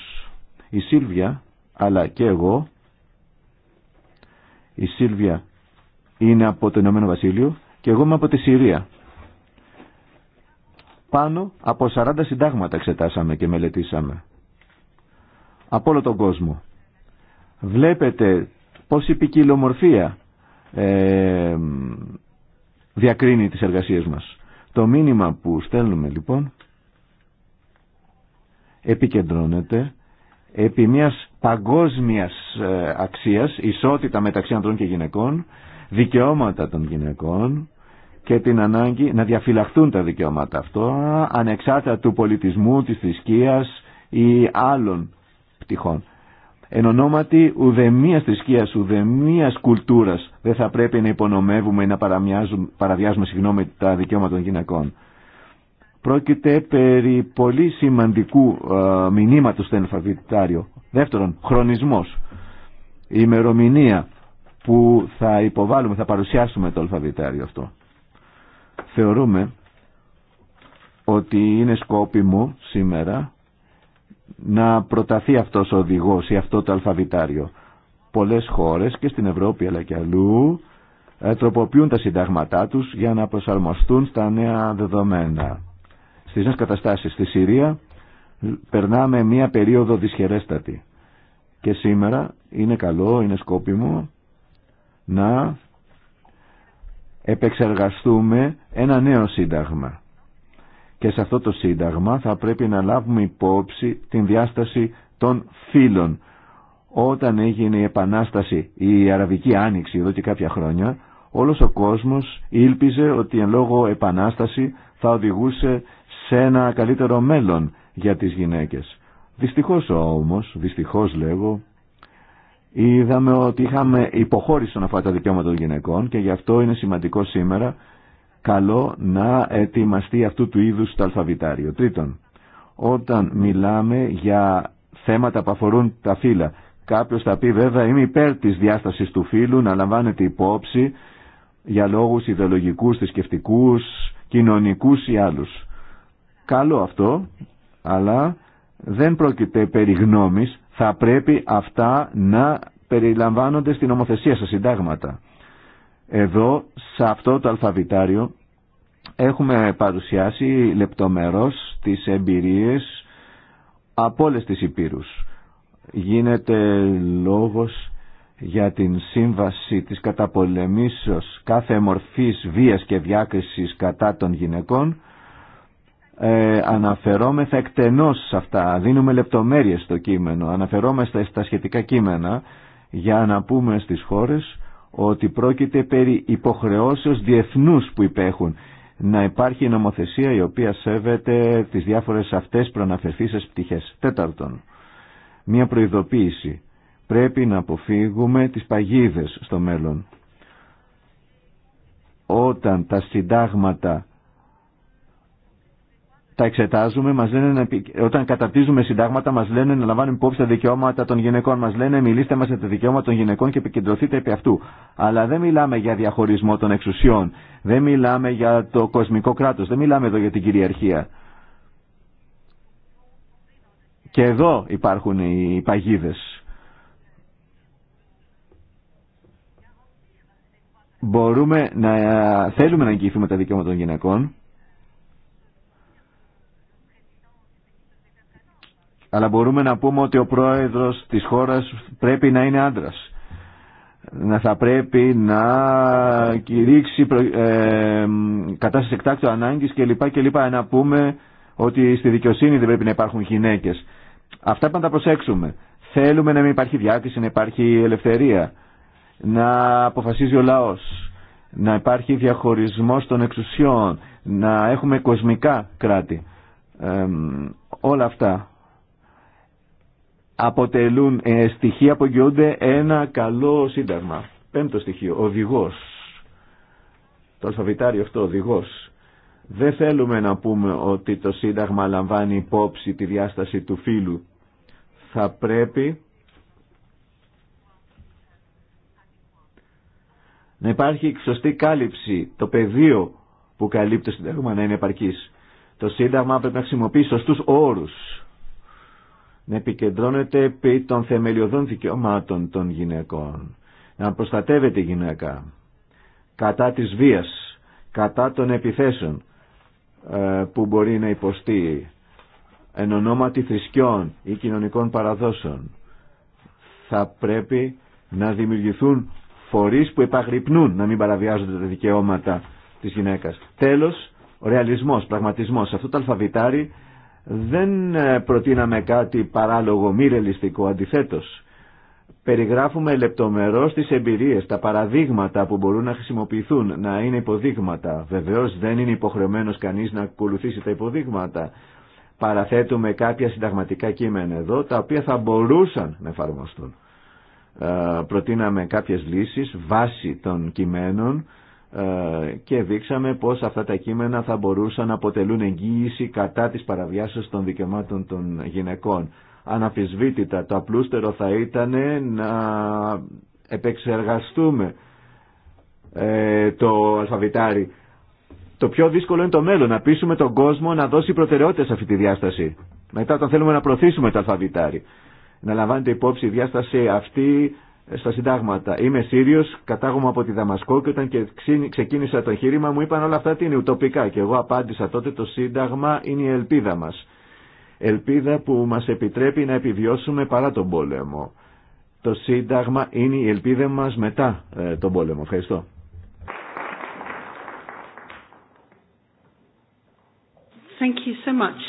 B: Η Σίλβια, αλλά και εγώ, η Σίλβια είναι από το Ηνωμένο Βασίλειο και εγώ είμαι από τη Συρία. Πάνω από 40 συντάγματα εξετάσαμε και μελετήσαμε. Από όλο τον κόσμο. Βλέπετε πώς η ποικιλομορφία ε, διακρίνει τις εργασίες μας. Το μήνυμα που στέλνουμε λοιπόν επικεντρώνεται επί μιας παγκόσμιας ε, αξίας, ισότητα μεταξύ ανδρών και γυναικών, δικαιώματα των γυναικών, και την ανάγκη να διαφυλαχθούν τα δικαιώματα αυτά ανεξάρτητα του πολιτισμού, της θρησκείας ή άλλων πτυχών. Εν ονόματι ουδεμίας θρησκείας, ουδεμίας κουλτούρας δεν θα πρέπει να υπονομεύουμε ή να παραβιάζουμε συγγνώμη τα δικαιώματα των γυναικών. Πρόκειται περί πολύ σημαντικού ε, μηνύματος στο ελφαβητάριο. Δεύτερον, χρονισμός. Η ημερομηνία που θα υποβάλουμε, θα παρουσιάσουμε το αλφαβητάριο αυτό. Θεωρούμε ότι είναι σκόπιμο σήμερα να προταθεί αυτός ο οδηγός ή αυτό το αλφαβητάριο. Πολλές χώρες και στην Ευρώπη αλλά και αλλού ε, τροποποιούν τα συντάγματά τους για να προσαρμοστούν στα νέα δεδομένα. Στις νέες καταστάσεις στη Συρία περνάμε μία περίοδο δυσχερέστατη. Και σήμερα είναι καλό, είναι σκόπιμο να επεξεργαστούμε ένα νέο σύνταγμα. Και σε αυτό το σύνταγμα θα πρέπει να λάβουμε υπόψη την διάσταση των φύλων. Όταν έγινε η Επανάσταση, η Αραβική Άνοιξη εδώ και κάποια χρόνια, όλος ο κόσμος ήλπιζε ότι εν λόγω Επανάσταση θα οδηγούσε σε ένα καλύτερο μέλλον για τις γυναίκες. Δυστυχώς όμως, δυστυχώς λέγω, είδαμε ότι είχαμε υποχώρηση να αφορά τα δικαιώματα των γυναικών και γι' αυτό είναι σημαντικό σήμερα καλό να ετοιμαστεί αυτού του είδους το αλφαβητάριο. Τρίτον, όταν μιλάμε για θέματα που αφορούν τα φύλλα, Κάποιο θα πει βέβαια είμαι υπέρ της διάστασης του φύλου να λαμβάνεται υπόψη για λόγους ιδεολογικούς, θρησκευτικού, κοινωνικούς ή άλλους. Καλό αυτό, αλλά δεν πρόκειται περί γνώμης, θα πρέπει αυτά να περιλαμβάνονται στην ομοθεσία, σας συντάγματα. Εδώ, σε αυτό το αλφαβητάριο, έχουμε παρουσιάσει λεπτομερώς τις εμπειρίες από όλε τις υπήρους. Γίνεται λόγος για την σύμβαση της καταπολεμήσεως κάθε μορφής βίας και διάκρισης κατά των γυναικών ε, αναφερόμεθα εκτενώς σε αυτά, δίνουμε λεπτομέρειες στο κείμενο, αναφερόμαστε στα σχετικά κείμενα για να πούμε στις χώρες ότι πρόκειται περί υποχρεώσεως διεθνούς που υπέχουν να υπάρχει νομοθεσία η οποία σέβεται τις διάφορες αυτές προαναφερθήσεις πτυχές. Τέταρτον, μία προειδοποίηση. Πρέπει να αποφύγουμε τις παγίδες στο μέλλον. Όταν τα συντάγματα τα εξετάζουμε, μας λένε όταν καταρτίζουμε συντάγματα μας λένε να λαμβάνουμε υπόψη τα δικαιώματα των γυναικών, μας λένε μιλήστε μας για τα δικαιώματα των γυναικών και επικεντρωθείτε επί αυτού. Αλλά δεν μιλάμε για διαχωρισμό των εξουσιών, δεν μιλάμε για το κοσμικό κράτος, δεν μιλάμε εδώ για την κυριαρχία. Και εδώ υπάρχουν οι παγίδες. Μπορούμε να θέλουμε να εγγυηθούμε τα δικαιώματα των γυναικών, αλλά μπορούμε να πούμε ότι ο πρόεδρος της χώρας πρέπει να είναι άντρας. Να θα πρέπει να κηρύξει ε, κατάσταση εκτάκτου ανάγκης και λοιπά Να πούμε ότι στη δικαιοσύνη δεν πρέπει να υπάρχουν γυναίκες. Αυτά πάντα προσέξουμε. Θέλουμε να μην υπάρχει διάκριση, να υπάρχει ελευθερία, να αποφασίζει ο λαός, να υπάρχει διαχωρισμός των εξουσιών, να έχουμε κοσμικά κράτη. Ε, όλα αυτά αποτελούν ε, στοιχεία που γιούνται ένα καλό σύνταγμα. Πέμπτο στοιχείο, οδηγός. Το αλφαβητάριο αυτό, οδηγός. Δεν θέλουμε να πούμε ότι το σύνταγμα λαμβάνει υπόψη τη διάσταση του φύλου. Θα πρέπει να υπάρχει σωστή κάλυψη, το πεδίο που καλύπτει το Σύνταγμα να είναι επαρκής. Το Σύνταγμα πρέπει να χρησιμοποιεί σωστούς όρους να επικεντρώνεται επί των θεμελιωδών δικαιωμάτων των γυναικών, να προστατεύεται η γυναίκα κατά της βίας, κατά των επιθέσεων ε, που μπορεί να υποστεί εν ονόματι θρησκειών ή κοινωνικών παραδόσεων. Θα πρέπει να δημιουργηθούν φορείς που επαγρυπνούν να μην παραβιάζονται τα δικαιώματα της γυναίκας. Τέλος, ο ρεαλισμός, πραγματισμός. Αυτό το αλφαβητάρι δεν ε, προτείναμε κάτι παράλογο, μη ρελιστικό, αντιθέτως. Περιγράφουμε λεπτομερώς τις εμπειρίες, τα παραδείγματα που μπορούν να χρησιμοποιηθούν, να είναι υποδείγματα. Βεβαίως δεν είναι υποχρεωμένος κανείς να ακολουθήσει τα υποδείγματα. Παραθέτουμε κάποια συνταγματικά κείμενα εδώ, τα οποία θα μπορούσαν να εφαρμοστούν. Ε, προτείναμε κάποιες λύσεις βάσει των κειμένων, ε, και δείξαμε πως αυτά τα κείμενα θα μπορούσαν να αποτελούν εγγύηση κατά της παραβιάσεως των δικαιωμάτων των γυναικών. Αναφυσβήτητα, το απλούστερο θα ήταν να επεξεργαστούμε ε, το αλφαβητάρι. Το πιο δύσκολο είναι το μέλλον, να πείσουμε τον κόσμο να δώσει προτεραιότητα σε αυτή τη διάσταση. Μετά όταν θέλουμε να προωθήσουμε το αλφαβητάρι. Να λαμβάνετε υπόψη η διάσταση αυτή στα συντάγματα. Είμαι Σύριος, κατάγομαι από τη Δαμασκό και όταν και ξεκίνησα το εγχείρημα μου είπαν όλα αυτά τι είναι ουτοπικά και εγώ απάντησα τότε το Σύνταγμα είναι η ελπίδα μας. Ελπίδα που μας επιτρέπει να επιβιώσουμε παρά τον πόλεμο. Το Σύνταγμα είναι η ελπίδα μας μετά ε, τον πόλεμο. Ευχαριστώ.
A: Thank you so much.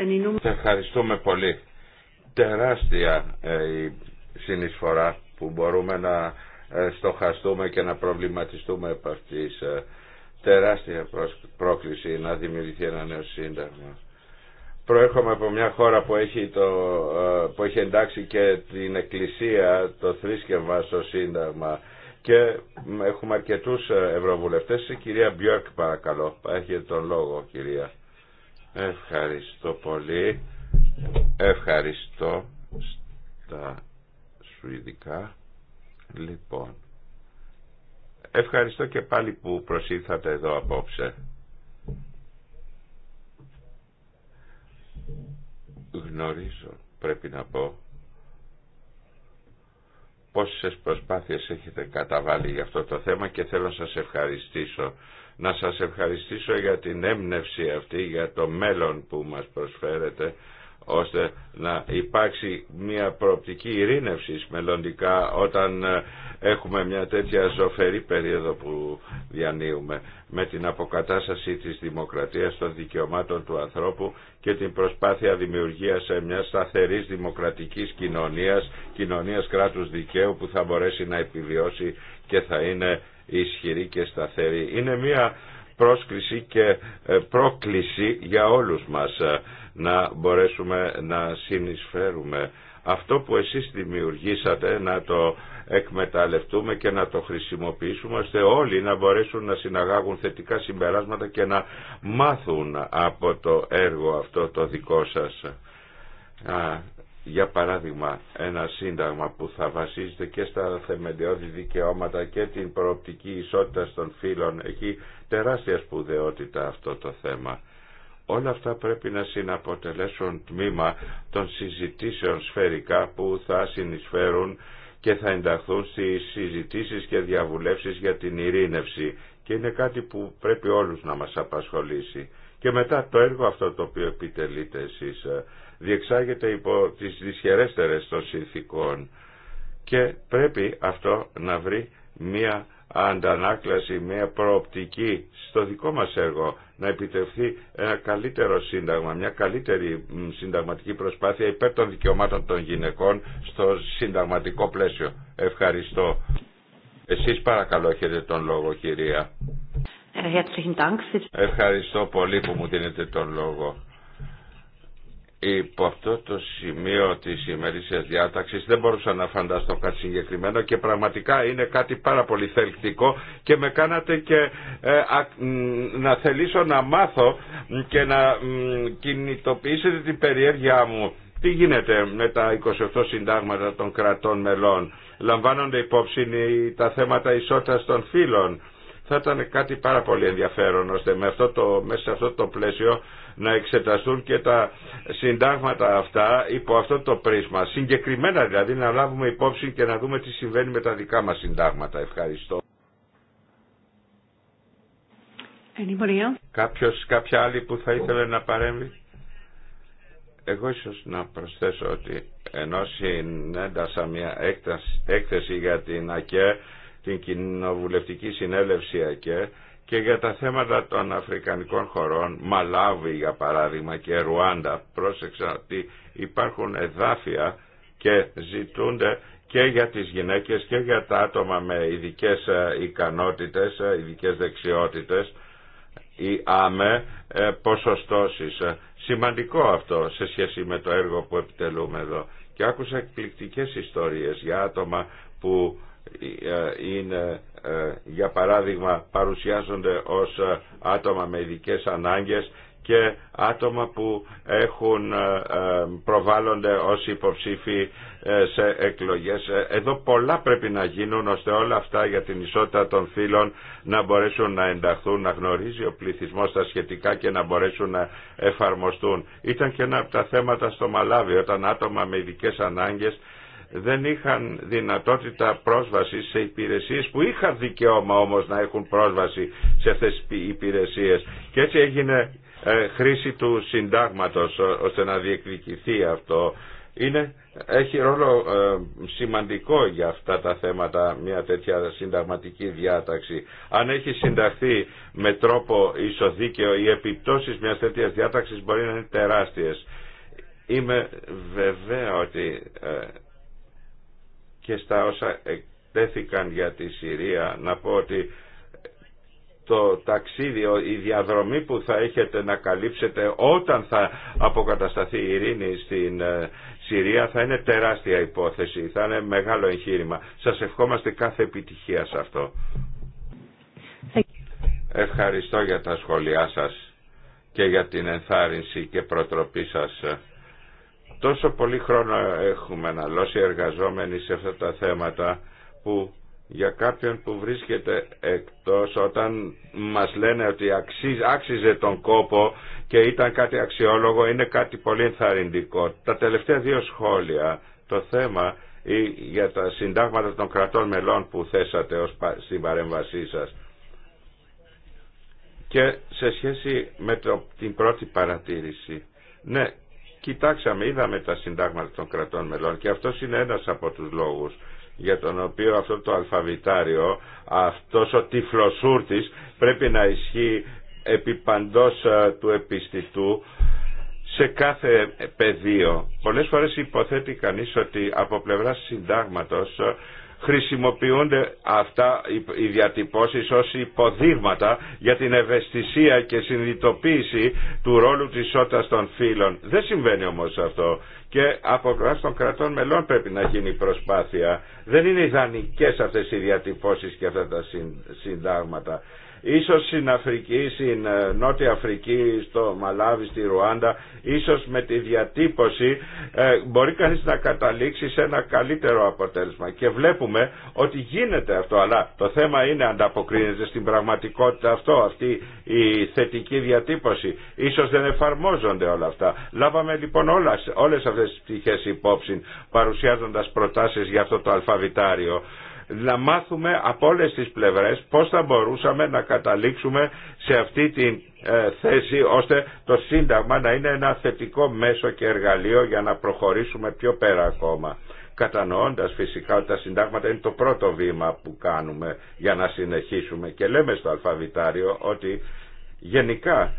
A: An enormous...
C: Ευχαριστούμε πολύ. Τεράστια ε, συνεισφορά που μπορούμε να ε, στοχαστούμε και να προβληματιστούμε από αυτής. Ε, τεράστια πρόκληση να δημιουργηθεί ένα νέο σύνταγμα. Προέρχομαι από μια χώρα που έχει, το, ε, που έχει εντάξει και την εκκλησία, το θρήσκευμα στο Σύνταγμα και έχουμε αρκετούς ευρωβουλευτές. Η κυρία Μπιόρκ παρακαλώ, έχει τον λόγο κυρία. Ευχαριστώ πολύ. Ευχαριστώ ειδικά Λοιπόν, ευχαριστώ και πάλι που προσήλθατε εδώ απόψε. Γνωρίζω, πρέπει να πω, πόσες προσπάθειες έχετε καταβάλει για αυτό το θέμα και θέλω να σας ευχαριστήσω. Να σας ευχαριστήσω για την έμπνευση αυτή, για το μέλλον που μας προσφέρετε ώστε να υπάρξει μια προοπτική ειρήνευση μελλοντικά όταν ε, έχουμε μια τέτοια ζωφερή περίοδο που διανύουμε με την αποκατάσταση της δημοκρατίας των δικαιωμάτων του ανθρώπου και την προσπάθεια δημιουργίας μια σταθερής δημοκρατικής κοινωνίας, κοινωνίας κράτους δικαίου που θα μπορέσει να επιβιώσει και θα είναι ισχυρή και σταθερή. Είναι μια πρόσκληση και ε, πρόκληση για όλους μας ε, να μπορέσουμε να συνεισφέρουμε αυτό που εσείς δημιουργήσατε να το εκμεταλλευτούμε και να το χρησιμοποιήσουμε ώστε όλοι να μπορέσουν να συναγάγουν θετικά συμπεράσματα και να μάθουν από το έργο αυτό το δικό σας για παράδειγμα ένα σύνταγμα που θα βασίζεται και στα θεμελιώδη δικαιώματα και την προοπτική ισότητα των φύλων έχει τεράστια σπουδαιότητα αυτό το θέμα. Όλα αυτά πρέπει να συναποτελέσουν τμήμα των συζητήσεων σφαιρικά που θα συνεισφέρουν και θα ενταχθούν στις συζητήσεις και διαβουλεύσεις για την ειρήνευση και είναι κάτι που πρέπει όλους να μας απασχολήσει. Και μετά το έργο αυτό το οποίο επιτελείτε εσείς ε, διεξάγεται υπό τις δυσχερέστερες των συνθήκων και πρέπει αυτό να βρει μία αντανάκλαση, μία προοπτική στο δικό μας έργο να επιτευχθεί ένα καλύτερο σύνταγμα, μια καλύτερη συνταγματική προσπάθεια υπέρ των δικαιωμάτων των γυναικών στο συνταγματικό πλαίσιο. Ευχαριστώ. Εσείς παρακαλώ έχετε τον λόγο κυρία. Ευχαριστώ πολύ που μου δίνετε τον λόγο υπό αυτό το σημείο της ημερήσιας διάταξης δεν μπορούσα να φανταστώ κάτι συγκεκριμένο και πραγματικά είναι κάτι πάρα πολύ θελκτικό και με κάνατε και ε, α, να θελήσω να μάθω και να μ, κινητοποιήσετε την περιέργειά μου. Τι γίνεται με τα 28 συντάγματα των κρατών μελών. Λαμβάνονται υπόψη τα θέματα ισότητας των φύλων θα ήταν κάτι πάρα πολύ ενδιαφέρον ώστε με αυτό το, μέσα σε αυτό το πλαίσιο να εξεταστούν και τα συντάγματα αυτά υπό αυτό το πρίσμα. Συγκεκριμένα δηλαδή να λάβουμε υπόψη και να δούμε τι συμβαίνει με τα δικά μας συντάγματα. Ευχαριστώ. Κάποιος, κάποια άλλη που θα ήθελε να παρέμβει. Εγώ ίσως να προσθέσω ότι ενώ συνέντασα μια έκθεση για την ΑΚΕ την κοινοβουλευτική συνέλευση ΑΚΕ και για τα θέματα των Αφρικανικών χωρών, Μαλάβη για παράδειγμα και Ρουάντα, πρόσεξα ότι υπάρχουν εδάφια και ζητούνται και για τις γυναίκες και για τα άτομα με ειδικέ ε, ικανότητες, ε, ειδικέ δεξιότητες, η ΑΜΕ ε, ποσοστώσεις. Σημαντικό αυτό σε σχέση με το έργο που επιτελούμε εδώ. Και άκουσα εκπληκτικές ιστορίες για άτομα που είναι ε, για παράδειγμα παρουσιάζονται ως ε, άτομα με ειδικέ ανάγκες και άτομα που έχουν ε, προβάλλονται ως υποψήφοι σε εκλογές. Εδώ πολλά πρέπει να γίνουν ώστε όλα αυτά για την ισότητα των φύλων να μπορέσουν να ενταχθούν, να γνωρίζει ο πληθυσμός τα σχετικά και να μπορέσουν να εφαρμοστούν. Ήταν και ένα από τα θέματα στο Μαλάβι όταν άτομα με ειδικέ ανάγκες δεν είχαν δυνατότητα πρόσβασης σε υπηρεσίες που είχαν δικαίωμα όμως να έχουν πρόσβαση σε αυτές τις υπηρεσίες. Και έτσι έγινε ε, χρήση του συντάγματος ώστε να διεκδικηθεί αυτό. Είναι, έχει ρόλο ε, σημαντικό για αυτά τα θέματα μια τέτοια συνταγματική διάταξη. Αν έχει συνταχθεί με τρόπο ισοδίκαιο οι επιπτώσεις μιας τέτοιας διάταξης μπορεί να είναι τεράστιες. Είμαι βεβαία ότι ε, και στα όσα εκτέθηκαν για τη Συρία να πω ότι το ταξίδιο, η διαδρομή που θα έχετε να καλύψετε όταν θα αποκατασταθεί η ειρήνη στην ε, Συρία θα είναι τεράστια υπόθεση, θα είναι μεγάλο εγχείρημα. Σας ευχόμαστε κάθε επιτυχία σε αυτό. Ευχαριστώ για τα σχόλιά σας και για την ενθάρρυνση και προτροπή σας. Τόσο πολύ χρόνο έχουμε αναλώσει εργαζόμενοι σε αυτά τα θέματα που για κάποιον που βρίσκεται εκτός όταν μας λένε ότι άξιζε τον κόπο και ήταν κάτι αξιόλογο είναι κάτι πολύ ενθαρρυντικό. Τα τελευταία δύο σχόλια το θέμα για τα συντάγματα των κρατών μελών που θέσατε ως, στην παρέμβασή σας και σε σχέση με την πρώτη παρατήρηση ναι Κοιτάξαμε, είδαμε τα συντάγματα των κρατών μελών και αυτό είναι ένας από τους λόγους για τον οποίο αυτό το αλφαβητάριο, αυτός ο τυφλοσούρτης πρέπει να ισχύει επί παντός ε, του επιστητού σε κάθε πεδίο. Πολλές φορές υποθέτει κανείς ότι από πλευράς συντάγματος χρησιμοποιούνται αυτά οι διατυπώσεις ως υποδείγματα για την ευαισθησία και συνειδητοποίηση του ρόλου της ισότητας των φύλων. Δεν συμβαίνει όμως αυτό και από πλευρά των κρατών μελών πρέπει να γίνει προσπάθεια. Δεν είναι ιδανικές αυτές οι διατυπώσεις και αυτά τα συντάγματα. Ίσως στην Αφρική, στην ε, Νότια Αφρική, στο Μαλάβι, στη Ρουάντα, ίσως με τη διατύπωση ε, μπορεί κανείς να καταλήξει σε ένα καλύτερο αποτέλεσμα. Και βλέπουμε ότι γίνεται αυτό, αλλά το θέμα είναι ανταποκρίνεται στην πραγματικότητα αυτό, αυτή η θετική διατύπωση. Ίσως δεν εφαρμόζονται όλα αυτά. Λάβαμε λοιπόν όλες αυτές τις πτυχές υπόψη παρουσιάζοντας προτάσεις για αυτό το αλφαβητάριο να μάθουμε από όλες τις πλευρές πώς θα μπορούσαμε να καταλήξουμε σε αυτή τη ε, θέση ώστε το Σύνταγμα να είναι ένα θετικό μέσο και εργαλείο για να προχωρήσουμε πιο πέρα ακόμα κατανοώντας φυσικά ότι τα συντάγματα είναι το πρώτο βήμα που κάνουμε για να συνεχίσουμε και λέμε στο αλφαβητάριο ότι γενικά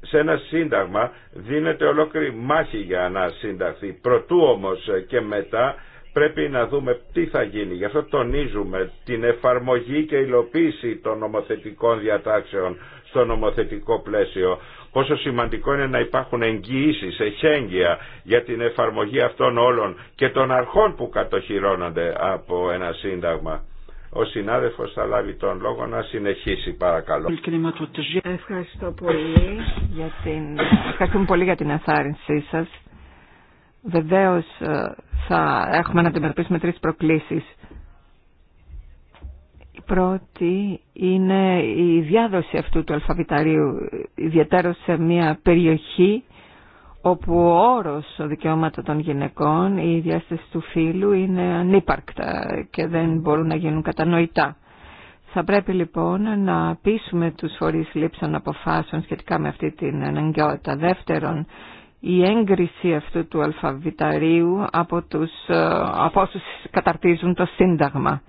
C: σε ένα σύνταγμα δίνεται ολόκληρη μάχη για να συνταχθεί. Πρωτού όμως και μετά πρέπει να δούμε τι θα γίνει. Γι' αυτό τονίζουμε την εφαρμογή και υλοποίηση των νομοθετικών διατάξεων στο νομοθετικό πλαίσιο. Πόσο σημαντικό είναι να υπάρχουν εγγυήσει, εχέγγυα για την εφαρμογή αυτών όλων και των αρχών που κατοχυρώνονται από ένα σύνταγμα. Ο συνάδελφος θα λάβει τον λόγο να συνεχίσει παρακαλώ.
A: Ευχαριστώ πολύ για την... Ευχαριστούμε πολύ για την σας Βεβαίως ε, θα έχουμε να αντιμετωπίσουμε τρεις προκλήσεις. Η πρώτη είναι η διάδοση αυτού του αλφαβηταρίου, ιδιαίτερα σε μια περιοχή όπου ο όρος δικαιώματα των γυναικών, η διάσταση του φύλου είναι ανύπαρκτα και δεν μπορούν να γίνουν κατανοητά. Θα πρέπει λοιπόν να πείσουμε τους φορείς λήψεων αποφάσεων σχετικά με αυτή την αναγκαιότητα. Δεύτερον, η έγκριση αυτού του αλφαβηταρίου από, τους, ε, από όσους καταρτίζουν το Σύνταγμα.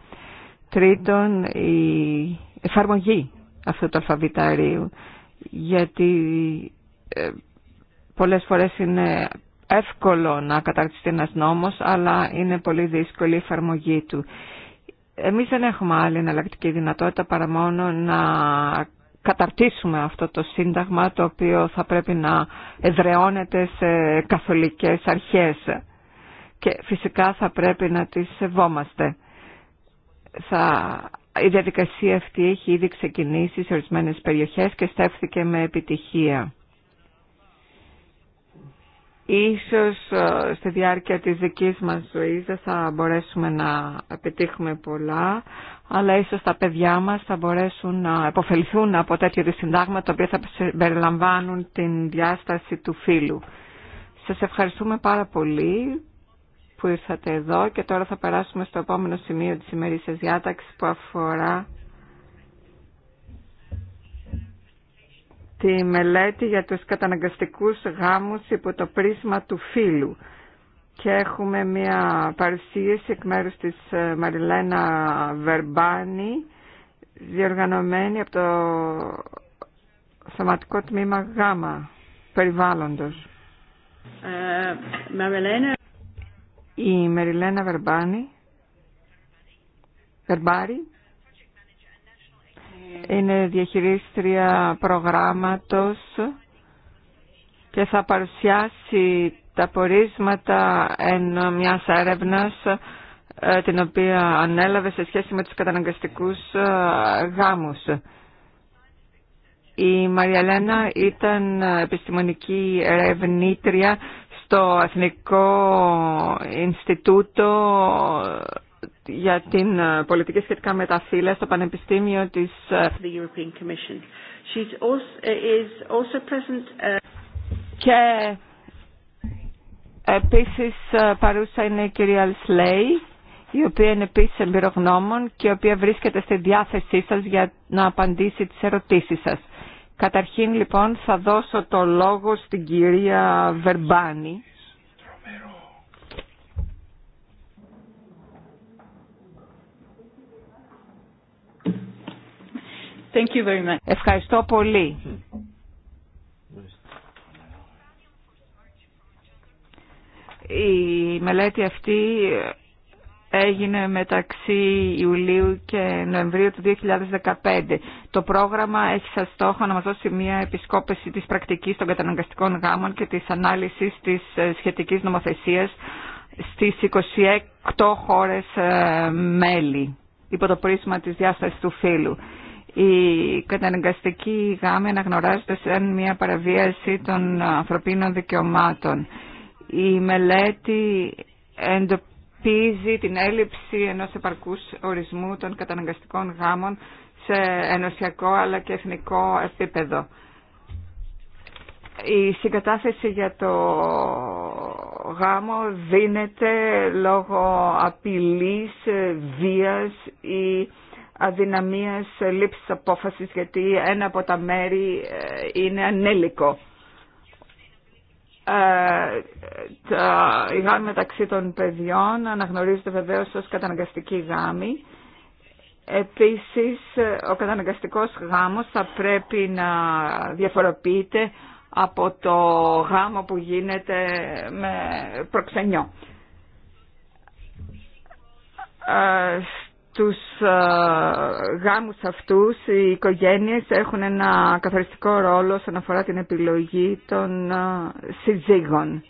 A: Τρίτον, η εφαρμογή αυτού του αλφαβηταρίου, γιατί ε, πολλές φορές είναι εύκολο να καταρτιστεί ένας νόμος, αλλά είναι πολύ δύσκολη η εφαρμογή του. Εμείς δεν έχουμε άλλη εναλλακτική δυνατότητα παρά μόνο να καταρτήσουμε αυτό το σύνταγμα το οποίο θα πρέπει να εδραιώνεται σε καθολικές αρχές και φυσικά θα πρέπει να τις σεβόμαστε. Η διαδικασία αυτή έχει ήδη ξεκινήσει σε ορισμένες περιοχές και στέφθηκε με επιτυχία. Ίσως ε, στη διάρκεια της δικής μας ζωής δεν θα μπορέσουμε να επιτύχουμε πολλά, αλλά ίσως τα παιδιά μας θα μπορέσουν να επωφεληθούν από τέτοια συντάγματα, τα οποία θα περιλαμβάνουν την διάσταση του φύλου. Σας ευχαριστούμε πάρα πολύ που ήρθατε εδώ και τώρα θα περάσουμε στο επόμενο σημείο της ημερήσιας διάταξης που αφορά τη μελέτη για τους καταναγκαστικούς γάμους υπό το πρίσμα του φύλου και έχουμε μια παρουσίαση εκ μέρους της ε, Μαριλένα Βερμπάνη διοργανωμένη από το σωματικό τμήμα ΓΑΜΑ περιβάλλοντος. Ε, Η Μαριλένα Βερμπάνη Βερμπάρη είναι διαχειρίστρια προγράμματος και θα παρουσιάσει τα πορίσματα εν μιας έρευνας ε, την οποία ανέλαβε σε σχέση με τους καταναγκαστικούς ε, γάμους. Η Μαριαλένα ήταν επιστημονική ερευνήτρια στο Εθνικό Ινστιτούτο ε, για την πολιτική σχετικά με τα φύλλα στο Πανεπιστήμιο της και Επίσης ε, παρούσα είναι η κυρία Λσλέη, η οποία είναι επίσης εμπειρογνώμων και η οποία βρίσκεται στη διάθεσή σας για να απαντήσει τις ερωτήσεις σας. Καταρχήν λοιπόν θα δώσω το λόγο στην κυρία Βερμπάνη. Ευχαριστώ πολύ. Η μελέτη αυτή έγινε μεταξύ Ιουλίου και Νοεμβρίου του 2015. Το πρόγραμμα έχει σαν στόχο να μας δώσει μια επισκόπηση της πρακτικής των καταναγκαστικών γάμων και της ανάλυσης της ε, σχετικής νομοθεσίας στις 28 χώρες ε, μέλη υπό το πρίσμα της διάστασης του φύλου. Η καταναγκαστική γάμη αναγνωράζονται σαν μια παραβίαση των ανθρωπίνων δικαιωμάτων η μελέτη εντοπίζει την έλλειψη ενός επαρκούς ορισμού των καταναγκαστικών γάμων σε ενωσιακό αλλά και εθνικό επίπεδο. Η συγκατάθεση για το γάμο δίνεται λόγω απειλής, βίας ή αδυναμίας λήψης απόφασης γιατί ένα από τα μέρη ε, είναι ανέλικο. Ε, η γάμη μεταξύ των παιδιών αναγνωρίζεται βεβαίως ως καταναγκαστική γάμη. Επίσης, ο καταναγκαστικός γάμος θα πρέπει να διαφοροποιείται από το γάμο που γίνεται με προξενιό. Ε, τους ε, γάμους αυτούς οι οικογένειες έχουν ένα καθοριστικό ρόλο όσον αφορά την επιλογή των ε, συζύγων.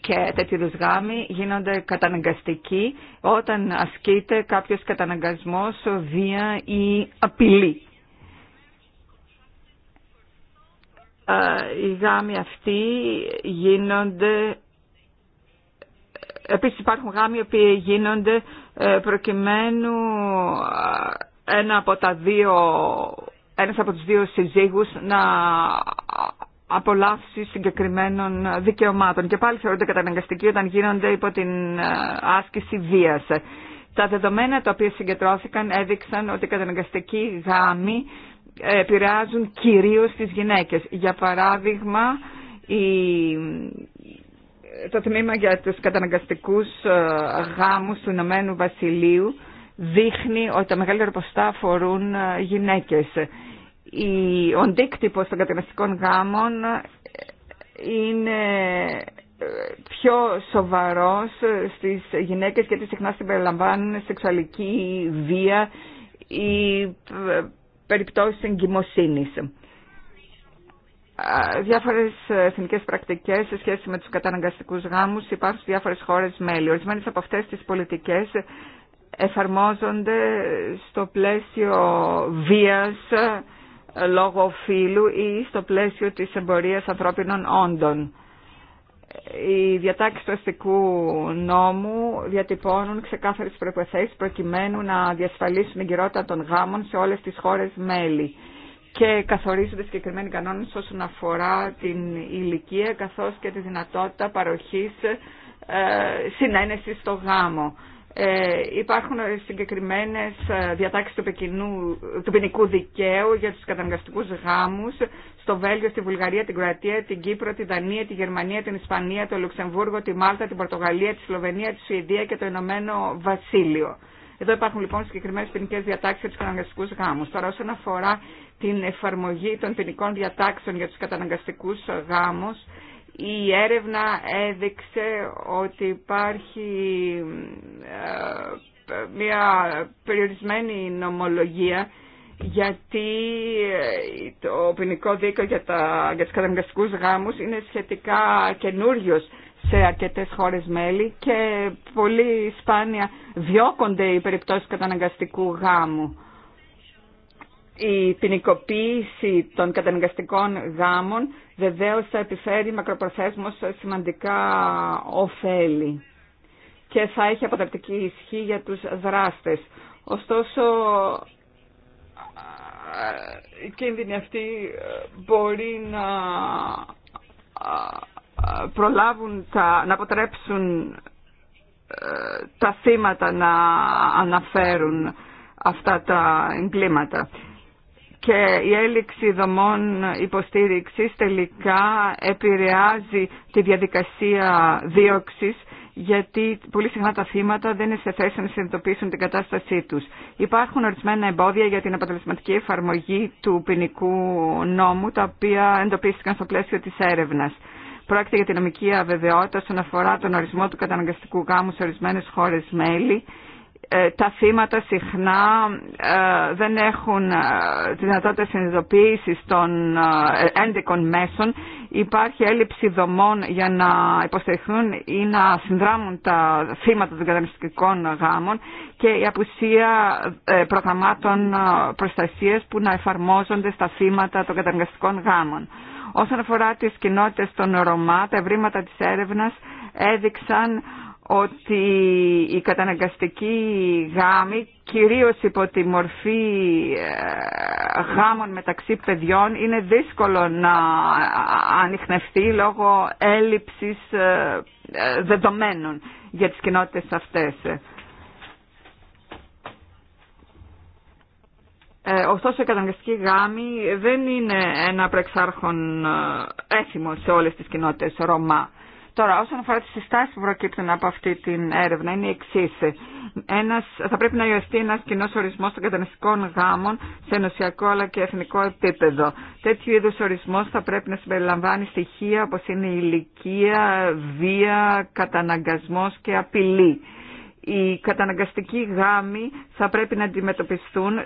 A: Και τέτοιου είδου γάμοι γίνονται καταναγκαστικοί όταν ασκείται κάποιος καταναγκασμός, βία ή απειλή. Ε, οι γάμοι αυτοί γίνονται... Επίσης υπάρχουν γάμοι οι οποίοι γίνονται ε, προκειμένου ε, ένα από τα δύο, ένας από τους δύο συζύγους να απολαύσει συγκεκριμένων δικαιωμάτων. Και πάλι θεωρούνται καταναγκαστικοί όταν γίνονται υπό την ε, άσκηση βίας. Τα δεδομένα τα οποία συγκεντρώθηκαν έδειξαν ότι οι καταναγκαστικοί γάμοι επηρεάζουν κυρίως τις γυναίκες. Για παράδειγμα, η το τμήμα για τους καταναγκαστικούς ε, γάμους του Ηνωμένου Βασιλείου δείχνει ότι τα μεγαλύτερα ποστά αφορούν ε, γυναίκες. Ο αντίκτυπο των καταναγκαστικών γάμων ε, είναι πιο σοβαρός στις γυναίκες γιατί συχνά συμπεριλαμβάνουν σεξουαλική βία ή περιπτώσεις εγκυμοσύνης διάφορες εθνικές πρακτικές σε σχέση με τους καταναγκαστικούς γάμους υπάρχουν σε διάφορες χώρες μέλη. Ορισμένες από αυτές τις πολιτικές εφαρμόζονται στο πλαίσιο βίας ε, λόγω φύλου ή στο πλαίσιο της εμπορίας ανθρώπινων όντων. Οι διατάξεις του αστικού νόμου διατυπώνουν ξεκάθαρες προϋποθέσεις προκειμένου να διασφαλίσουν την κυρότητα των γάμων σε όλες τις χώρες μέλη και καθορίζονται συγκεκριμένοι κανόνες όσον αφορά την ηλικία καθώς και τη δυνατότητα παροχής ε, συνένεση στο γάμο. Ε, υπάρχουν συγκεκριμένες ε, διατάξεις του, του ποινικού δικαίου για τους καταναγκαστικούς γάμους στο Βέλγιο, στη Βουλγαρία, την Κροατία, την Κύπρο, τη Δανία, τη Γερμανία, την Ισπανία, το Λουξεμβούργο, τη Μάλτα, την Πορτογαλία, τη Σλοβενία, τη Σουηδία και το Ηνωμένο Βασίλειο. Εδώ υπάρχουν λοιπόν συγκεκριμένε ποινικέ διατάξει για του καταναγκαστικού γάμου. Τώρα, όσον αφορά την εφαρμογή των ποινικών διατάξεων για τους καταναγκαστικούς γάμους, η έρευνα έδειξε ότι υπάρχει ε, μια περιορισμένη νομολογία γιατί ε, το ποινικό δίκαιο για, τα, για τους καταναγκαστικούς γάμους είναι σχετικά καινούριος σε αρκετές χώρες μέλη και πολύ σπάνια διώκονται οι περιπτώσεις καταναγκαστικού γάμου η ποινικοποίηση των καταναγκαστικών γάμων βεβαίως θα επιφέρει μακροπροθέσμως σημαντικά ωφέλη και θα έχει αποτρεπτική ισχύ για τους δράστες. Ωστόσο, η κίνδυνη αυτή ε, μπορεί να ε, προλάβουν τα, να αποτρέψουν ε, τα θύματα να αναφέρουν αυτά τα εγκλήματα και η έλλειξη δομών υποστήριξης τελικά επηρεάζει τη διαδικασία δίωξης γιατί πολύ συχνά τα θύματα δεν είναι σε θέση να συνειδητοποιήσουν την κατάστασή τους. Υπάρχουν ορισμένα εμπόδια για την αποτελεσματική εφαρμογή του ποινικού νόμου, τα οποία εντοπίστηκαν στο πλαίσιο της έρευνας. Πρόκειται για την νομική αβεβαιότητα όσον αφορά τον ορισμό του καταναγκαστικού γάμου σε ορισμένες χώρες μέλη, ε, τα θύματα συχνά ε, δεν έχουν ε, τη δυνατότητα συνειδητοποίηση των έντεκων μέσων. Υπάρχει έλλειψη δομών για να υποστηριχθούν ή να συνδράμουν τα θύματα των καταναστικών γάμων και η απουσία προγραμμάτων προστασίας που να εφαρμόζονται στα θύματα των καταναστικών γάμων. Όσον αφορά τις κοινότητες των Ρωμά, τα ευρήματα της έρευνας έδειξαν ότι η καταναγκαστική γάμη κυρίως υπό τη μορφή ε, γάμων μεταξύ παιδιών είναι δύσκολο να ανοιχνευτεί λόγω έλλειψης ε, ε, δεδομένων για τις κοινότητες αυτές. ωστόσο η καταναγκαστική γάμη δεν είναι ένα προεξάρχον έθιμο σε όλες τις κοινότητες Ρωμά. Τώρα, όσον αφορά τι συστάσει που προκύπτουν από αυτή την έρευνα, είναι η εξή. Θα πρέπει να υιοστεί ένα κοινό ορισμό των καταναστικών γάμων σε ενωσιακό αλλά και εθνικό επίπεδο. Τέτοιου είδου ορισμό θα πρέπει να συμπεριλαμβάνει στοιχεία όπω είναι ηλικία, βία, καταναγκασμό και απειλή. Οι καταναγκαστικοί γάμοι θα πρέπει να αντιμετωπιστούν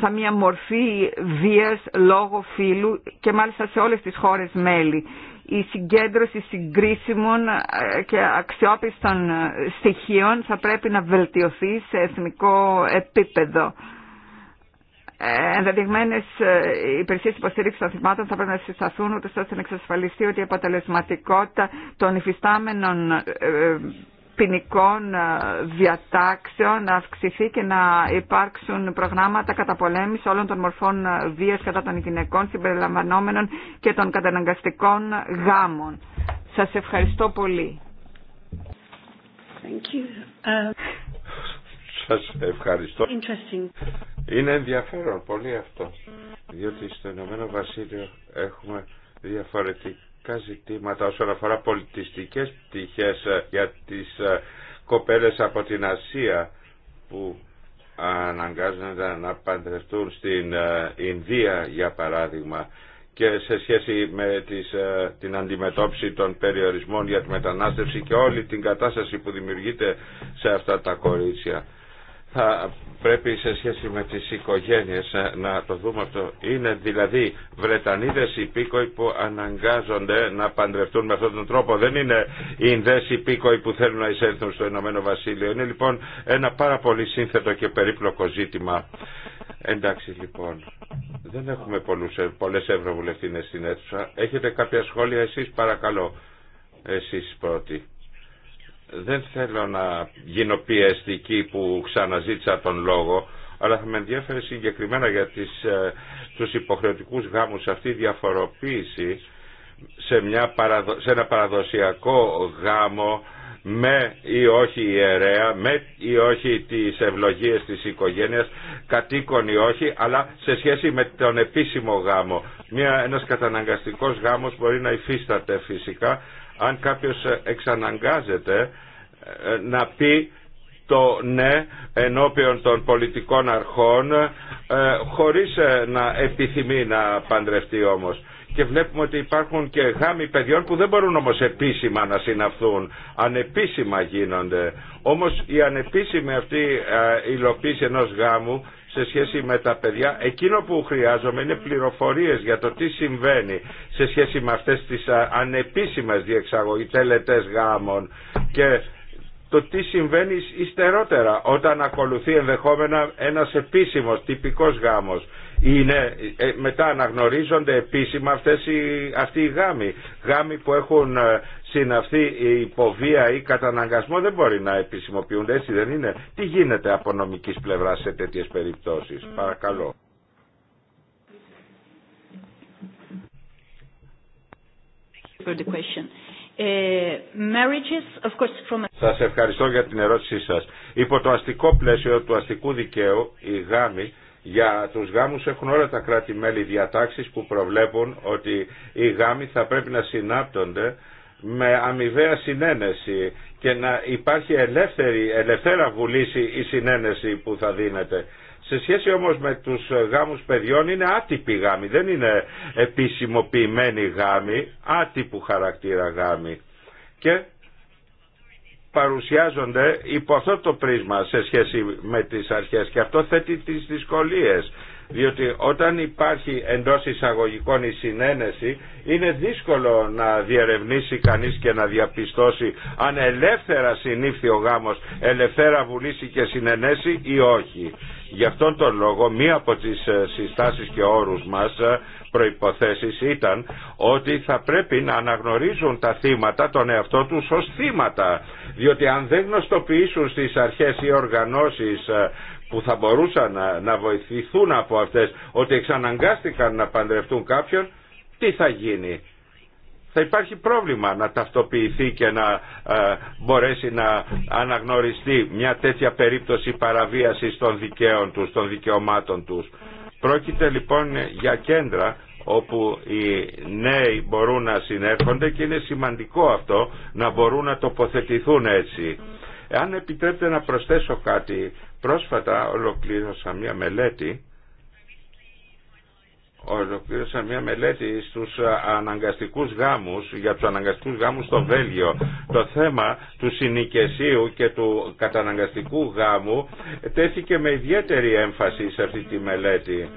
A: σαν μια μορφή βίας λόγω φύλου και μάλιστα σε όλες τις χώρες μέλη η συγκέντρωση συγκρίσιμων ε, και αξιόπιστων ε, στοιχείων θα πρέπει να βελτιωθεί σε εθνικό επίπεδο. Ε, Ενδεδειγμένε υπηρεσίε υποστήριξη των θυμάτων θα πρέπει να συσταθούν ούτω ώστε να εξασφαλιστεί ότι η αποτελεσματικότητα των υφιστάμενων ποινικών ε, διατάξεων να αυξηθεί και να υπάρξουν προγράμματα καταπολέμηση όλων των μορφών ε, βία κατά των γυναικών συμπεριλαμβανόμενων και των καταναγκαστικών γάμων. Σας ευχαριστώ πολύ. Thank you. Uh,
C: Σας ευχαριστώ. Είναι ενδιαφέρον πολύ αυτό. Διότι στο Ηνωμένο Βασίλειο έχουμε διαφορετικά πολιτικά ζητήματα όσον αφορά πολιτιστικές πτυχές ε, για τις ε, κοπέλες από την Ασία που αναγκάζονται να παντρευτούν στην ε, Ινδία για παράδειγμα και σε σχέση με την αντιμετώπιση των περιορισμών για τη μετανάστευση και όλη την κατάσταση που δημιουργείται σε αυτά τα κορίτσια. Θα πρέπει σε σχέση με τις οικογένειες ε, να το δούμε αυτό. Είναι δηλαδή Βρετανίδες υπήκοοι που αναγκάζονται να παντρευτούν με αυτόν τον τρόπο. Δεν είναι Ινδές υπήκοοι που θέλουν να εισέλθουν στο Ηνωμένο Βασίλειο. Είναι λοιπόν ένα πάρα πολύ σύνθετο και περίπλοκο ζήτημα. Εντάξει λοιπόν, δεν έχουμε πολλούς, ε, πολλές ευρωβουλευτίνες στην αίθουσα. Έχετε κάποια σχόλια εσείς παρακαλώ. Εσείς πρώτοι. Δεν θέλω να γίνω πιεστική που ξαναζήτησα τον λόγο, αλλά θα με ενδιαφέρει συγκεκριμένα για τις, ε, τους υποχρεωτικούς γάμους αυτή η διαφοροποίηση σε, μια ένα παραδοσιακό γάμο με ή όχι ιερέα, με ή όχι τις ευλογίες της οικογένειας, κατοίκον ή όχι, αλλά σε σχέση με τον επίσημο γάμο. Μια, ένας καταναγκαστικός γάμος μπορεί να υφίσταται φυσικά, αν κάποιος ε, εξαναγκάζεται ε, να πει το ναι ενώπιον των πολιτικών αρχών ε, χωρίς να επιθυμεί να παντρευτεί όμως. Και βλέπουμε ότι υπάρχουν και γάμοι παιδιών που δεν μπορούν όμως επίσημα να συναυθούν. Ανεπίσημα γίνονται. Όμως η ανεπίσημη αυτή υλοποίηση ενός γάμου σε σχέση με τα παιδιά. Εκείνο που χρειάζομαι είναι πληροφορίες για το τι συμβαίνει σε σχέση με αυτές τις ανεπίσημες διεξαγωγές, τελετές γάμων και το τι συμβαίνει υστερότερα όταν ακολουθεί ενδεχόμενα ένας επίσημος τυπικός γάμος είναι, ε, μετά αναγνωρίζονται επίσημα αυτές οι, αυτοί οι γάμοι. Γάμοι που έχουν ε, συναυθεί υποβία ή καταναγκασμό δεν μπορεί να επισημοποιούνται, έτσι δεν είναι. Τι γίνεται από νομικής πλευράς σε τέτοιες περιπτώσεις. Παρακαλώ.
A: Ε, σας
C: ευχαριστώ για την ερώτησή σας. Υπό το αστικό πλαίσιο του αστικού δικαίου, οι γάμοι για τους γάμους έχουν όλα τα κράτη-μέλη διατάξεις που προβλέπουν ότι οι γάμοι θα πρέπει να συνάπτονται με αμοιβαία συνένεση και να υπάρχει ελεύθερη, ελευθέρα βουλήση η συνένεση που θα δίνεται. Σε σχέση όμως με τους γάμους παιδιών είναι άτυπη γάμοι, δεν είναι επισημοποιημένοι γάμοι, άτυπου χαρακτήρα γάμοι. Και παρουσιάζονται υπό αυτό το πρίσμα σε σχέση με τις αρχές και αυτό θέτει τις δυσκολίες διότι όταν υπάρχει εντός εισαγωγικών η συνένεση είναι δύσκολο να διερευνήσει κανείς και να διαπιστώσει αν ελεύθερα συνήφθη ο γάμος, ελευθέρα βουλήσει και συνενέσει ή όχι. Γι' αυτόν τον λόγο μία από τις συστάσεις και όρους μας προϋποθέσεις ήταν ότι θα πρέπει να αναγνωρίζουν τα θύματα τον εαυτό τους ως θύματα. Διότι αν δεν γνωστοποιήσουν στις αρχές οι οργανώσεις ε, που θα μπορούσαν να βοηθηθούν από αυτές ότι εξαναγκάστηκαν να παντρευτούν κάποιον, τι θα γίνει. Θα υπάρχει πρόβλημα να ταυτοποιηθεί και να ε, μπορέσει να αναγνωριστεί μια τέτοια περίπτωση παραβίασης των δικαίων τους, των δικαιωμάτων τους. Πρόκειται λοιπόν για κέντρα όπου οι νέοι μπορούν να συνέρχονται και είναι σημαντικό αυτό να μπορούν να τοποθετηθούν έτσι. Αν επιτρέπετε να προσθέσω κάτι, πρόσφατα ολοκλήρωσα μια μελέτη ολοκλήρωσα μια μελέτη στους αναγκαστικούς γάμους, για τους αναγκαστικούς γάμους στο Βέλγιο. Το θέμα του συνοικεσίου και του καταναγκαστικού γάμου τέθηκε με ιδιαίτερη έμφαση σε αυτή τη μελέτη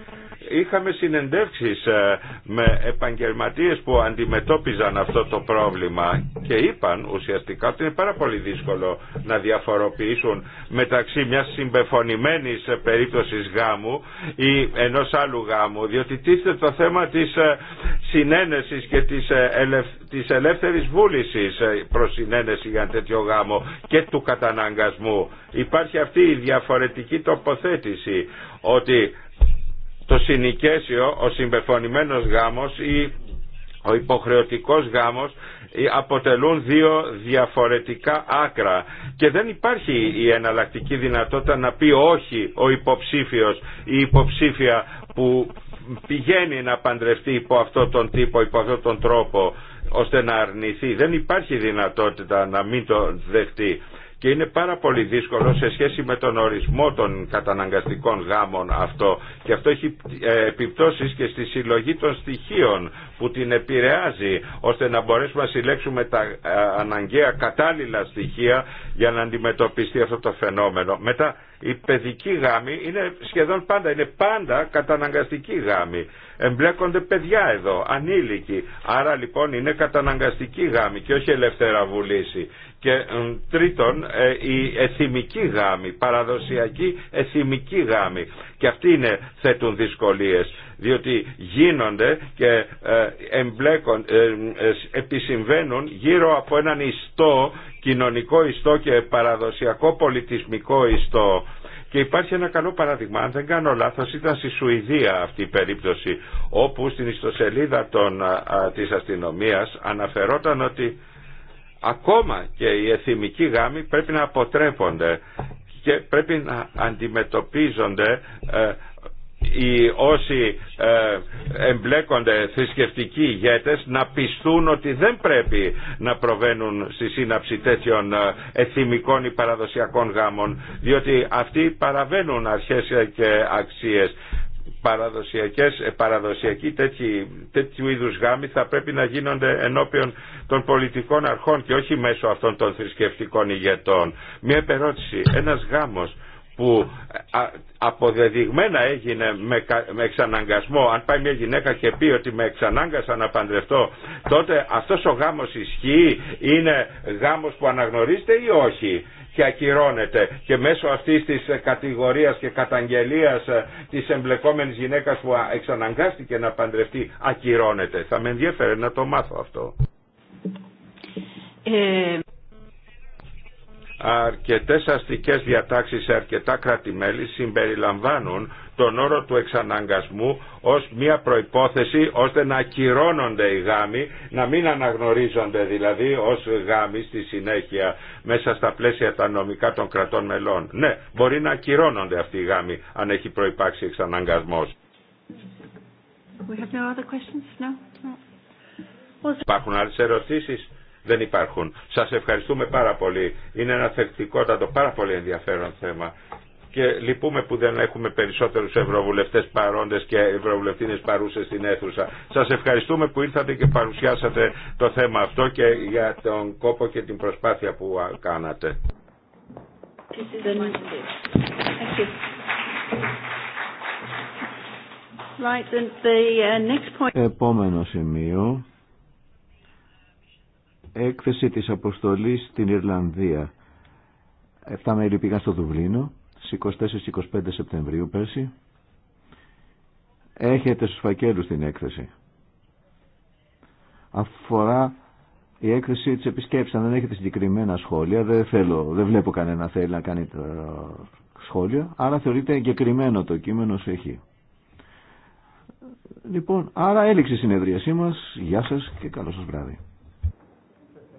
C: είχαμε συνεντεύξεις ε, με επαγγελματίες που αντιμετώπιζαν αυτό το πρόβλημα και είπαν ουσιαστικά ότι είναι πάρα πολύ δύσκολο να διαφοροποιήσουν μεταξύ μιας συμπεφωνημένης ε, περίπτωσης γάμου ή ενός άλλου γάμου διότι τίθεται το θέμα της ε, συνένεσης και της, ελευ... της ελεύθερης βούλησης προς συνένεση για ένα τέτοιο γάμο και του καταναγκασμού. Υπάρχει αυτή η διαφορετική τοποθέτηση ότι το συνοικέσιο, ο συμπεφωνημένος γάμος ή ο υποχρεωτικός γάμος ε, αποτελούν δύο διαφορετικά άκρα και δεν υπάρχει η εναλλακτική δυνατότητα να πει όχι ο υποψήφιος ή η υποψήφια που πηγαίνει να παντρευτεί υπό αυτόν τον τύπο, υπό αυτόν τον τρόπο ώστε να αρνηθεί. Δεν υπάρχει δυνατότητα να μην το δεχτεί και είναι πάρα πολύ δύσκολο σε σχέση με τον ορισμό των καταναγκαστικών γάμων αυτό και αυτό έχει ε, επιπτώσεις και στη συλλογή των στοιχείων που την επηρεάζει ώστε να μπορέσουμε να συλλέξουμε τα ε, αναγκαία κατάλληλα στοιχεία για να αντιμετωπιστεί αυτό το φαινόμενο. Μετά η παιδική γάμη είναι σχεδόν πάντα, είναι πάντα καταναγκαστική γάμη. Εμπλέκονται παιδιά εδώ, ανήλικοι. Άρα λοιπόν είναι καταναγκαστική γάμη και όχι ελεύθερα βουλήση. Και ε, τρίτον, ε, η εθιμική γάμη, παραδοσιακή εθιμική γάμη. Και αυτοί είναι, θέτουν δυσκολίες, διότι γίνονται και ε, εμπλέκον, επισυμβαίνουν γύρω από έναν ιστό, κοινωνικό ιστό και παραδοσιακό πολιτισμικό ιστό. Και υπάρχει ένα καλό παράδειγμα, αν δεν κάνω λάθος, ήταν στη Σουηδία αυτή η περίπτωση, όπου στην ιστοσελίδα των, α, της αστυνομίας αναφερόταν ότι ακόμα και οι εθιμικοί γάμοι πρέπει να αποτρέπονται και πρέπει να αντιμετωπίζονται ε, οι όσοι ε, εμπλέκονται θρησκευτικοί ηγέτες να πιστούν ότι δεν πρέπει να προβαίνουν στη σύναψη τέτοιων ε, εθιμικών ή παραδοσιακών γάμων διότι αυτοί παραβαίνουν αρχές και αξίες παραδοσιακές, ε, παραδοσιακοί τέτοιοι, τέτοιου είδους γάμοι θα πρέπει να γίνονται ενώπιον των πολιτικών αρχών και όχι μέσω αυτών των θρησκευτικών ηγετών. Μια επερώτηση, ένας γάμος που ε, αποδεδειγμένα έγινε με εξαναγκασμό αν πάει μια γυναίκα και πει ότι με εξανάγκασαν να παντρευτώ τότε αυτός ο γάμος ισχύει είναι γάμος που αναγνωρίζεται ή όχι και ακυρώνεται και μέσω αυτής της κατηγορίας και καταγγελίας ε, της εμπλεκόμενης γυναίκας που εξαναγκάστηκε να παντρευτεί ακυρώνεται θα με ενδιαφέρει να το μάθω αυτό ε αρκετές αστικές διατάξεις σε αρκετά κράτη-μέλη συμπεριλαμβάνουν τον όρο του εξαναγκασμού ως μια προϋπόθεση ώστε να ακυρώνονται οι γάμοι, να μην αναγνωρίζονται δηλαδή ως γάμοι στη συνέχεια μέσα στα πλαίσια τα νομικά των κρατών μελών. Ναι, μπορεί να ακυρώνονται αυτοί οι γάμοι αν έχει προϋπάξει εξαναγκασμός. Υπάρχουν άλλες ερωτήσεις δεν υπάρχουν. Σας ευχαριστούμε πάρα πολύ. Είναι ένα θεκτικότατο, πάρα πολύ ενδιαφέρον θέμα και λυπούμε που δεν έχουμε περισσότερους ευρωβουλευτές παρόντες και ευρωβουλευτίνες παρούσες στην αίθουσα. Σας ευχαριστούμε που ήρθατε και παρουσιάσατε το θέμα αυτό και για τον κόπο και την προσπάθεια που κάνατε.
A: Uh,
B: Επόμενο σημείο έκθεση της αποστολής στην Ιρλανδία. Εφτά μέλη πήγαν στο Δουβλίνο στις 24-25 Σεπτεμβρίου πέρσι. Έχετε στους φακέλους την έκθεση. Αφορά η έκθεση της επισκέψης. Αν δεν έχετε συγκεκριμένα σχόλια, δεν, θέλω, δεν βλέπω κανένα θέλει να κάνει σχόλια, άρα θεωρείται εγκεκριμένο το κείμενο σε έχει.
A: Λοιπόν, άρα έληξε η συνεδρίασή μας. Γεια σας και καλό σας βράδυ.